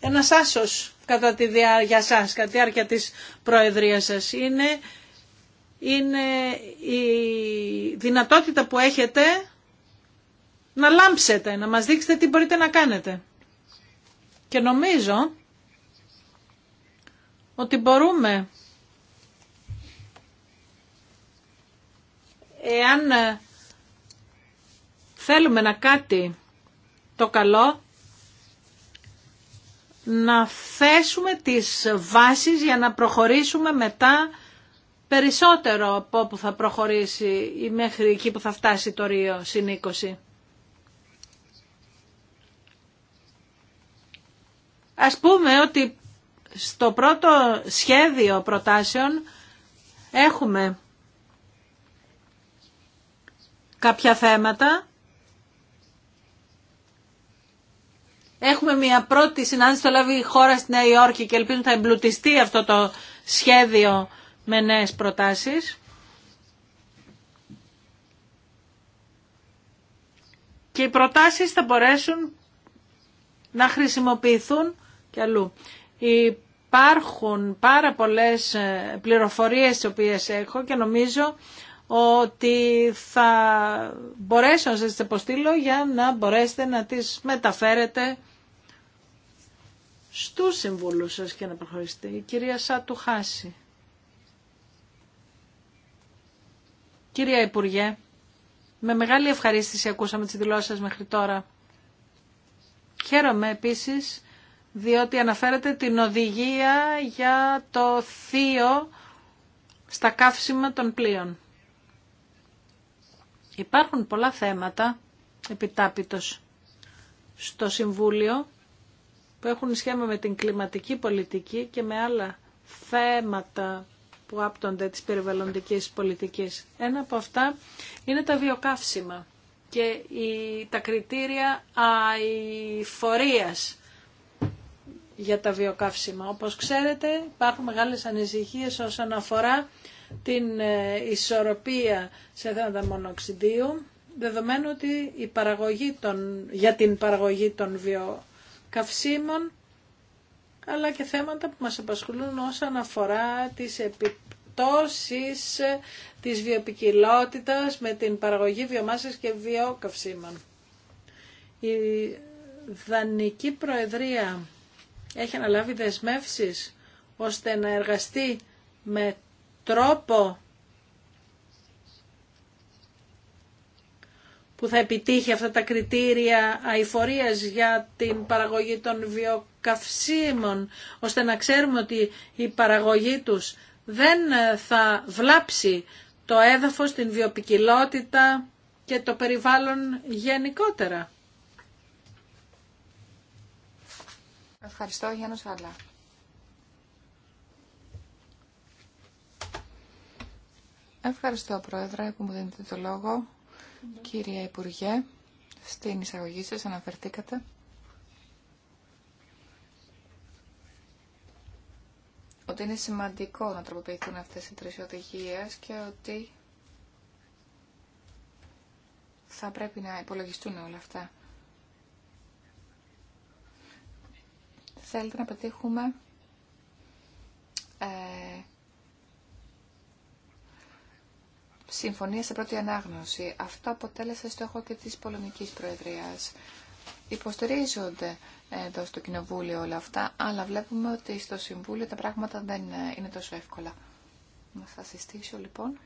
ένας άσος κατά τη διάρκεια σας, κατά τη διάρκεια της προεδρίας σας. Είναι, είναι η δυνατότητα που έχετε να λάμψετε, να μας δείξετε τι μπορείτε να κάνετε. Και νομίζω ότι μπορούμε εάν ε, θέλουμε να κάτι το καλό, να θέσουμε τις βάσεις για να προχωρήσουμε μετά περισσότερο από όπου θα προχωρήσει ή μέχρι εκεί που θα φτάσει το Ρίο συνήκωση. 20. Ας πούμε ότι στο πρώτο σχέδιο προτάσεων έχουμε κάποια θέματα. Έχουμε μια πρώτη συνάντηση που λάβει η χώρα στη Νέα Υόρκη και ελπίζω θα εμπλουτιστεί αυτό το σχέδιο με νέες προτάσεις. Και οι προτάσεις θα μπορέσουν να χρησιμοποιηθούν και αλλού. Υπάρχουν πάρα πολλές ε, πληροφορίες τις οποίες έχω και νομίζω ότι θα μπορέσω να σας τις αποστείλω για να μπορέσετε να τις μεταφέρετε στους συμβούλους σας και να προχωρήσετε. Η κυρία Σάτου Χάση. Κυρία Υπουργέ, με μεγάλη ευχαρίστηση ακούσαμε τις δηλώσεις σας μέχρι τώρα. Χαίρομαι επίσης διότι αναφέρετε την οδηγία για το θείο στα καύσιμα των πλοίων. Υπάρχουν πολλά θέματα επιτάπητος στο Συμβούλιο που έχουν σχέμα με την κλιματική πολιτική και με άλλα θέματα που άπτονται της περιβαλλοντικής πολιτικής. Ένα από αυτά είναι τα βιοκαύσιμα και τα κριτήρια αηφορίας για τα βιοκαύσιμα. Όπως ξέρετε υπάρχουν μεγάλες ανησυχίες όσον αφορά την ε, ισορροπία σε θέματα μονοξιδίου, δεδομένου ότι η παραγωγή των, για την παραγωγή των βιοκαυσίμων, αλλά και θέματα που μας απασχολούν όσον αφορά τις επιπτώσεις της βιοπικιλότητας με την παραγωγή βιομάσης και βιοκαυσίμων. Η Δανική Προεδρία έχει αναλάβει δεσμεύσεις ώστε να εργαστεί με τρόπο που θα επιτύχει αυτά τα κριτήρια αηφορίας για την παραγωγή των βιοκαυσίμων, ώστε να ξέρουμε ότι η παραγωγή τους δεν θα βλάψει το έδαφος, την βιοπικιλότητα και το περιβάλλον γενικότερα. Ευχαριστώ, Γιάννος Άλλα. Ευχαριστώ, Πρόεδρε, που μου δίνετε το λόγο. Κύριε Υπουργέ, στην εισαγωγή σας αναφερθήκατε ότι είναι σημαντικό να τροποποιηθούν αυτές οι τρεις οδηγίες και ότι θα πρέπει να υπολογιστούν όλα αυτά. Θέλετε να πετύχουμε ε, συμφωνία σε πρώτη ανάγνωση. Αυτό αποτέλεσε στόχο και της Πολωνικής Προεδρίας. Υποστηρίζονται εδώ στο Κοινοβούλιο όλα αυτά, αλλά βλέπουμε ότι στο Συμβούλιο τα πράγματα δεν είναι τόσο εύκολα. Να σας συστήσω λοιπόν.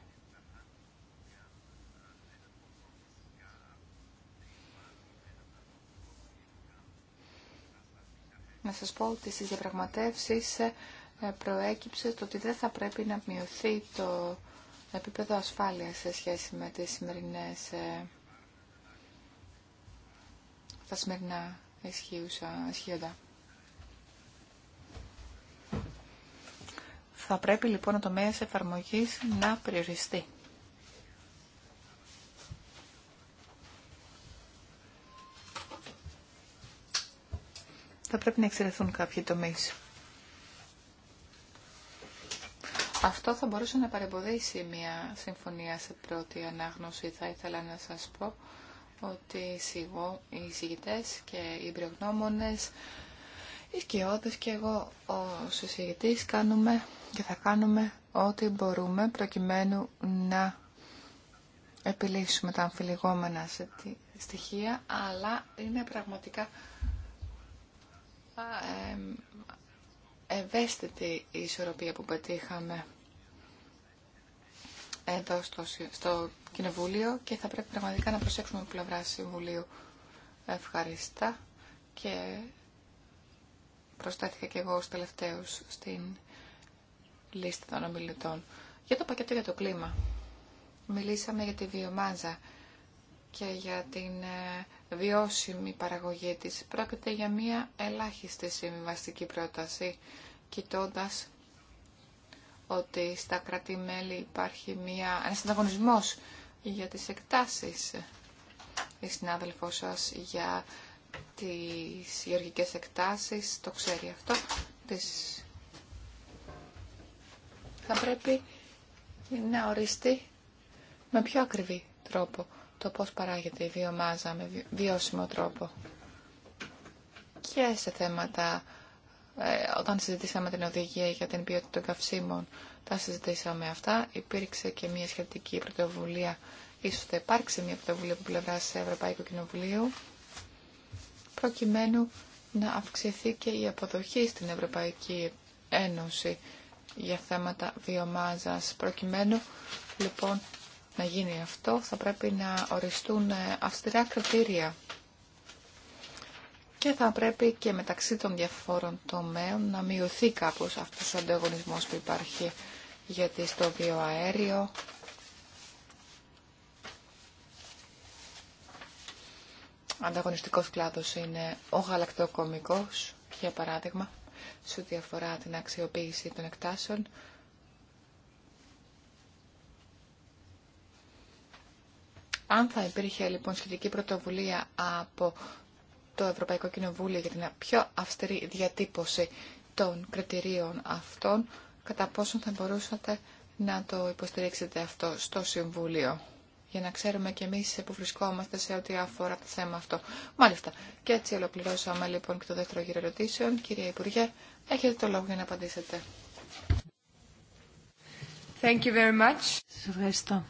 Να σας πω ότι στις διαπραγματεύσεις ε, προέκυψε το ότι δεν θα πρέπει να μειωθεί το επίπεδο ασφάλεια σε σχέση με τις σημερινές, ε, τα σημερινά ισχύουσα, ισχύοντα. Θα πρέπει λοιπόν ο τομέας εφαρμογής να περιοριστεί. Θα πρέπει να εξαιρεθούν κάποιοι τομείς. Αυτό θα μπορούσε να παρεμποδίσει μια συμφωνία σε πρώτη ανάγνωση. Θα ήθελα να σας πω ότι οι συγητές και οι εμπειρογνώμονες, οι σκιώδες και εγώ ο συγητής κάνουμε και θα κάνουμε ό,τι μπορούμε προκειμένου να επιλύσουμε τα αμφιλεγόμενα στοιχεία, αλλά είναι πραγματικά ευαίσθητη η ισορροπία που πετύχαμε εδώ στο, Κοινοβούλιο και θα πρέπει πραγματικά να προσέξουμε από πλευρά Συμβουλίου. Ευχαριστά και προστάθηκα και εγώ ως τελευταίος στην λίστα των ομιλητών. Για το πακέτο για το κλίμα. Μιλήσαμε για τη βιομάζα και για την ε, βιώσιμη παραγωγή της. Πρόκειται για μια ελάχιστη συμβιβαστική πρόταση, κοιτώντας ότι στα κράτη-μέλη υπάρχει μια, ένας ανταγωνισμός για τις εκτάσεις. Η συνάδελφό σας για τις γεωργικές εκτάσεις, το ξέρει αυτό. Τις... Θα πρέπει να οριστεί με πιο ακριβή τρόπο το πώς παράγεται η βιομάζα με βιώσιμο τρόπο και σε θέματα ε, όταν συζητήσαμε την οδηγία για την ποιότητα των καυσίμων, τα συζητήσαμε αυτά. Υπήρξε και μια σχετική πρωτοβουλία, ίσως θα υπάρξει μια πρωτοβουλία από πλευρά Ευρωπαϊκού Κοινοβουλίου, προκειμένου να αυξηθεί και η αποδοχή στην Ευρωπαϊκή Ένωση για θέματα βιομάζας. Προκειμένου λοιπόν να γίνει αυτό θα πρέπει να οριστούν ε, αυστηρά κριτήρια και θα πρέπει και μεταξύ των διαφόρων τομέων να μειωθεί κάπως αυτός ο ανταγωνισμός που υπάρχει γιατί στο βιοαέριο ανταγωνιστικός κλάδος είναι ο γαλακτοκομικός, για παράδειγμα, σε ό,τι αφορά την αξιοποίηση των εκτάσεων. Αν θα υπήρχε λοιπόν σχετική πρωτοβουλία από το Ευρωπαϊκό Κοινοβούλιο για την πιο αυστηρή διατύπωση των κριτηρίων αυτών, κατά πόσον θα μπορούσατε να το υποστηρίξετε αυτό στο Συμβούλιο για να ξέρουμε και εμείς που βρισκόμαστε σε ό,τι αφορά το θέμα αυτό. Μάλιστα. Και έτσι ολοκληρώσαμε λοιπόν και το δεύτερο γύρο ερωτήσεων. Κύριε Υπουργέ, έχετε το λόγο για να απαντήσετε. Thank you very much. Σας ευχαριστώ.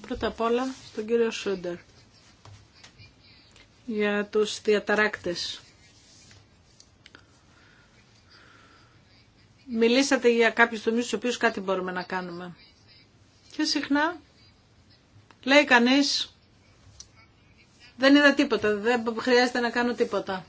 Πρώτα απ' όλα στον κύριο Σούντερ για τους διαταράκτες. Μιλήσατε για κάποιους τομείς στους οποίους κάτι μπορούμε να κάνουμε. Και συχνά λέει κανείς δεν είδα τίποτα, δεν χρειάζεται να κάνω τίποτα.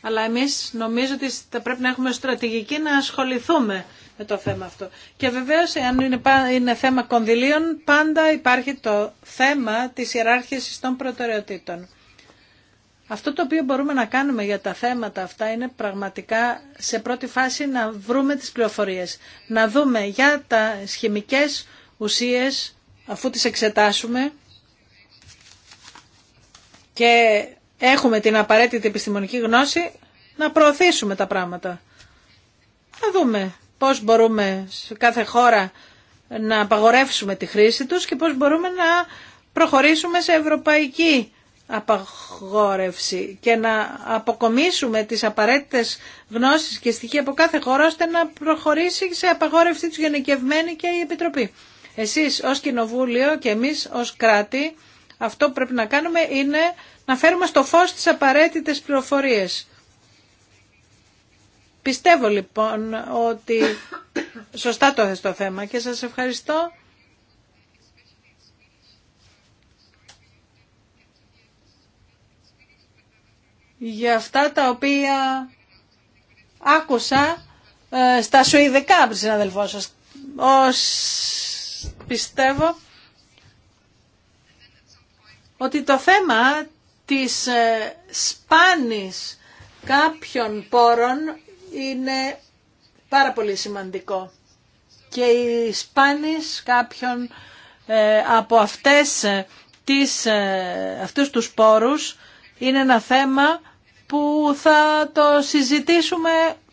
Αλλά εμείς νομίζω ότι θα πρέπει να έχουμε στρατηγική να ασχοληθούμε με το θέμα αυτό. Και βεβαίως, αν είναι, είναι θέμα κονδυλίων, πάντα υπάρχει το θέμα της ιεράρχησης των προτεραιοτήτων. Αυτό το οποίο μπορούμε να κάνουμε για τα θέματα αυτά είναι πραγματικά σε πρώτη φάση να βρούμε τις πληροφορίες. Να δούμε για τα σχημικές ουσίες, αφού τις εξετάσουμε και έχουμε την απαραίτητη επιστημονική γνώση, να προωθήσουμε τα πράγματα. Να δούμε Πώς μπορούμε σε κάθε χώρα να απαγορεύσουμε τη χρήση τους και πώς μπορούμε να προχωρήσουμε σε ευρωπαϊκή απαγόρευση και να αποκομίσουμε τις απαραίτητες γνώσεις και στοιχεία από κάθε χώρα ώστε να προχωρήσει σε απαγόρευση τους γενικευμένη και η Επιτροπή. Εσείς ως Κοινοβούλιο και εμείς ως κράτη αυτό που πρέπει να κάνουμε είναι να φέρουμε στο φως τις απαραίτητες πληροφορίες Πιστεύω λοιπόν ότι σωστά το θες το θέμα και σας ευχαριστώ. για αυτά τα οποία άκουσα ε, στα σουηδικά από τη συναδελφό σας. Ως πιστεύω ότι το θέμα της ε, σπάνης κάποιων πόρων είναι πάρα πολύ σημαντικό. Και οι σπάνεις κάποιων ε, από αυτές ε, τις, ε, αυτούς τους πόρους είναι ένα θέμα που θα το συζητήσουμε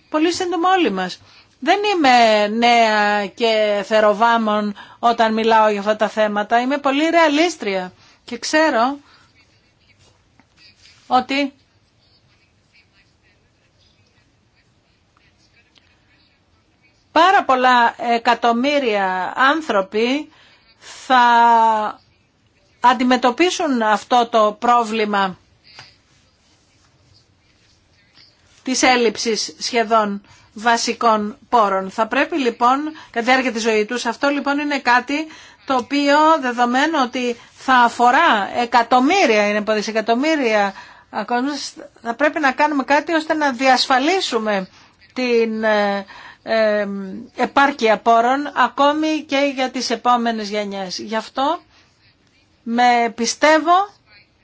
πολύ σύντομα όλοι μας. Δεν είμαι νέα και θεροβάμων όταν μιλάω για αυτά τα θέματα. Είμαι πολύ ρεαλίστρια και ξέρω ότι πάρα πολλά εκατομμύρια άνθρωποι θα αντιμετωπίσουν αυτό το πρόβλημα της έλλειψης σχεδόν βασικών πόρων. Θα πρέπει λοιπόν, κατά τη διάρκεια της ζωής τους, αυτό λοιπόν είναι κάτι το οποίο δεδομένου ότι θα αφορά εκατομμύρια, είναι από δισεκατομμύρια ακόμα, θα πρέπει να κάνουμε κάτι ώστε να διασφαλίσουμε την ε, επάρκεια πόρων ακόμη και για τις επόμενες γενιές. Γι' αυτό με πιστεύω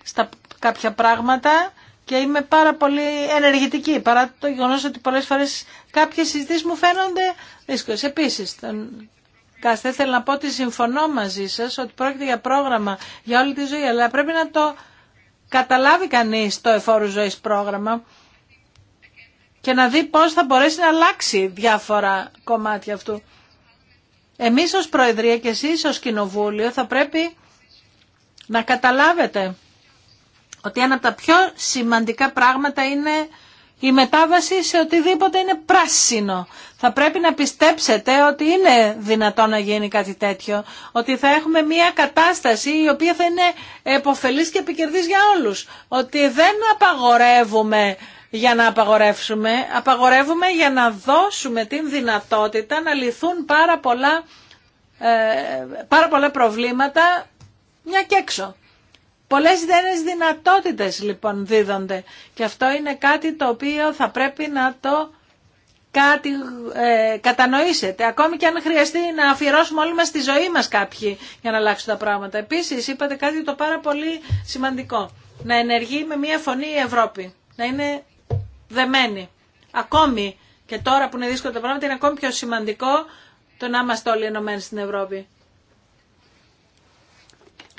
στα κάποια πράγματα και είμαι πάρα πολύ ενεργητική παρά το γεγονός ότι πολλές φορές κάποιες συζητήσεις μου φαίνονται δύσκολες. Επίσης, τον... Κάστε, θέλω να πω ότι συμφωνώ μαζί σας ότι πρόκειται για πρόγραμμα για όλη τη ζωή, αλλά πρέπει να το καταλάβει κανείς το εφόρου ζωής πρόγραμμα και να δει πώς θα μπορέσει να αλλάξει διάφορα κομμάτια αυτού. Εμείς ως Προεδρία και εσείς ως Κοινοβούλιο θα πρέπει να καταλάβετε ότι ένα από τα πιο σημαντικά πράγματα είναι η μετάβαση σε οτιδήποτε είναι πράσινο. Θα πρέπει να πιστέψετε ότι είναι δυνατό να γίνει κάτι τέτοιο. Ότι θα έχουμε μια κατάσταση η οποία θα είναι επωφελής και επικερδής για όλους. Ότι δεν απαγορεύουμε για να απαγορεύσουμε. Απαγορεύουμε για να δώσουμε την δυνατότητα να λυθούν πάρα πολλά, ε, πάρα πολλά προβλήματα μια και έξω. Πολλές ιδέες δυνατότητες λοιπόν δίδονται και αυτό είναι κάτι το οποίο θα πρέπει να το κάτι ε, κατανοήσετε. Ακόμη και αν χρειαστεί να αφιερώσουμε όλοι μας τη ζωή μας κάποιοι για να αλλάξουν τα πράγματα. Επίσης είπατε κάτι το πάρα πολύ σημαντικό. Να ενεργεί με μία φωνή η Ευρώπη. Να είναι δεμένη. Ακόμη και τώρα που είναι δύσκολα τα πράγματα είναι ακόμη πιο σημαντικό το να είμαστε όλοι ενωμένοι στην Ευρώπη.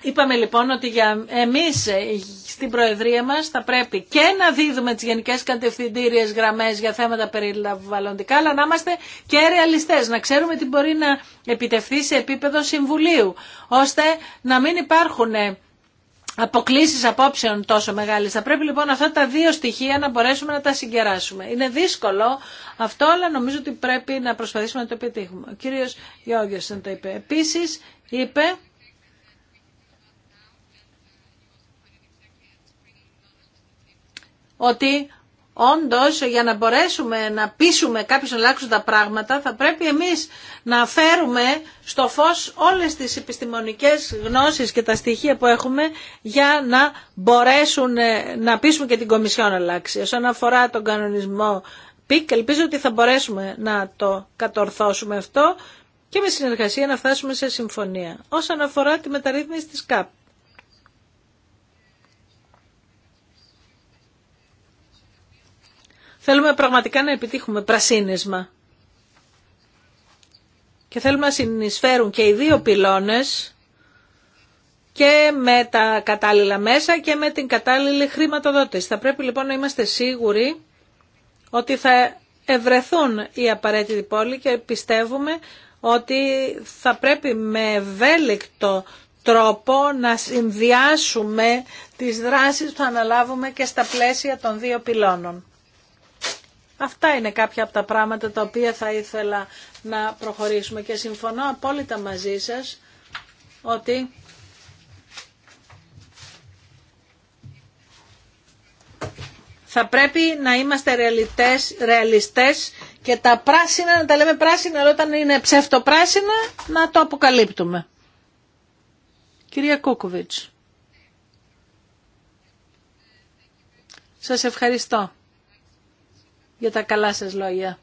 Είπαμε λοιπόν ότι για εμείς ε, στην Προεδρία μας θα πρέπει και να δίδουμε τις γενικές κατευθυντήριες γραμμές για θέματα περιβαλλοντικά, αλλά να είμαστε και ρεαλιστές, να ξέρουμε τι μπορεί να επιτευχθεί σε επίπεδο Συμβουλίου, ώστε να μην υπάρχουν ε, αποκλήσεις απόψεων τόσο μεγάλες. Θα πρέπει λοιπόν αυτά τα δύο στοιχεία να μπορέσουμε να τα συγκεράσουμε. Είναι δύσκολο αυτό, αλλά νομίζω ότι πρέπει να προσπαθήσουμε να το επιτύχουμε. Ο κύριος Γιώργιος το είπε. Επίσης είπε ότι όντω για να μπορέσουμε να πείσουμε κάποιους να αλλάξουν τα πράγματα θα πρέπει εμείς να φέρουμε στο φως όλες τις επιστημονικές γνώσεις και τα στοιχεία που έχουμε για να μπορέσουν ε, να πείσουμε και την Κομισιόν να αλλάξει. Όσον αφορά τον κανονισμό ΠΙΚ, ελπίζω ότι θα μπορέσουμε να το κατορθώσουμε αυτό και με συνεργασία να φτάσουμε σε συμφωνία. Όσον αφορά τη μεταρρύθμιση της ΚΑΠ. Θέλουμε πραγματικά να επιτύχουμε πρασίνισμα. Και θέλουμε να συνεισφέρουν και οι δύο πυλώνες και με τα κατάλληλα μέσα και με την κατάλληλη χρηματοδότηση. Θα πρέπει λοιπόν να είμαστε σίγουροι ότι θα ευρεθούν οι απαραίτητοι πόλοι και πιστεύουμε ότι θα πρέπει με ευέλικτο τρόπο να συνδυάσουμε τις δράσεις που θα αναλάβουμε και στα πλαίσια των δύο πυλώνων. Αυτά είναι κάποια από τα πράγματα τα οποία θα ήθελα να προχωρήσουμε και συμφωνώ απόλυτα μαζί σας ότι θα πρέπει να είμαστε ρεαλιτές, ρεαλιστές και τα πράσινα να τα λέμε πράσινα, αλλά όταν είναι ψευτοπράσινα να το αποκαλύπτουμε. Κυρία Κούκουβιτς. Σας ευχαριστώ για τα καλά σας λόγια.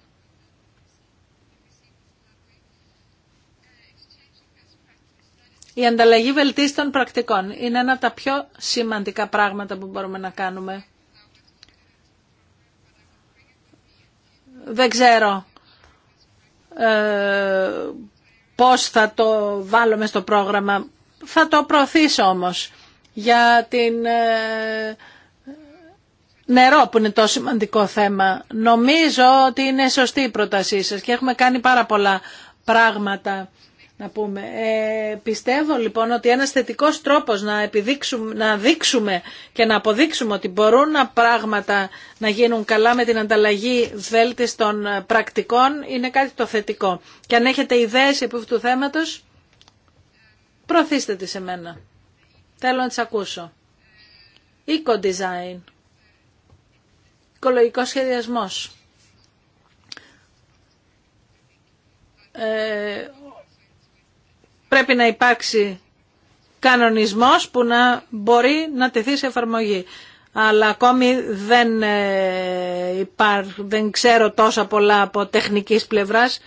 Η ανταλλαγή βελτίστων πρακτικών είναι ένα από τα πιο σημαντικά πράγματα που μπορούμε να κάνουμε. Δεν ξέρω ε, πώς θα το βάλουμε στο πρόγραμμα. Θα το προωθήσω όμως για την... Ε, νερό που είναι το σημαντικό θέμα. Νομίζω ότι είναι σωστή η πρότασή σας και έχουμε κάνει πάρα πολλά πράγματα να πούμε. Ε, πιστεύω λοιπόν ότι ένας θετικός τρόπος να, επιδείξουμε, να δείξουμε και να αποδείξουμε ότι μπορούν να πράγματα να γίνουν καλά με την ανταλλαγή βέλτιστων ε, πρακτικών είναι κάτι το θετικό. Και αν έχετε ιδέες επί αυτού του θέματος, προωθήστε τις σε μένα. Θέλω να τις ακούσω. Eco-design οικολογικός σχεδιασμός. Ε, πρέπει να υπάρξει κανονισμός που να μπορεί να τεθεί σε εφαρμογή. Αλλά ακόμη δεν, ε, δεν ξέρω τόσα πολλά από τεχνικής πλευράς.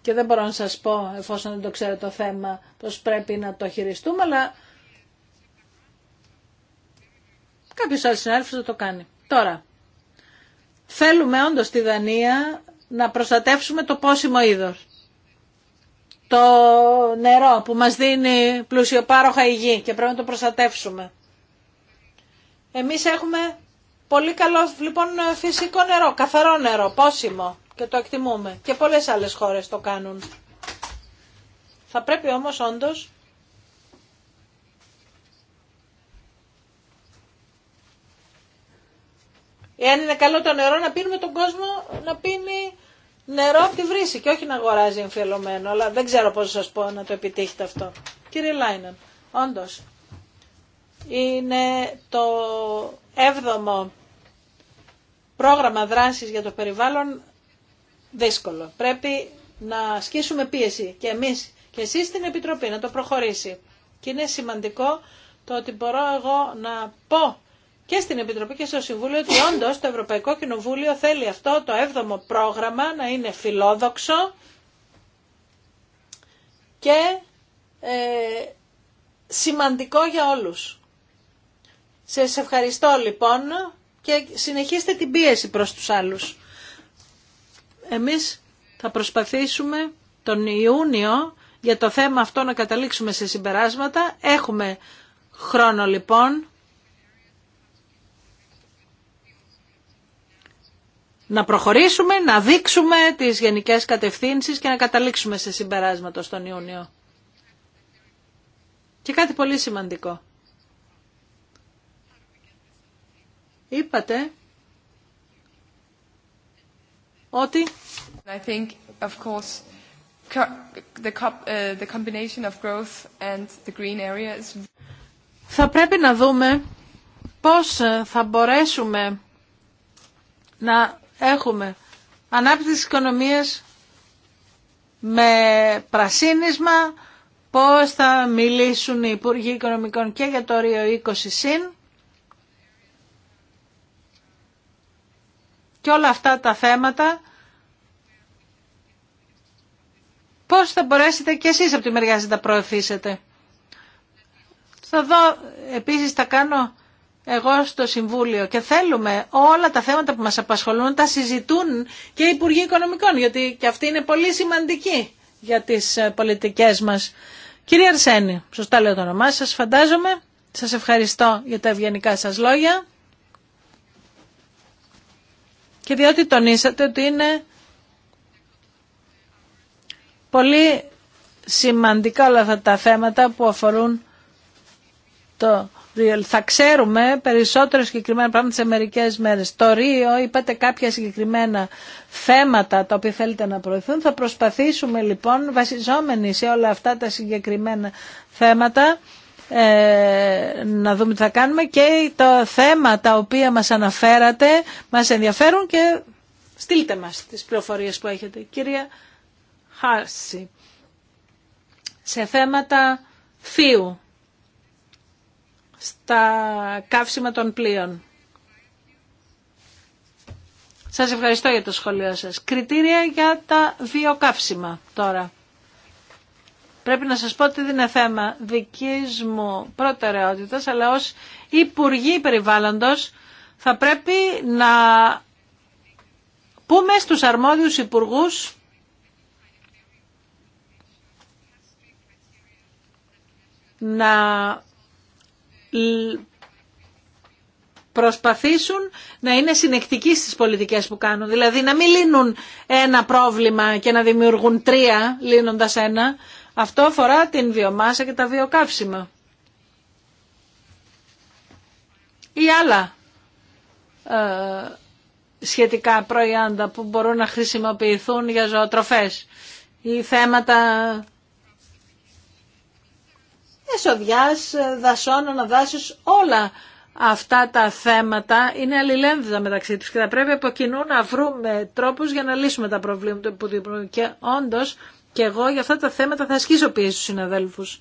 Και δεν μπορώ να σας πω, εφόσον δεν το ξέρω το θέμα, πώς πρέπει να το χειριστούμε, αλλά Κάποιος άλλος συνάδελφο θα το κάνει. Τώρα, θέλουμε όντως στη Δανία να προστατεύσουμε το πόσιμο είδο. Το νερό που μας δίνει πλούσιο η γη και πρέπει να το προστατεύσουμε. Εμείς έχουμε πολύ καλό λοιπόν φυσικό νερό, καθαρό νερό, πόσιμο και το εκτιμούμε. Και πολλέ άλλες χώρες το κάνουν. Θα πρέπει όμως όντως Εάν είναι καλό το νερό να πίνουμε τον κόσμο να πίνει νερό από τη βρύση και όχι να αγοράζει εμφιαλωμένο. Αλλά δεν ξέρω πώς σας πω να το επιτύχετε αυτό. Κύριε Λάινεν, όντως είναι το έβδομο πρόγραμμα δράσης για το περιβάλλον δύσκολο. Πρέπει να ασκήσουμε πίεση και εμείς και εσείς στην Επιτροπή να το προχωρήσει. Και είναι σημαντικό το ότι μπορώ εγώ να πω και στην Επιτροπή και στο Συμβούλιο ότι όντω το Ευρωπαϊκό Κοινοβούλιο θέλει αυτό το 7 πρόγραμμα να είναι φιλόδοξο και ε, σημαντικό για όλους. Σε ευχαριστώ λοιπόν και συνεχίστε την πίεση προς τους άλλους. Εμείς θα προσπαθήσουμε τον Ιούνιο για το θέμα αυτό να καταλήξουμε σε συμπεράσματα. Έχουμε χρόνο λοιπόν να προχωρήσουμε, να δείξουμε τις γενικές κατευθύνσεις και να καταλήξουμε σε συμπεράσματα στον Ιούνιο. Και κάτι πολύ σημαντικό. Είπατε ότι... I think, of course, Θα πρέπει να δούμε πώς ε, θα μπορέσουμε να έχουμε ανάπτυξη της οικονομίας με πρασίνισμα, πώς θα μιλήσουν οι Υπουργοί Οικονομικών και για το όριο 20 συν. Και όλα αυτά τα θέματα, πώς θα μπορέσετε και εσείς από τη μεριά σας να τα προωθήσετε. Θα δω, επίσης θα κάνω εγώ στο Συμβούλιο και θέλουμε όλα τα θέματα που μας απασχολούν τα συζητούν και οι Υπουργοί Οικονομικών γιατί και αυτή είναι πολύ σημαντική για τις ε, πολιτικές μας. Κύριε Αρσένη, σωστά λέω το όνομά σας, φαντάζομαι. Σας ευχαριστώ για τα ευγενικά σας λόγια και διότι τονίσατε ότι είναι πολύ σημαντικά όλα αυτά τα θέματα που αφορούν το θα ξέρουμε περισσότερα συγκεκριμένα πράγματα σε μερικές μέρες. Το Ρίο είπατε κάποια συγκεκριμένα θέματα τα οποία θέλετε να προωθούν. Θα προσπαθήσουμε λοιπόν βασιζόμενοι σε όλα αυτά τα συγκεκριμένα θέματα ε, να δούμε τι θα κάνουμε και τα θέματα τα οποία μας αναφέρατε μας ενδιαφέρουν και στείλτε μας τις πληροφορίες που έχετε. Κυρία Χάρση, σε θέματα θείου στα καύσιμα των πλοίων. Σας ευχαριστώ για το σχολείο σας. Κριτήρια για τα βιοκαύσιμα τώρα. Πρέπει να σας πω ότι δεν είναι θέμα δικής μου προτεραιότητας, αλλά ως Υπουργή Περιβάλλοντος θα πρέπει να πούμε στους αρμόδιους υπουργούς να προσπαθήσουν να είναι συνεκτικοί στις πολιτικές που κάνουν. Δηλαδή να μην λύνουν ένα πρόβλημα και να δημιουργούν τρία λύνοντας ένα. Αυτό αφορά την βιομάσα και τα βιοκαύσιμα. Ή άλλα ε, σχετικά προϊόντα που μπορούν να χρησιμοποιηθούν για ζωοτροφές ή θέματα εσοδιάς, δασών, αναδάσεις, όλα αυτά τα θέματα είναι αλληλένδετα μεταξύ τους και θα πρέπει από κοινού να βρούμε τρόπους για να λύσουμε τα προβλήματα που δημιουργούν. Και όντως και εγώ για αυτά τα θέματα θα ασκήσω πίεση στους συναδέλφους.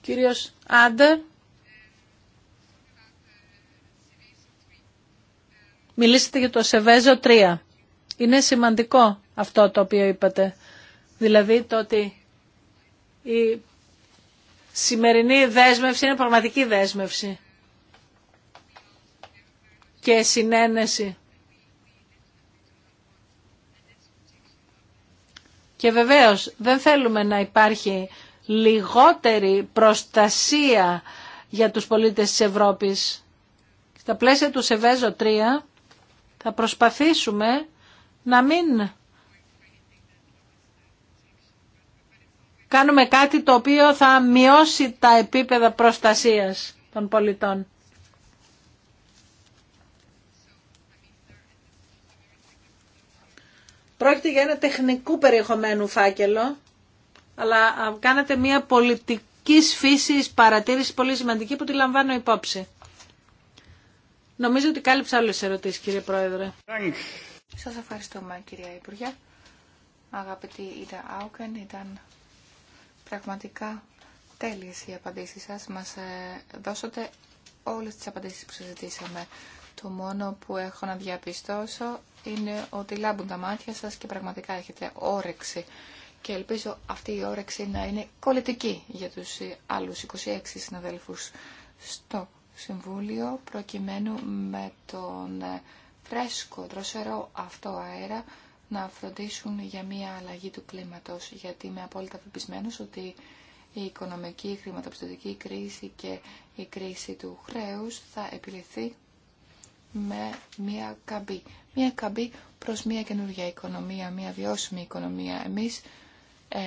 Κύριος Άντερ. Μιλήσατε για το Σεβέζο 3. Είναι σημαντικό αυτό το οποίο είπατε. Δηλαδή το ότι η σημερινή δέσμευση είναι πραγματική δέσμευση και συνένεση. Και βεβαίως δεν θέλουμε να υπάρχει λιγότερη προστασία για τους πολίτες της Ευρώπης. Στα πλαίσια του Σεβέζο 3 θα προσπαθήσουμε να μην κάνουμε κάτι το οποίο θα μειώσει τα επίπεδα προστασίας των πολιτών. Πρόκειται για ένα τεχνικού περιεχομένου φάκελο, αλλά κάνατε μια πολιτική φύση παρατήρηση πολύ σημαντική που τη λαμβάνω υπόψη. Νομίζω ότι κάλυψα όλες τις ερωτήσεις, κύριε Πρόεδρε. Σας ευχαριστούμε, κυρία Υπουργέ. Αγαπητή ήταν Άουκεν, ήταν Πραγματικά τέλειες οι απαντήσεις σας. Μας ε, δώσατε όλες τις απαντήσεις που συζητήσαμε. Το μόνο που έχω να διαπιστώσω είναι ότι λάμπουν τα μάτια σας και πραγματικά έχετε όρεξη. Και ελπίζω αυτή η όρεξη να είναι κολλητική για τους ε, άλλους 26 συναδέλφους στο Συμβούλιο, προκειμένου με τον ε, φρέσκο, δροσερό αυτό αέρα να φροντίσουν για μια αλλαγή του κλίματος, γιατί είμαι απόλυτα πεπισμένος ότι η οικονομική, η χρηματοπιστωτική κρίση και η κρίση του χρέους θα επιληθεί με μια καμπή. Μια καμπή προς μια καινούργια οικονομία, μια βιώσιμη οικονομία. Εμείς ε,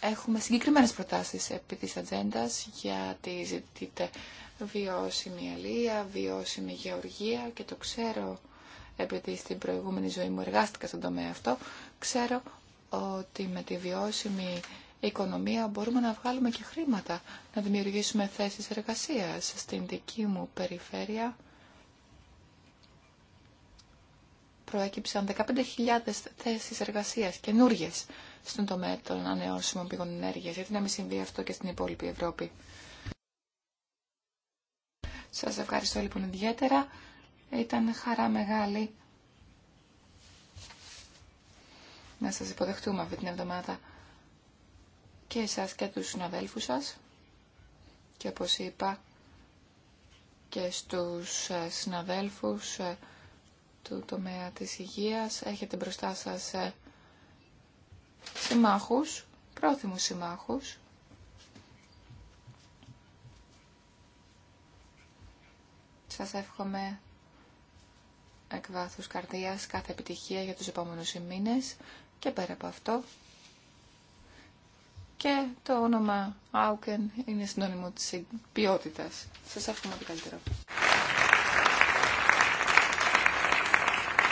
έχουμε συγκεκριμένες προτάσεις επί της ατζέντα γιατί ζητείτε βιώσιμη αλία, βιώσιμη γεωργία και το ξέρω επειδή στην προηγούμενη ζωή μου εργάστηκα στον τομέα αυτό, ξέρω ότι με τη βιώσιμη οικονομία μπορούμε να βγάλουμε και χρήματα, να δημιουργήσουμε θέσεις εργασίας στην δική μου περιφέρεια. Προέκυψαν 15.000 θέσεις εργασίας καινούριε στον τομέα των ανεώσιμων πηγών ενέργειας. Γιατί να μην συμβεί αυτό και στην υπόλοιπη Ευρώπη. Σας ευχαριστώ λοιπόν ιδιαίτερα. Ήταν χαρά μεγάλη να σας υποδεχτούμε αυτή την εβδομάδα και εσάς και τους συναδέλφους σας και όπως είπα και στους ε, συναδέλφους ε, του τομέα της υγείας έχετε μπροστά σας ε, συμμάχους, πρόθυμους συμμάχους Σας εύχομαι εκ βάθους καρδίας κάθε επιτυχία για τους επόμενους μήνες και πέρα από αυτό και το όνομα Auken είναι συνώνυμο της ποιότητας. Σας εύχομαι το καλύτερο.